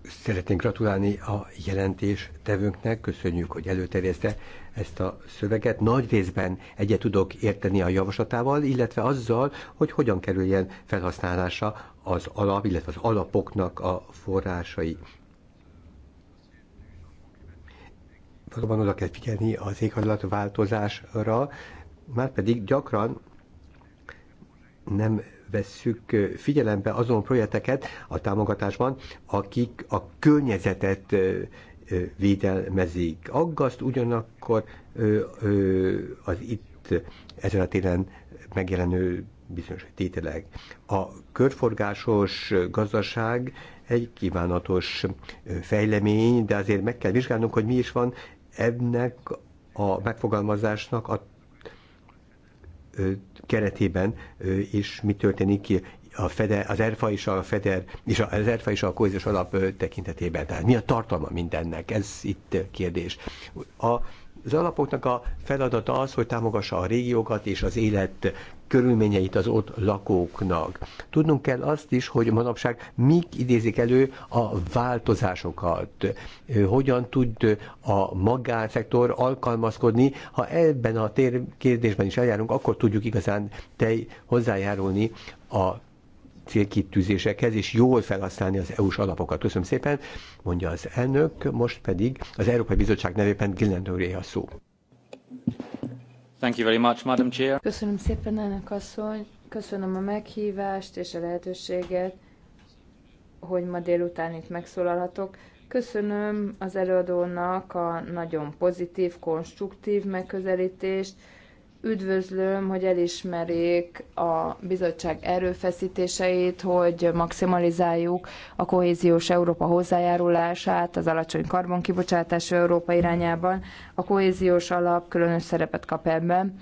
Szeretnénk gratulálni a jelentés tevőnknek, köszönjük, hogy előterjeszte ezt a szöveget. Nagy részben egyet tudok érteni a javaslatával, illetve azzal, hogy hogyan kerüljen felhasználása az alap, illetve az alapoknak a forrásai. valóban oda kell figyelni az éghajlat változásra, már pedig gyakran nem vesszük figyelembe azon projekteket a támogatásban, akik a környezetet védelmezik. Aggaszt ugyanakkor az itt ezen a téren megjelenő bizonyos tételek. A körforgásos gazdaság egy kívánatos fejlemény, de azért meg kell vizsgálnunk, hogy mi is van ennek a megfogalmazásnak a keretében is mi történik ki a FEDER, az ERFA és a FEDER, és az ERFA és a kohéziós alap tekintetében. Tehát mi a tartalma mindennek? Ez itt kérdés. A, az alapoknak a feladata az, hogy támogassa a régiókat és az élet körülményeit az ott lakóknak. Tudnunk kell azt is, hogy manapság mik idézik elő a változásokat, hogyan tud a magánszektor alkalmazkodni, ha ebben a térkérdésben is eljárunk, akkor tudjuk igazán tej hozzájárulni a célkitűzésekhez, és jól felhasználni az EU-s alapokat. Köszönöm szépen, mondja az elnök, most pedig az Európai Bizottság nevében Gillen a szó. Thank you very much, Madam Chair. Köszönöm szépen, elnök asszony. Köszönöm a meghívást és a lehetőséget, hogy ma délután itt megszólalhatok. Köszönöm az előadónak a nagyon pozitív, konstruktív megközelítést, Üdvözlöm, hogy elismerik a bizottság erőfeszítéseit, hogy maximalizáljuk a kohéziós Európa hozzájárulását az alacsony karbonkibocsátású Európa irányában. A kohéziós alap különös szerepet kap ebben.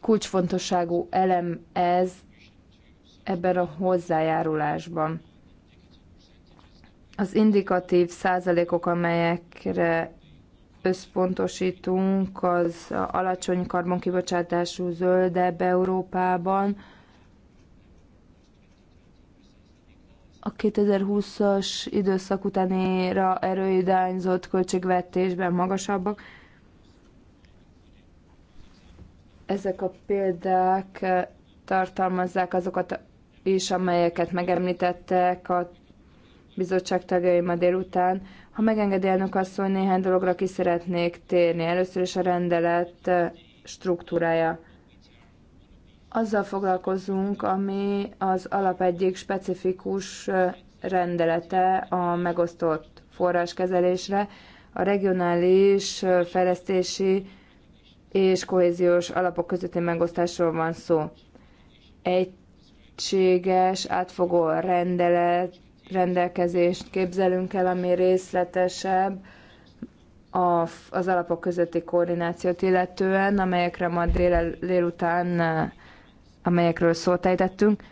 Kulcsfontosságú elem ez ebben a hozzájárulásban. Az indikatív százalékok, amelyekre összpontosítunk az alacsony karbonkibocsátású zöldebb Európában, a 2020-as időszak utánéra erőidányzott költségvetésben magasabbak. Ezek a példák tartalmazzák azokat is, amelyeket megemlítettek a bizottság tagjaim ma délután. Ha megengedi elnök asszony, néhány dologra ki szeretnék térni. Először is a rendelet eh, struktúrája. Azzal foglalkozunk, ami az alap egyik specifikus eh, rendelete a megosztott forráskezelésre, a regionális eh, fejlesztési és kohéziós alapok közötti megosztásról van szó. Egységes, átfogó rendelet rendelkezést képzelünk el, ami részletesebb az alapok közötti koordinációt illetően, amelyekre ma dél, délután, eh, amelyekről szót ejtettünk.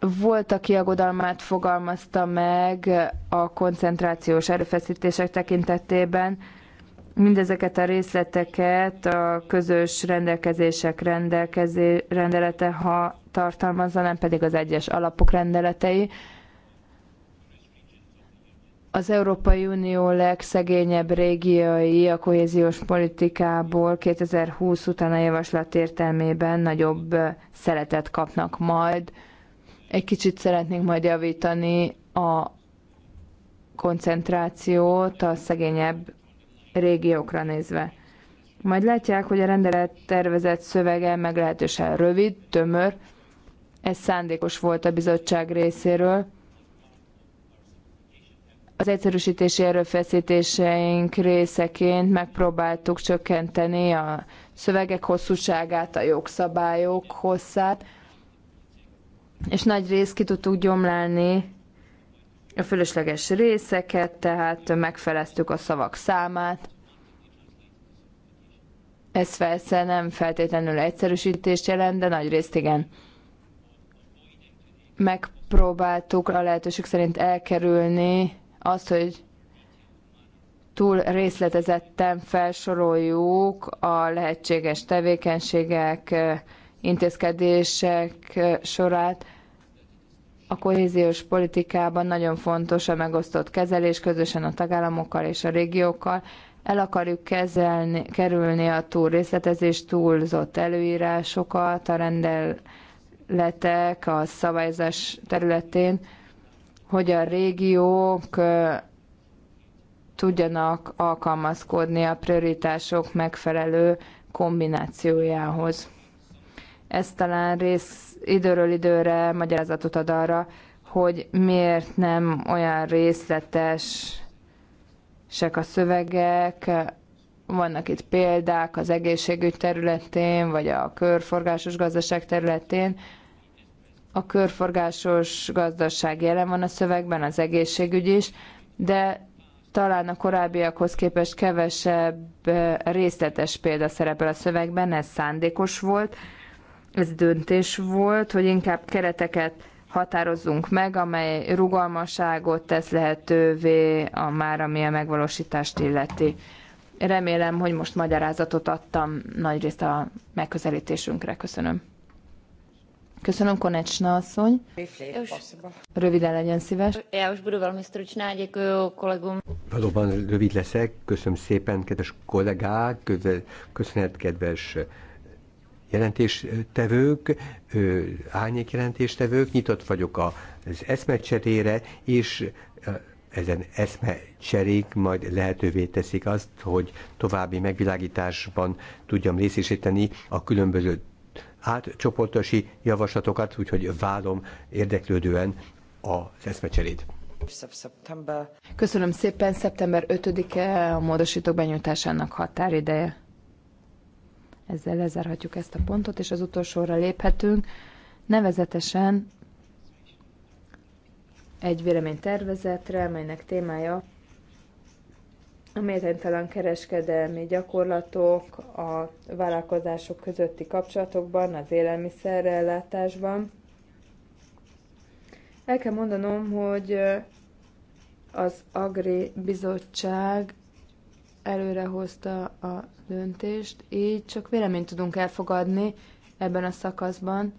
Volt, aki aggodalmát fogalmazta meg a koncentrációs erőfeszítések tekintetében, mindezeket a részleteket a közös rendelkezések rendelkezé, rendelete ha tartalmazza, nem pedig az egyes alapok rendeletei az Európai Unió legszegényebb régiói a kohéziós politikából 2020 után a javaslat értelmében nagyobb szeretet kapnak majd. Egy kicsit szeretnénk majd javítani a koncentrációt a szegényebb régiókra nézve. Majd látják, hogy a rendelet tervezett szövege meglehetősen rövid, tömör. Ez szándékos volt a bizottság részéről az egyszerűsítési erőfeszítéseink részeként megpróbáltuk csökkenteni a szövegek hosszúságát, a jogszabályok hosszát, és nagy részt ki tudtuk gyomlálni a fölösleges részeket, tehát megfeleztük a szavak számát. Ez persze nem feltétlenül egyszerűsítést jelent, de nagy részt igen. Megpróbáltuk a lehetőség szerint elkerülni az, hogy túl részletezetten felsoroljuk a lehetséges tevékenységek, intézkedések sorát, a kohéziós politikában nagyon fontos a megosztott kezelés közösen a tagállamokkal és a régiókkal. El akarjuk kezelni, kerülni a túl részletezés, túlzott előírásokat, a rendeletek, a szabályozás területén hogy a régiók tudjanak alkalmazkodni a prioritások megfelelő kombinációjához. Ez talán rész időről időre magyarázatot ad arra, hogy miért nem olyan részletes sek a szövegek, vannak itt példák az egészségügy területén, vagy a körforgásos gazdaság területén, a körforgásos gazdaság jelen van a szövegben, az egészségügy is, de talán a korábbiakhoz képest kevesebb részletes példa szerepel a szövegben, ez szándékos volt, ez döntés volt, hogy inkább kereteket határozzunk meg, amely rugalmasságot tesz lehetővé a már, ami a megvalósítást illeti. Remélem, hogy most magyarázatot adtam nagyrészt a megközelítésünkre. Köszönöm. Köszönöm, Konecsna asszony. Röviden legyen szíves. Já už budu velmi stručná, děkuji kolegům. Valóban rövid leszek. Köszönöm szépen, kedves kollégák, köszönet, kedves jelentéstevők, árnyék jelentéstevők, nyitott vagyok az eszmecserére, és ezen eszme cserék majd lehetővé teszik azt, hogy további megvilágításban tudjam részesíteni a különböző átcsoportosi javaslatokat, úgyhogy várom érdeklődően az eszmecserét. Köszönöm szépen, szeptember 5-e a módosítók benyújtásának határideje. Ezzel lezárhatjuk ezt a pontot, és az utolsóra léphetünk. Nevezetesen egy véleménytervezetre, melynek témája a méltánytalan kereskedelmi gyakorlatok, a vállalkozások közötti kapcsolatokban, az élelmiszerrellátásban. El kell mondanom, hogy az Agri Bizottság előrehozta a döntést, így csak véleményt tudunk elfogadni ebben a szakaszban.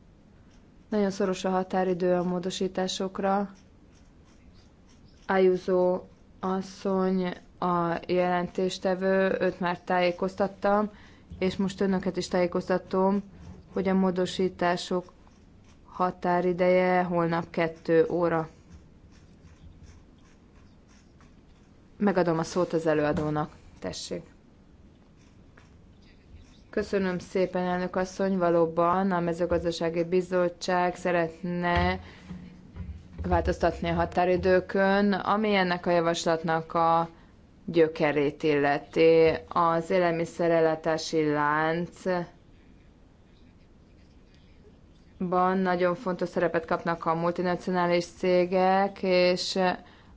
Nagyon szoros a határidő a módosításokra. Ájúzó asszony a jelentéstevő, őt már tájékoztattam, és most önöket is tájékoztatom, hogy a módosítások határideje holnap 2 óra. Megadom a szót az előadónak. Tessék. Köszönöm szépen, elnök asszony. Valóban a mezőgazdasági bizottság szeretne változtatni a határidőkön, ami ennek a javaslatnak a gyökerét illeti. Az élelmiszerellátási lánc ban nagyon fontos szerepet kapnak a multinacionális cégek, és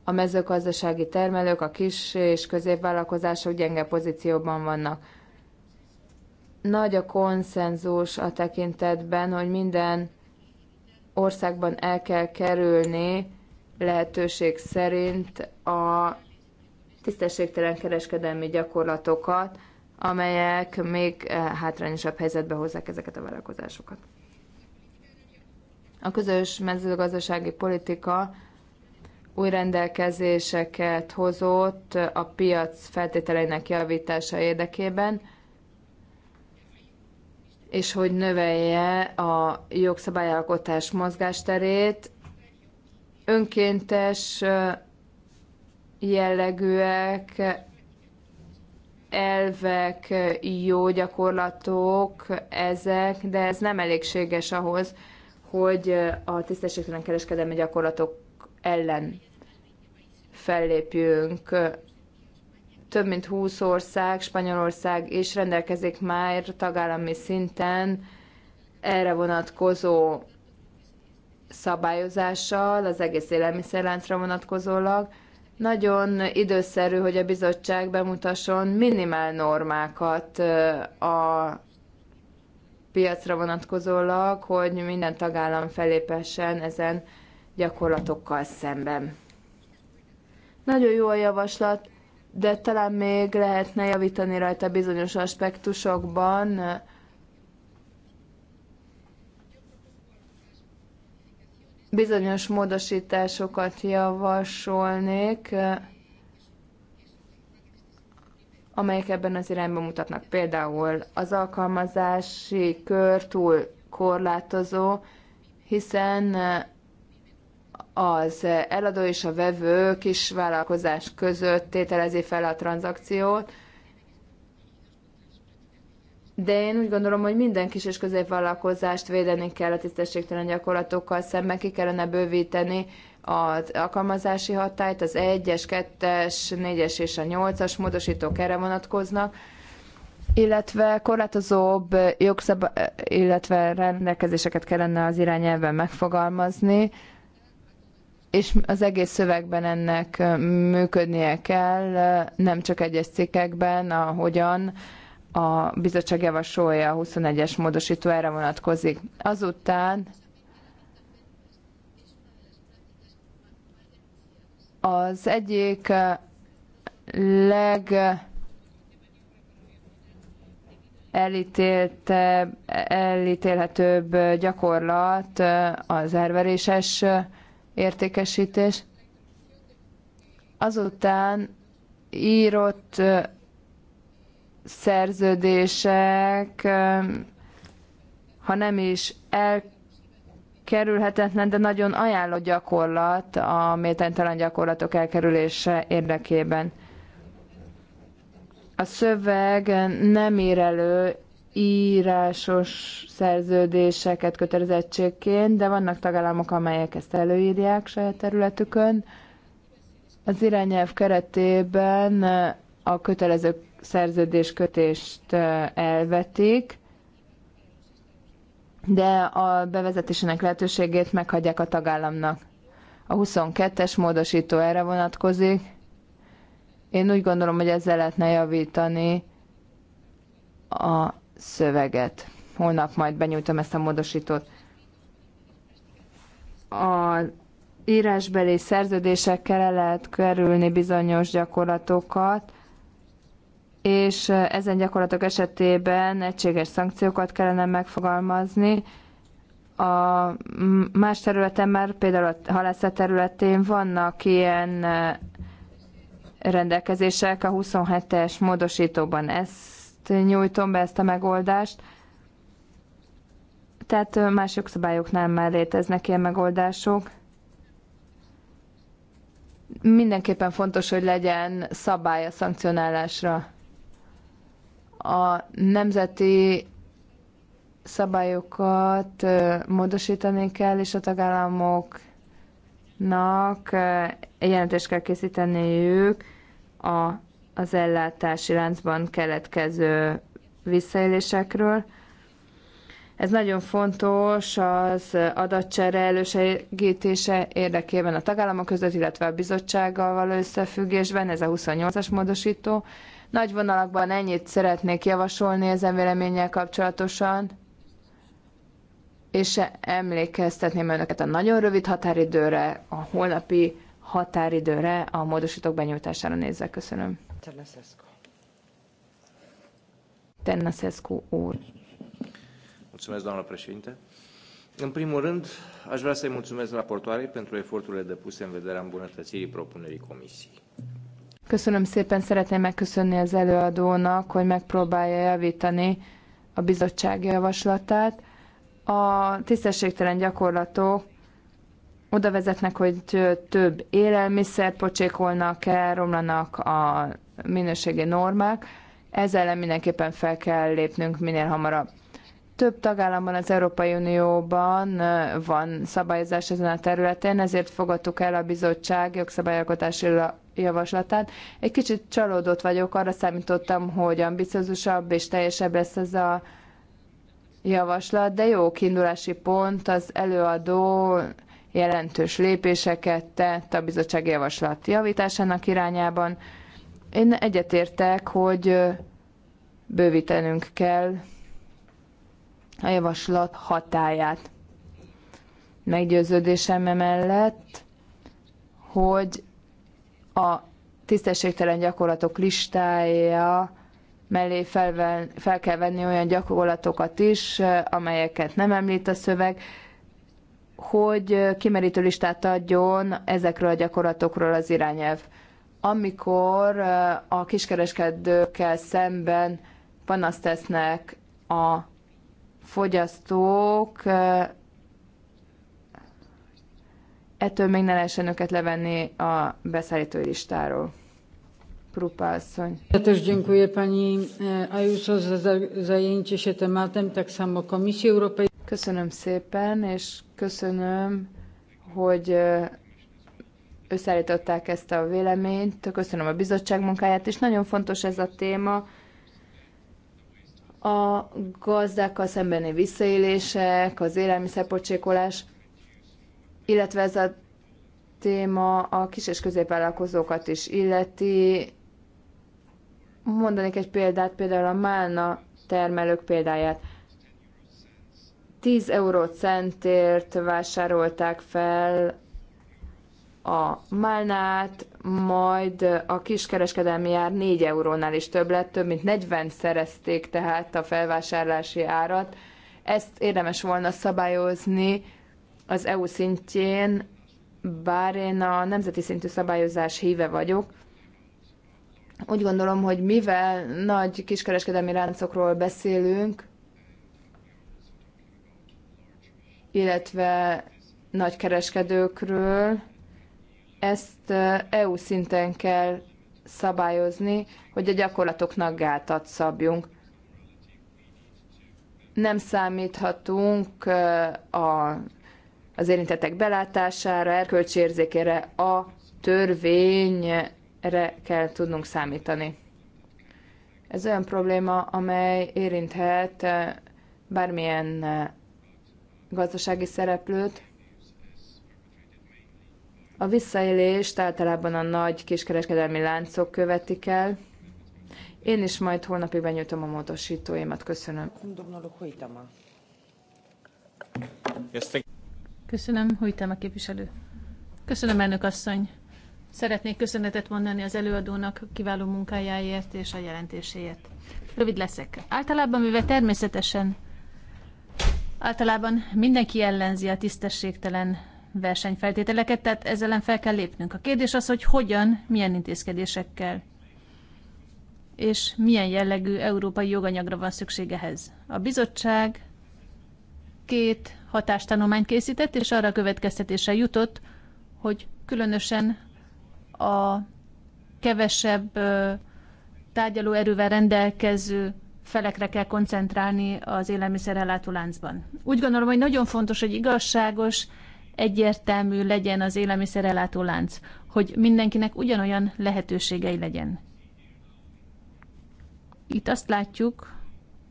a mezőgazdasági termelők, a kis és középvállalkozások gyenge pozícióban vannak. Nagy a konszenzus a tekintetben, hogy minden országban el kell kerülni lehetőség szerint a tisztességtelen kereskedelmi gyakorlatokat, amelyek még eh, hátrányosabb helyzetbe hozzák ezeket a vállalkozásokat. A közös mezőgazdasági politika új rendelkezéseket hozott a piac feltételeinek javítása érdekében, és hogy növelje a jogszabályalkotás mozgásterét. Önkéntes eh, jellegűek, elvek, jó gyakorlatok ezek, de ez nem elégséges ahhoz, hogy a tisztességtelen kereskedelmi gyakorlatok ellen fellépjünk. Több mint 20 ország, Spanyolország is rendelkezik már tagállami szinten erre vonatkozó szabályozással, az egész élelmiszerláncra vonatkozólag, nagyon időszerű, hogy a bizottság bemutasson minimál normákat a piacra vonatkozólag, hogy minden tagállam felépessen ezen gyakorlatokkal szemben. Nagyon jó a javaslat, de talán még lehetne javítani rajta bizonyos aspektusokban, Bizonyos módosításokat javasolnék, amelyek ebben az irányba mutatnak. Például az alkalmazási kör túl korlátozó, hiszen az eladó és a vevő kis vállalkozás között tételezi fel a tranzakciót, de én úgy gondolom, hogy minden kis és középvállalkozást védeni kell a tisztességtelen gyakorlatokkal szemben, ki kellene bővíteni az alkalmazási hatályt, az 1-es, 2-es, 4-es és a 8-as módosítók erre vonatkoznak, illetve korlátozóbb jogszab- illetve rendelkezéseket kellene az irányelven megfogalmazni, és az egész szövegben ennek működnie kell, nem csak egyes cikkekben, ahogyan, hogyan, a bizottság javasolja a 21-es módosító erre vonatkozik. Azután az egyik eh, leg elítélhetőbb gyakorlat eh, az erveréses eh, értékesítés. Azután írott szerződések, ha nem is elkerülhetetlen, de nagyon ajánló gyakorlat a méltánytalan gyakorlatok elkerülése érdekében. A szöveg nem ír elő írásos szerződéseket kötelezettségként, de vannak tagállamok, amelyek ezt előírják saját területükön. Az irányelv keretében a kötelező szerződéskötést elvetik, de a bevezetésének lehetőségét meghagyják a tagállamnak. A 22-es módosító erre vonatkozik. Én úgy gondolom, hogy ezzel lehetne javítani a szöveget. Holnap majd benyújtom ezt a módosítót. A írásbeli szerződésekkel lehet kerülni bizonyos gyakorlatokat, és ezen gyakorlatok esetében egységes szankciókat kellene megfogalmazni. A más területen már, például a halászat területén vannak ilyen rendelkezések, a 27-es módosítóban ezt nyújtom be, ezt a megoldást. Tehát más jogszabályoknál már léteznek ilyen megoldások mindenképpen fontos, hogy legyen szabály a szankcionálásra a nemzeti szabályokat módosítani kell, és a tagállamoknak jelentést kell készíteniük a, az ellátási láncban keletkező visszaélésekről. Ez nagyon fontos az adatcsere elősegítése érdekében a tagállamok között, illetve a bizottsággal való összefüggésben, ez a 28-as módosító, nagy vonalakban ennyit szeretnék javasolni ezen véleménnyel kapcsolatosan, és emlékeztetném önöket a nagyon rövid határidőre, a holnapi határidőre a módosítók benyújtására nézve. Köszönöm. Ternaszeszko. Ternaszeszko úr. Mulțumesc, doamnă președinte. În primul rând, aș vrea să-i mulțumesc raportoarei pentru eforturile depuse în vederea îmbunătățirii propunerii comisiei. Köszönöm szépen, szeretném megköszönni az előadónak, hogy megpróbálja javítani a bizottság javaslatát. A tisztességtelen gyakorlatok oda vezetnek, hogy több élelmiszer pocsékolnak el, romlanak a minőségi normák. Ez ellen mindenképpen fel kell lépnünk minél hamarabb. Több tagállamban az Európai Unióban van szabályozás ezen a területen, ezért fogadtuk el a bizottság jogszabályalkotási javaslatát. Egy kicsit csalódott vagyok, arra számítottam, hogy ambiciózusabb és teljesebb lesz ez a javaslat, de jó kiindulási pont az előadó jelentős lépéseket tett a bizottság javaslat javításának irányában. Én egyetértek, hogy bővítenünk kell a javaslat hatáját. Meggyőződésem emellett, hogy a tisztességtelen gyakorlatok listája mellé fel kell venni olyan gyakorlatokat is, amelyeket nem említ a szöveg, hogy kimerítő listát adjon ezekről a gyakorlatokról az irányelv. Amikor a kiskereskedőkkel szemben panaszt tesznek a fogyasztók, ettől még ne lehessen őket levenni a beszállító listáról. Krupa asszony. Też dziękuję pani e, Ayuso za zajęcie się tematem, tak samo Komisji Europejskiej. Köszönöm szépen, és köszönöm, hogy e, összeállították ezt a véleményt. Köszönöm a bizottság munkáját, és nagyon fontos ez a téma. A gazdákkal szembeni visszaélések, az élelmiszerpocsékolás illetve ez a téma a kis- és középvállalkozókat is illeti. Mondanék egy példát, például a málna termelők példáját. 10 eurócentért vásárolták fel a málnát, majd a kiskereskedelmi ár 4 eurónál is több lett, több mint 40 szerezték tehát a felvásárlási árat. Ezt érdemes volna szabályozni, az EU szintjén, bár én a nemzeti szintű szabályozás híve vagyok, úgy gondolom, hogy mivel nagy kiskereskedelmi ráncokról beszélünk, illetve nagy kereskedőkről, ezt EU szinten kell szabályozni, hogy a gyakorlatoknak gátat szabjunk. Nem számíthatunk a az érintettek belátására, erkölcsi érzékére, a törvényre kell tudnunk számítani. Ez olyan probléma, amely érinthet eh, bármilyen eh, gazdasági szereplőt. A visszaélést általában a nagy kiskereskedelmi láncok követik el. Én is majd holnapig benyújtom a módosítóimat. Köszönöm. Köszönöm, Hújtem a képviselő. Köszönöm, elnök asszony. Szeretnék köszönetet mondani az előadónak kiváló munkájáért és a jelentéséért. Rövid leszek. Általában mivel természetesen általában mindenki ellenzi a tisztességtelen versenyfeltételeket, tehát ezzel ellen fel kell lépnünk. A kérdés az, hogy hogyan, milyen intézkedésekkel és milyen jellegű európai joganyagra van szükségehez. A bizottság két hatástanományt készített, és arra következtetése jutott, hogy különösen a kevesebb tárgyaló erővel rendelkező felekre kell koncentrálni az élelmiszerellátó láncban. Úgy gondolom, hogy nagyon fontos, hogy igazságos, egyértelmű legyen az élelmiszerellátó lánc, hogy mindenkinek ugyanolyan lehetőségei legyen. Itt azt látjuk,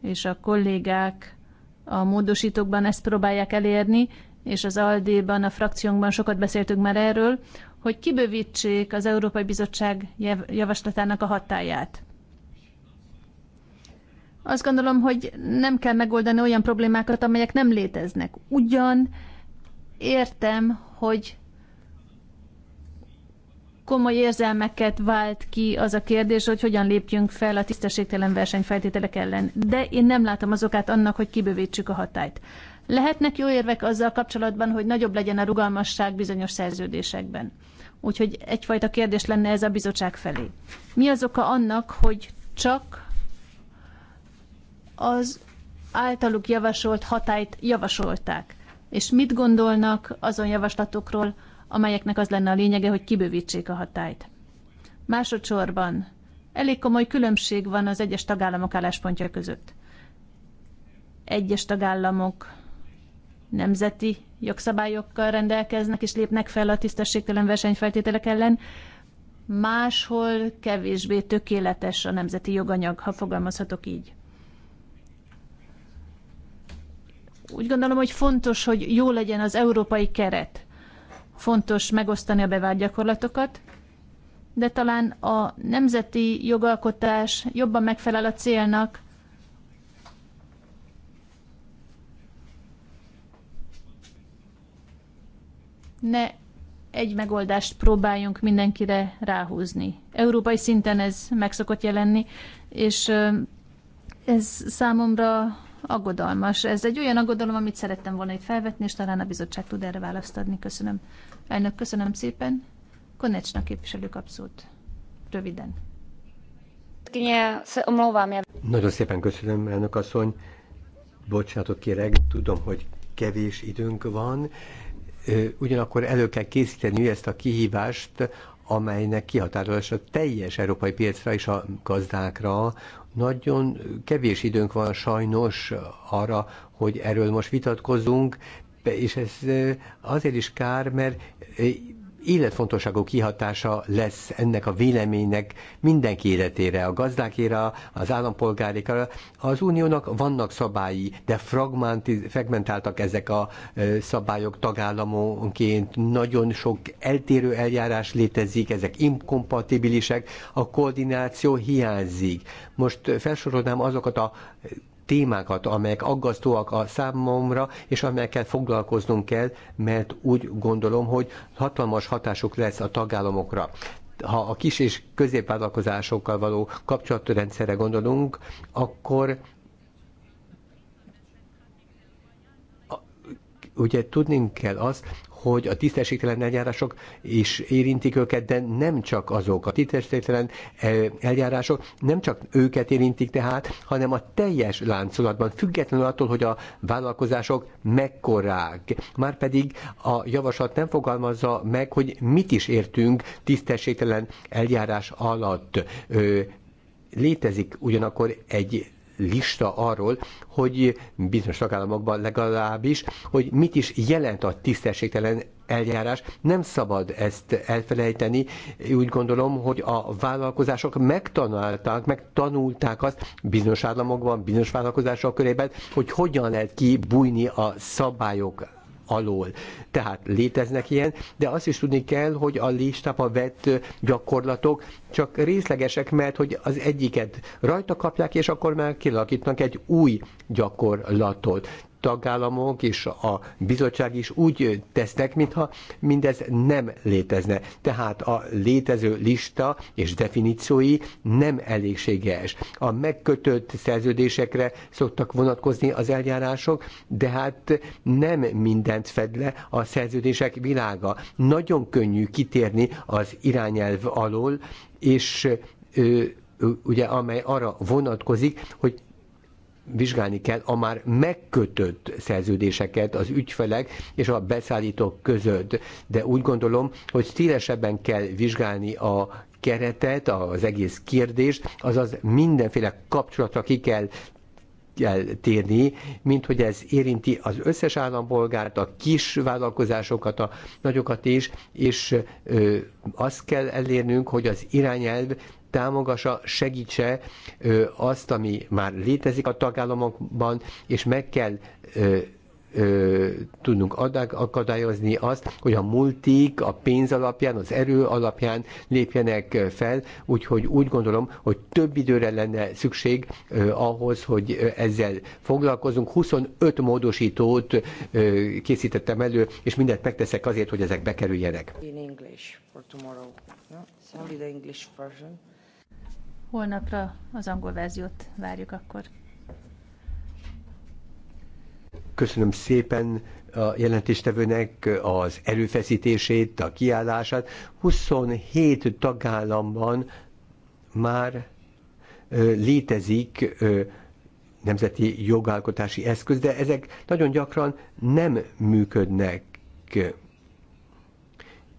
és a kollégák a módosítókban ezt próbálják elérni, és az ALDE-ban, a frakciónkban sokat beszéltünk már erről, hogy kibővítsék az Európai Bizottság javaslatának a hatáját. Azt gondolom, hogy nem kell megoldani olyan problémákat, amelyek nem léteznek. Ugyan értem, hogy komoly érzelmeket vált ki az a kérdés, hogy hogyan lépjünk fel a tisztességtelen versenyfeltételek ellen. De én nem látom az okát annak, hogy kibővítsük a hatályt. Lehetnek jó érvek azzal kapcsolatban, hogy nagyobb legyen a rugalmasság bizonyos szerződésekben. Úgyhogy egyfajta kérdés lenne ez a bizottság felé. Mi az oka annak, hogy csak az általuk javasolt hatályt javasolták? És mit gondolnak azon javaslatokról, amelyeknek az lenne a lényege, hogy kibővítsék a hatályt. Másodszorban elég komoly különbség van az egyes tagállamok álláspontja között. Egyes tagállamok nemzeti jogszabályokkal rendelkeznek és lépnek fel a tisztességtelen versenyfeltételek ellen, máshol kevésbé tökéletes a nemzeti joganyag, ha fogalmazhatok így. Úgy gondolom, hogy fontos, hogy jó legyen az európai keret. Fontos megosztani a bevált gyakorlatokat, de talán a nemzeti jogalkotás jobban megfelel a célnak, ne egy megoldást próbáljunk mindenkire ráhúzni. Európai szinten ez meg szokott jelenni, és ez számomra aggodalmas. Ez egy olyan aggodalom, amit szerettem volna itt felvetni, és talán a bizottság tud erre választ adni. Köszönöm. Elnök, köszönöm szépen. Konecsnak képviselő kapszót. Röviden. Nagyon szépen köszönöm, elnök asszony. Bocsánatot kérek, tudom, hogy kevés időnk van, ugyanakkor elő kell készíteni ezt a kihívást, amelynek kihatározása teljes európai piacra és a gazdákra, nagyon kevés időnk van sajnos arra, hogy erről most vitatkozunk, és ez eh, azért is kár, mert eh, életfontosságú kihatása lesz ennek a véleménynek mindenki életére, a gazdákére, az állampolgárikra. Az uniónak vannak szabályi, de fragmentáltak ezek a szabályok tagállamonként. Nagyon sok eltérő eljárás létezik, ezek inkompatibilisek, a koordináció hiányzik. Most felsorolnám azokat a témákat, amelyek aggasztóak a számomra, és amelyekkel foglalkoznunk kell, mert úgy gondolom, hogy hatalmas hatásuk lesz a tagállamokra ha a kis és középvállalkozásokkal való kapcsolatrendszerre gondolunk, akkor ugye tudnunk kell azt, hogy a tisztességtelen eljárások is érintik őket, de nem csak azok. A tisztességtelen eh, eljárások nem csak őket érintik tehát, hanem a teljes láncolatban, függetlenül attól, hogy a vállalkozások mekkorák. Márpedig a javaslat nem fogalmazza meg, hogy mit is értünk tisztességtelen eljárás alatt létezik ugyanakkor egy lista arról, hogy bizonyos tagállamokban legalábbis, hogy mit is jelent a tisztességtelen eljárás. Nem szabad ezt elfelejteni. Úgy gondolom, hogy a vállalkozások megtanulták, megtanulták azt bizonyos államokban, bizonyos vállalkozások körében, hogy hogyan lehet kibújni a szabályok alól. Tehát léteznek ilyen, de azt is tudni kell, hogy a listába vett gyakorlatok csak részlegesek, mert hogy az egyiket rajta kapják, és akkor már kilakítnak egy új gyakorlatot tagállamok és a bizottság is úgy tesznek, mintha mindez nem létezne. Tehát a létező lista és definíciói nem elégséges. A megkötött szerződésekre szoktak vonatkozni az eljárások, de hát nem mindent fed le a szerződések világa. Nagyon könnyű kitérni az irányelv alól, és ugye amely arra vonatkozik, hogy vizsgálni kell a már megkötött szerződéseket az ügyfelek és a beszállítók között. De úgy gondolom, hogy szélesebben kell vizsgálni a keretet, az egész kérdést, azaz mindenféle kapcsolatra ki kell térni, mint hogy ez érinti az összes állampolgárt, a kis vállalkozásokat, a nagyokat is, és ö, azt kell elérnünk, hogy az irányelv támogassa, segítse azt, ami már létezik a tagállamokban, és meg kell ö, tudnunk adag, akadályozni azt, hogy a multik a pénz alapján, az erő alapján lépjenek fel, úgyhogy úgy gondolom, hogy több időre lenne szükség ö, ahhoz, hogy ezzel foglalkozunk. 25 módosítót ö, készítettem elő, és mindent megteszek azért, hogy ezek bekerüljenek. In English for tomorrow. No? It's the English version. Holnapra az angol verziót várjuk akkor. Köszönöm szépen a jelentéstevőnek az erőfeszítését, a kiállását. 27 tagállamban már létezik nemzeti jogalkotási eszköz, de ezek nagyon gyakran nem működnek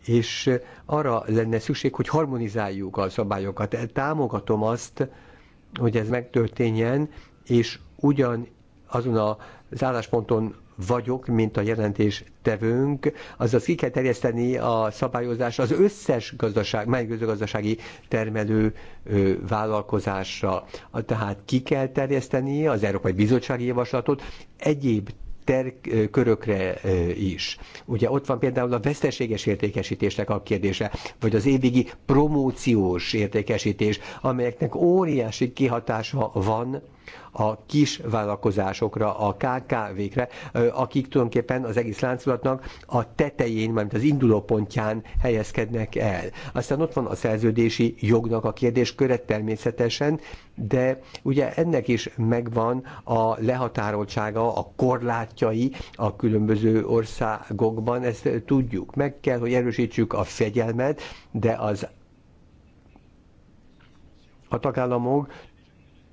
és eh, arra lenne szükség, hogy harmonizáljuk a szabályokat. Eh, támogatom azt, hogy ez megtörténjen, és ugyan azon az állásponton vagyok, mint a jelentés tevőnk, azaz ki kell terjeszteni a szabályozás az összes gazdaság, gazdasági termelő vállalkozásra. Tehát ki kell terjeszteni az Európai Bizottsági Javaslatot egyéb terkörökre is. Ugye ott van például a veszteséges értékesítésnek a kérdése, vagy az évigi promóciós értékesítés, amelyeknek óriási kihatása van a kis vállalkozásokra, a KKV-kre, akik tulajdonképpen az egész láncolatnak a tetején, mármint az induló pontján helyezkednek el. Aztán ott van a szerződési jognak a kérdésköre természetesen, de ugye ennek is megvan a lehatároltsága, a korlátjai a különböző országokban, ezt tudjuk. Meg kell, hogy erősítsük a fegyelmet, de az a tagállamok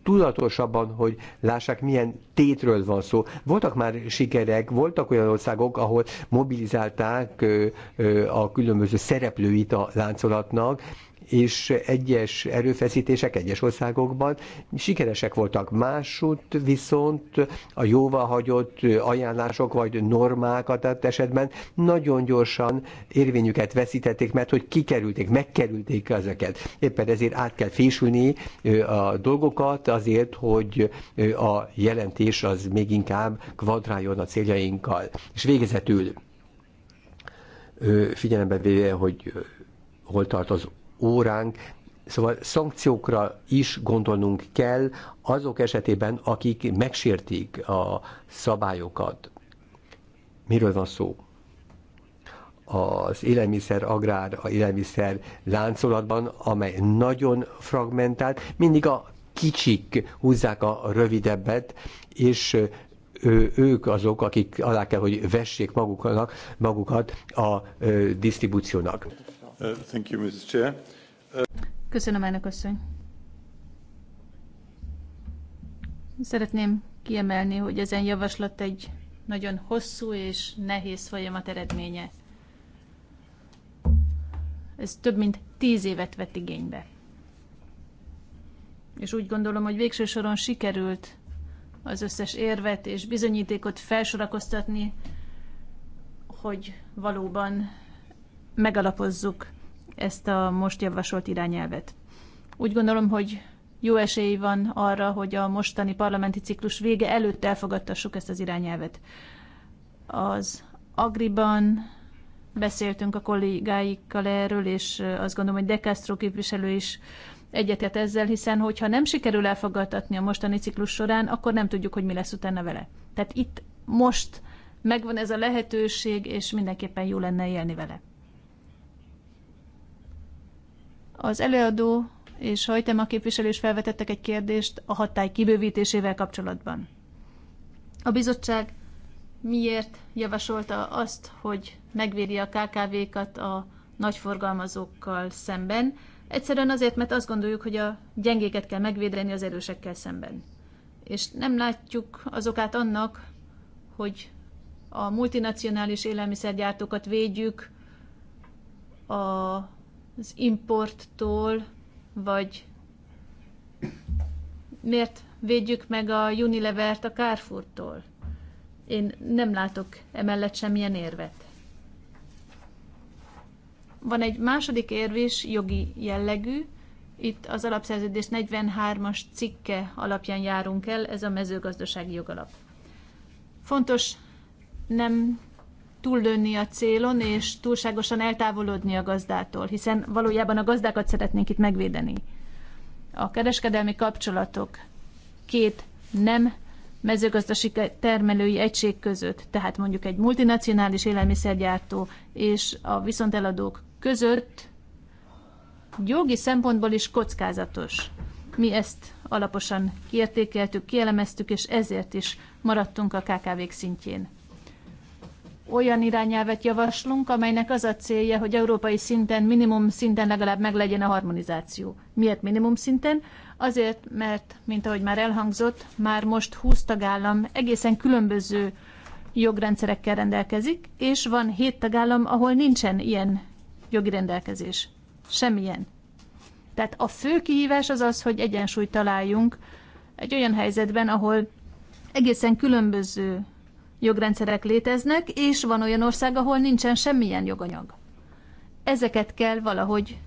tudatosabban, hogy lássák, milyen tétről van szó. Voltak már sikerek, voltak olyan országok, ahol mobilizálták a különböző szereplőit a láncolatnak, és egyes erőfeszítések egyes országokban sikeresek voltak. Másút viszont a jóval hagyott, ajánlások vagy normák adott esetben nagyon gyorsan érvényüket veszítették, mert hogy kikerülték, megkerülték ezeket. Éppen ezért át kell fésülni a dolgokat azért, hogy a jelentés az még inkább kvadráljon a céljainkkal. És végezetül figyelembe véve, hogy hol tart az óránk, Szóval szankciókra is gondolnunk kell azok esetében, akik megsértik a szabályokat. Miről van szó? az élelmiszer agrár, a élelmiszer láncolatban, amely nagyon fragmentált, mindig a kicsik húzzák a rövidebbet, és ő, ők azok, akik alá kell, hogy vessék maguknak, magukat a ö, disztribúciónak. Uh, Köszönöm, elnök asszony. Szeretném kiemelni, hogy ezen javaslat egy nagyon hosszú és nehéz folyamat eredménye. Ez több mint tíz évet vett igénybe. És úgy gondolom, hogy végső soron sikerült az összes érvet és bizonyítékot felsorakoztatni, hogy valóban megalapozzuk ezt a most javasolt irányelvet. Úgy gondolom, hogy jó esély van arra, hogy a mostani parlamenti ciklus vége előtt elfogadtassuk ezt az irányelvet. Az Agriban beszéltünk a kollégáikkal erről, és azt gondolom, hogy De Castro képviselő is egyetért ezzel, hiszen hogyha nem sikerül elfogadtatni a mostani ciklus során, akkor nem tudjuk, hogy mi lesz utána vele. Tehát itt most megvan ez a lehetőség, és mindenképpen jó lenne élni vele. Az előadó és Hajtema képviselő is felvetettek egy kérdést a hatály kibővítésével kapcsolatban. A bizottság miért javasolta azt, hogy megvédi a KKV-kat a nagyforgalmazókkal szemben? Egyszerűen azért, mert azt gondoljuk, hogy a gyengéket kell megvédeni az erősekkel szemben. És nem látjuk az okát annak, hogy a multinacionális élelmiszergyártókat védjük a az importtól, vagy miért védjük meg a Unilevert a Carrefourtól? Én nem látok emellett semmilyen érvet. Van egy második érv is, jogi jellegű. Itt az alapszerződés 43-as cikke alapján járunk el, ez a mezőgazdasági jogalap. Fontos nem túllőni a célon, és túlságosan eltávolodni a gazdától, hiszen valójában a gazdákat szeretnénk itt megvédeni. A kereskedelmi kapcsolatok két nem mezőgazdasági termelői egység között, tehát mondjuk egy multinacionális élelmiszergyártó és a viszonteladók között jogi szempontból is kockázatos. Mi ezt alaposan kiértékeltük, kielemeztük, és ezért is maradtunk a KKV-k szintjén olyan irányelvet javaslunk, amelynek az a célja, hogy európai szinten, minimum szinten legalább meglegyen a harmonizáció. Miért minimum szinten? Azért, mert, mint ahogy már elhangzott, már most 20 tagállam egészen különböző jogrendszerekkel rendelkezik, és van 7 tagállam, ahol nincsen ilyen jogi rendelkezés. Semmilyen. Tehát a fő kihívás az az, hogy egyensúlyt találjunk egy olyan helyzetben, ahol egészen különböző jogrendszerek léteznek, és van olyan ország, ahol nincsen semmilyen joganyag. Ezeket kell valahogy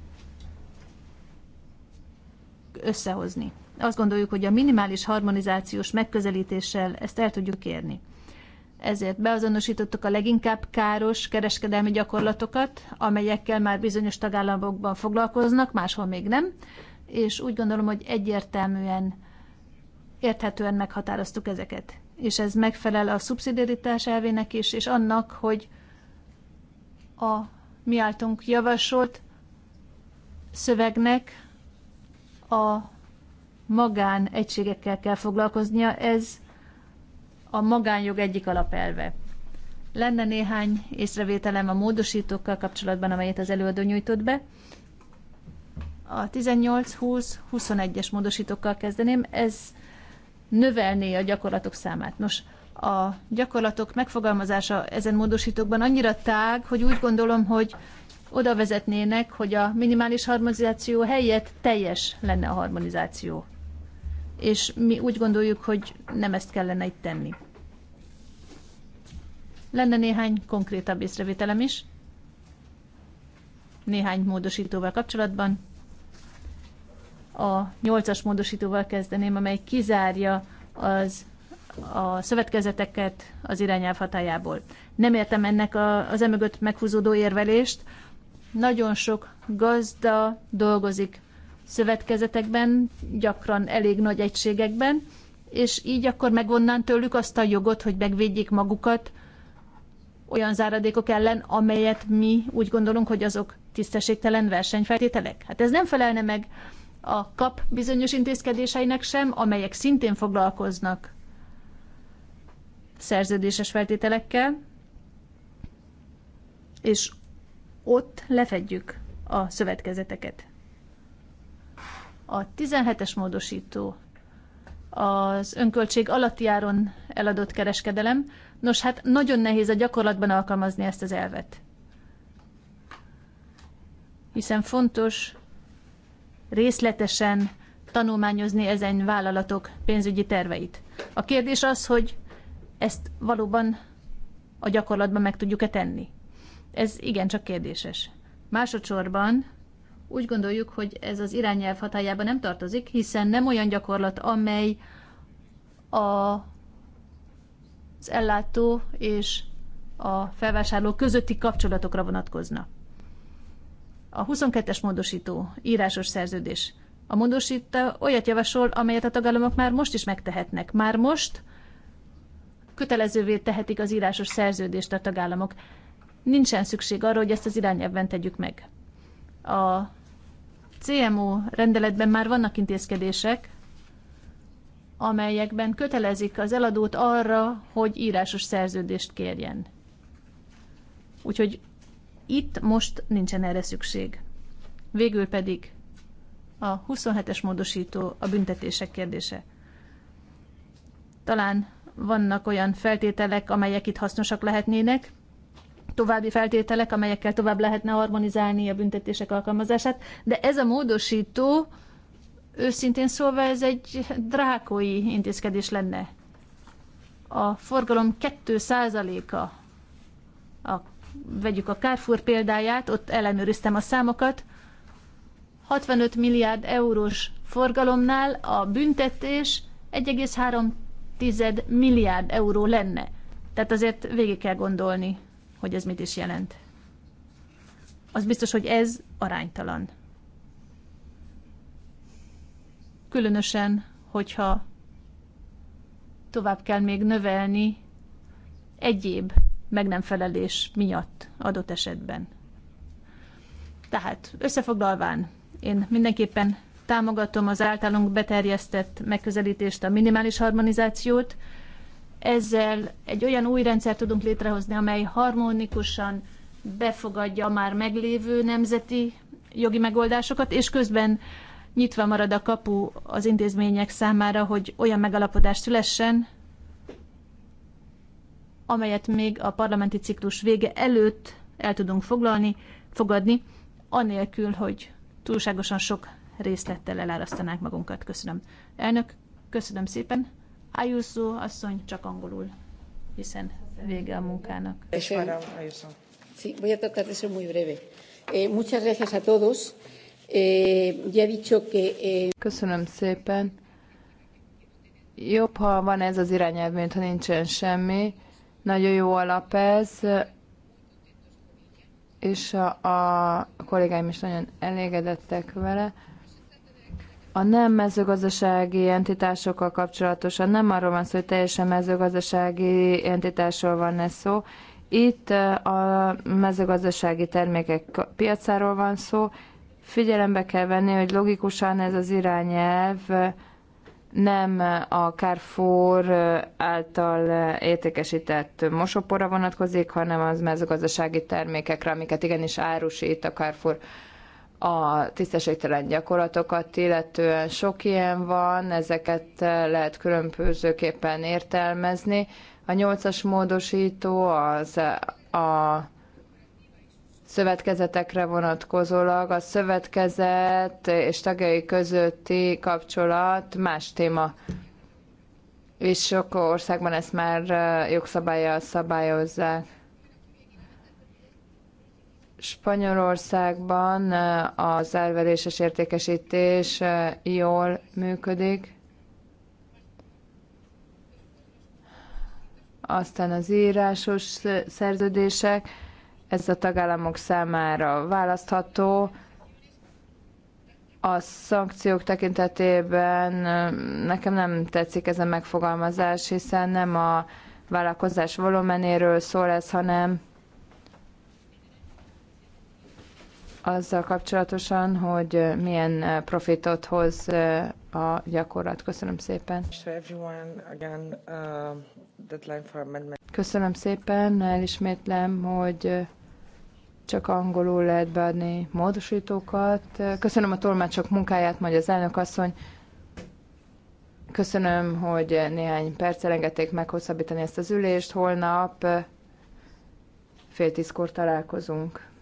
összehozni. Azt gondoljuk, hogy a minimális harmonizációs megközelítéssel ezt el tudjuk érni. Ezért beazonosítottuk a leginkább káros kereskedelmi gyakorlatokat, amelyekkel már bizonyos tagállamokban foglalkoznak, máshol még nem, és úgy gondolom, hogy egyértelműen, érthetően meghatároztuk ezeket és ez megfelel a szubszidiaritás elvének is, és annak, hogy a mi általunk javasolt szövegnek a magán egységekkel kell foglalkoznia, ez a magánjog egyik alapelve. Lenne néhány észrevételem a módosítókkal kapcsolatban, amelyet az előadó nyújtott be. A 18-20-21-es módosítókkal kezdeném. Ez növelné a gyakorlatok számát. Nos, a gyakorlatok megfogalmazása ezen módosítókban annyira tág, hogy úgy gondolom, hogy oda vezetnének, hogy a minimális harmonizáció helyett teljes lenne a harmonizáció. És mi úgy gondoljuk, hogy nem ezt kellene itt tenni. Lenne néhány konkrétabb észrevételem is, néhány módosítóval kapcsolatban. A nyolcas módosítóval kezdeném, amely kizárja az a szövetkezeteket az irányelv hatájából. Nem értem ennek a, az emögött meghúzódó érvelést. Nagyon sok gazda dolgozik szövetkezetekben, gyakran elég nagy egységekben, és így akkor megvonnán tőlük azt a jogot, hogy megvédjék magukat olyan záradékok ellen, amelyet mi úgy gondolunk, hogy azok tisztességtelen versenyfeltételek. Hát ez nem felelne meg a kap bizonyos intézkedéseinek sem, amelyek szintén foglalkoznak szerződéses feltételekkel, és ott lefedjük a szövetkezeteket. A 17-es módosító az önköltség alatti áron eladott kereskedelem. Nos, hát nagyon nehéz a gyakorlatban alkalmazni ezt az elvet. Hiszen fontos részletesen tanulmányozni ezen vállalatok pénzügyi terveit. A kérdés az, hogy ezt valóban a gyakorlatban meg tudjuk-e tenni. Ez igencsak kérdéses. Másodszorban úgy gondoljuk, hogy ez az irányelv hatájába nem tartozik, hiszen nem olyan gyakorlat, amely a, az ellátó és a felvásárló közötti kapcsolatokra vonatkozna. A 22-es módosító, írásos szerződés. A módosító olyat javasol, amelyet a tagállamok már most is megtehetnek. Már most kötelezővé tehetik az írásos szerződést a tagállamok. Nincsen szükség arra, hogy ezt az irányelven tegyük meg. A CMO rendeletben már vannak intézkedések, amelyekben kötelezik az eladót arra, hogy írásos szerződést kérjen. Úgyhogy itt most nincsen erre szükség. Végül pedig a 27-es módosító a büntetések kérdése. Talán vannak olyan feltételek, amelyek itt hasznosak lehetnének, további feltételek, amelyekkel tovább lehetne harmonizálni a büntetések alkalmazását, de ez a módosító, őszintén szólva, ez egy drákói intézkedés lenne. A forgalom 2%-a a vegyük a Carrefour példáját, ott ellenőriztem a számokat, 65 milliárd eurós forgalomnál a büntetés 1,3 milliárd euró lenne. Tehát azért végig kell gondolni, hogy ez mit is jelent. Az biztos, hogy ez aránytalan. Különösen, hogyha tovább kell még növelni egyéb meg nem felelés miatt adott esetben. Tehát összefoglalván, én mindenképpen támogatom az általunk beterjesztett megközelítést, a minimális harmonizációt. Ezzel egy olyan új rendszer tudunk létrehozni, amely harmonikusan befogadja a már meglévő nemzeti jogi megoldásokat, és közben nyitva marad a kapu az intézmények számára, hogy olyan megalapodást szülessen, amelyet még a parlamenti ciklus vége előtt el tudunk foglalni, fogadni, anélkül, hogy túlságosan sok részlettel elárasztanák magunkat. Köszönöm. Elnök, köszönöm szépen. Ayuso asszony csak angolul, hiszen vége a munkának. Sí, voy a tratar de ser muy breve. Eh, muchas gracias a todos. Eh, ya he dicho que... Eh... Köszönöm szépen. Jobb, ha van ez az irányelv, mint ha nincsen semmi. Nagyon jó alap ez, és a, a kollégáim is nagyon elégedettek vele. A nem mezőgazdasági entitásokkal kapcsolatosan nem arról van szó, hogy teljesen mezőgazdasági entitásról van ez szó. Itt a mezőgazdasági termékek piacáról van szó. Figyelembe kell venni, hogy logikusan ez az irányelv nem a Carrefour által értékesített mosóporra vonatkozik, hanem az mezőgazdasági termékekre, amiket igenis árusít a Carrefour a tisztességtelen gyakorlatokat, illetően sok ilyen van, ezeket lehet különbözőképpen értelmezni. A nyolcas módosító az a szövetkezetekre vonatkozólag a szövetkezet és tagjai közötti kapcsolat más téma. És sok országban ezt már jogszabályjal szabályozzák. Spanyolországban az elveréses értékesítés jól működik. Aztán az írásos szerződések ez a tagállamok számára választható. A szankciók tekintetében nekem nem tetszik ez a megfogalmazás, hiszen nem a vállalkozás volumenéről szól ez, hanem azzal kapcsolatosan, hogy milyen profitot hoz a gyakorlat. Köszönöm szépen. Uh, Köszönöm szépen, elismétlem, hogy csak angolul lehet beadni módosítókat. Köszönöm a tolmácsok munkáját, majd az elnök asszony. Köszönöm, hogy néhány perccel engedték meghosszabbítani ezt az ülést. Holnap fél tízkor találkozunk.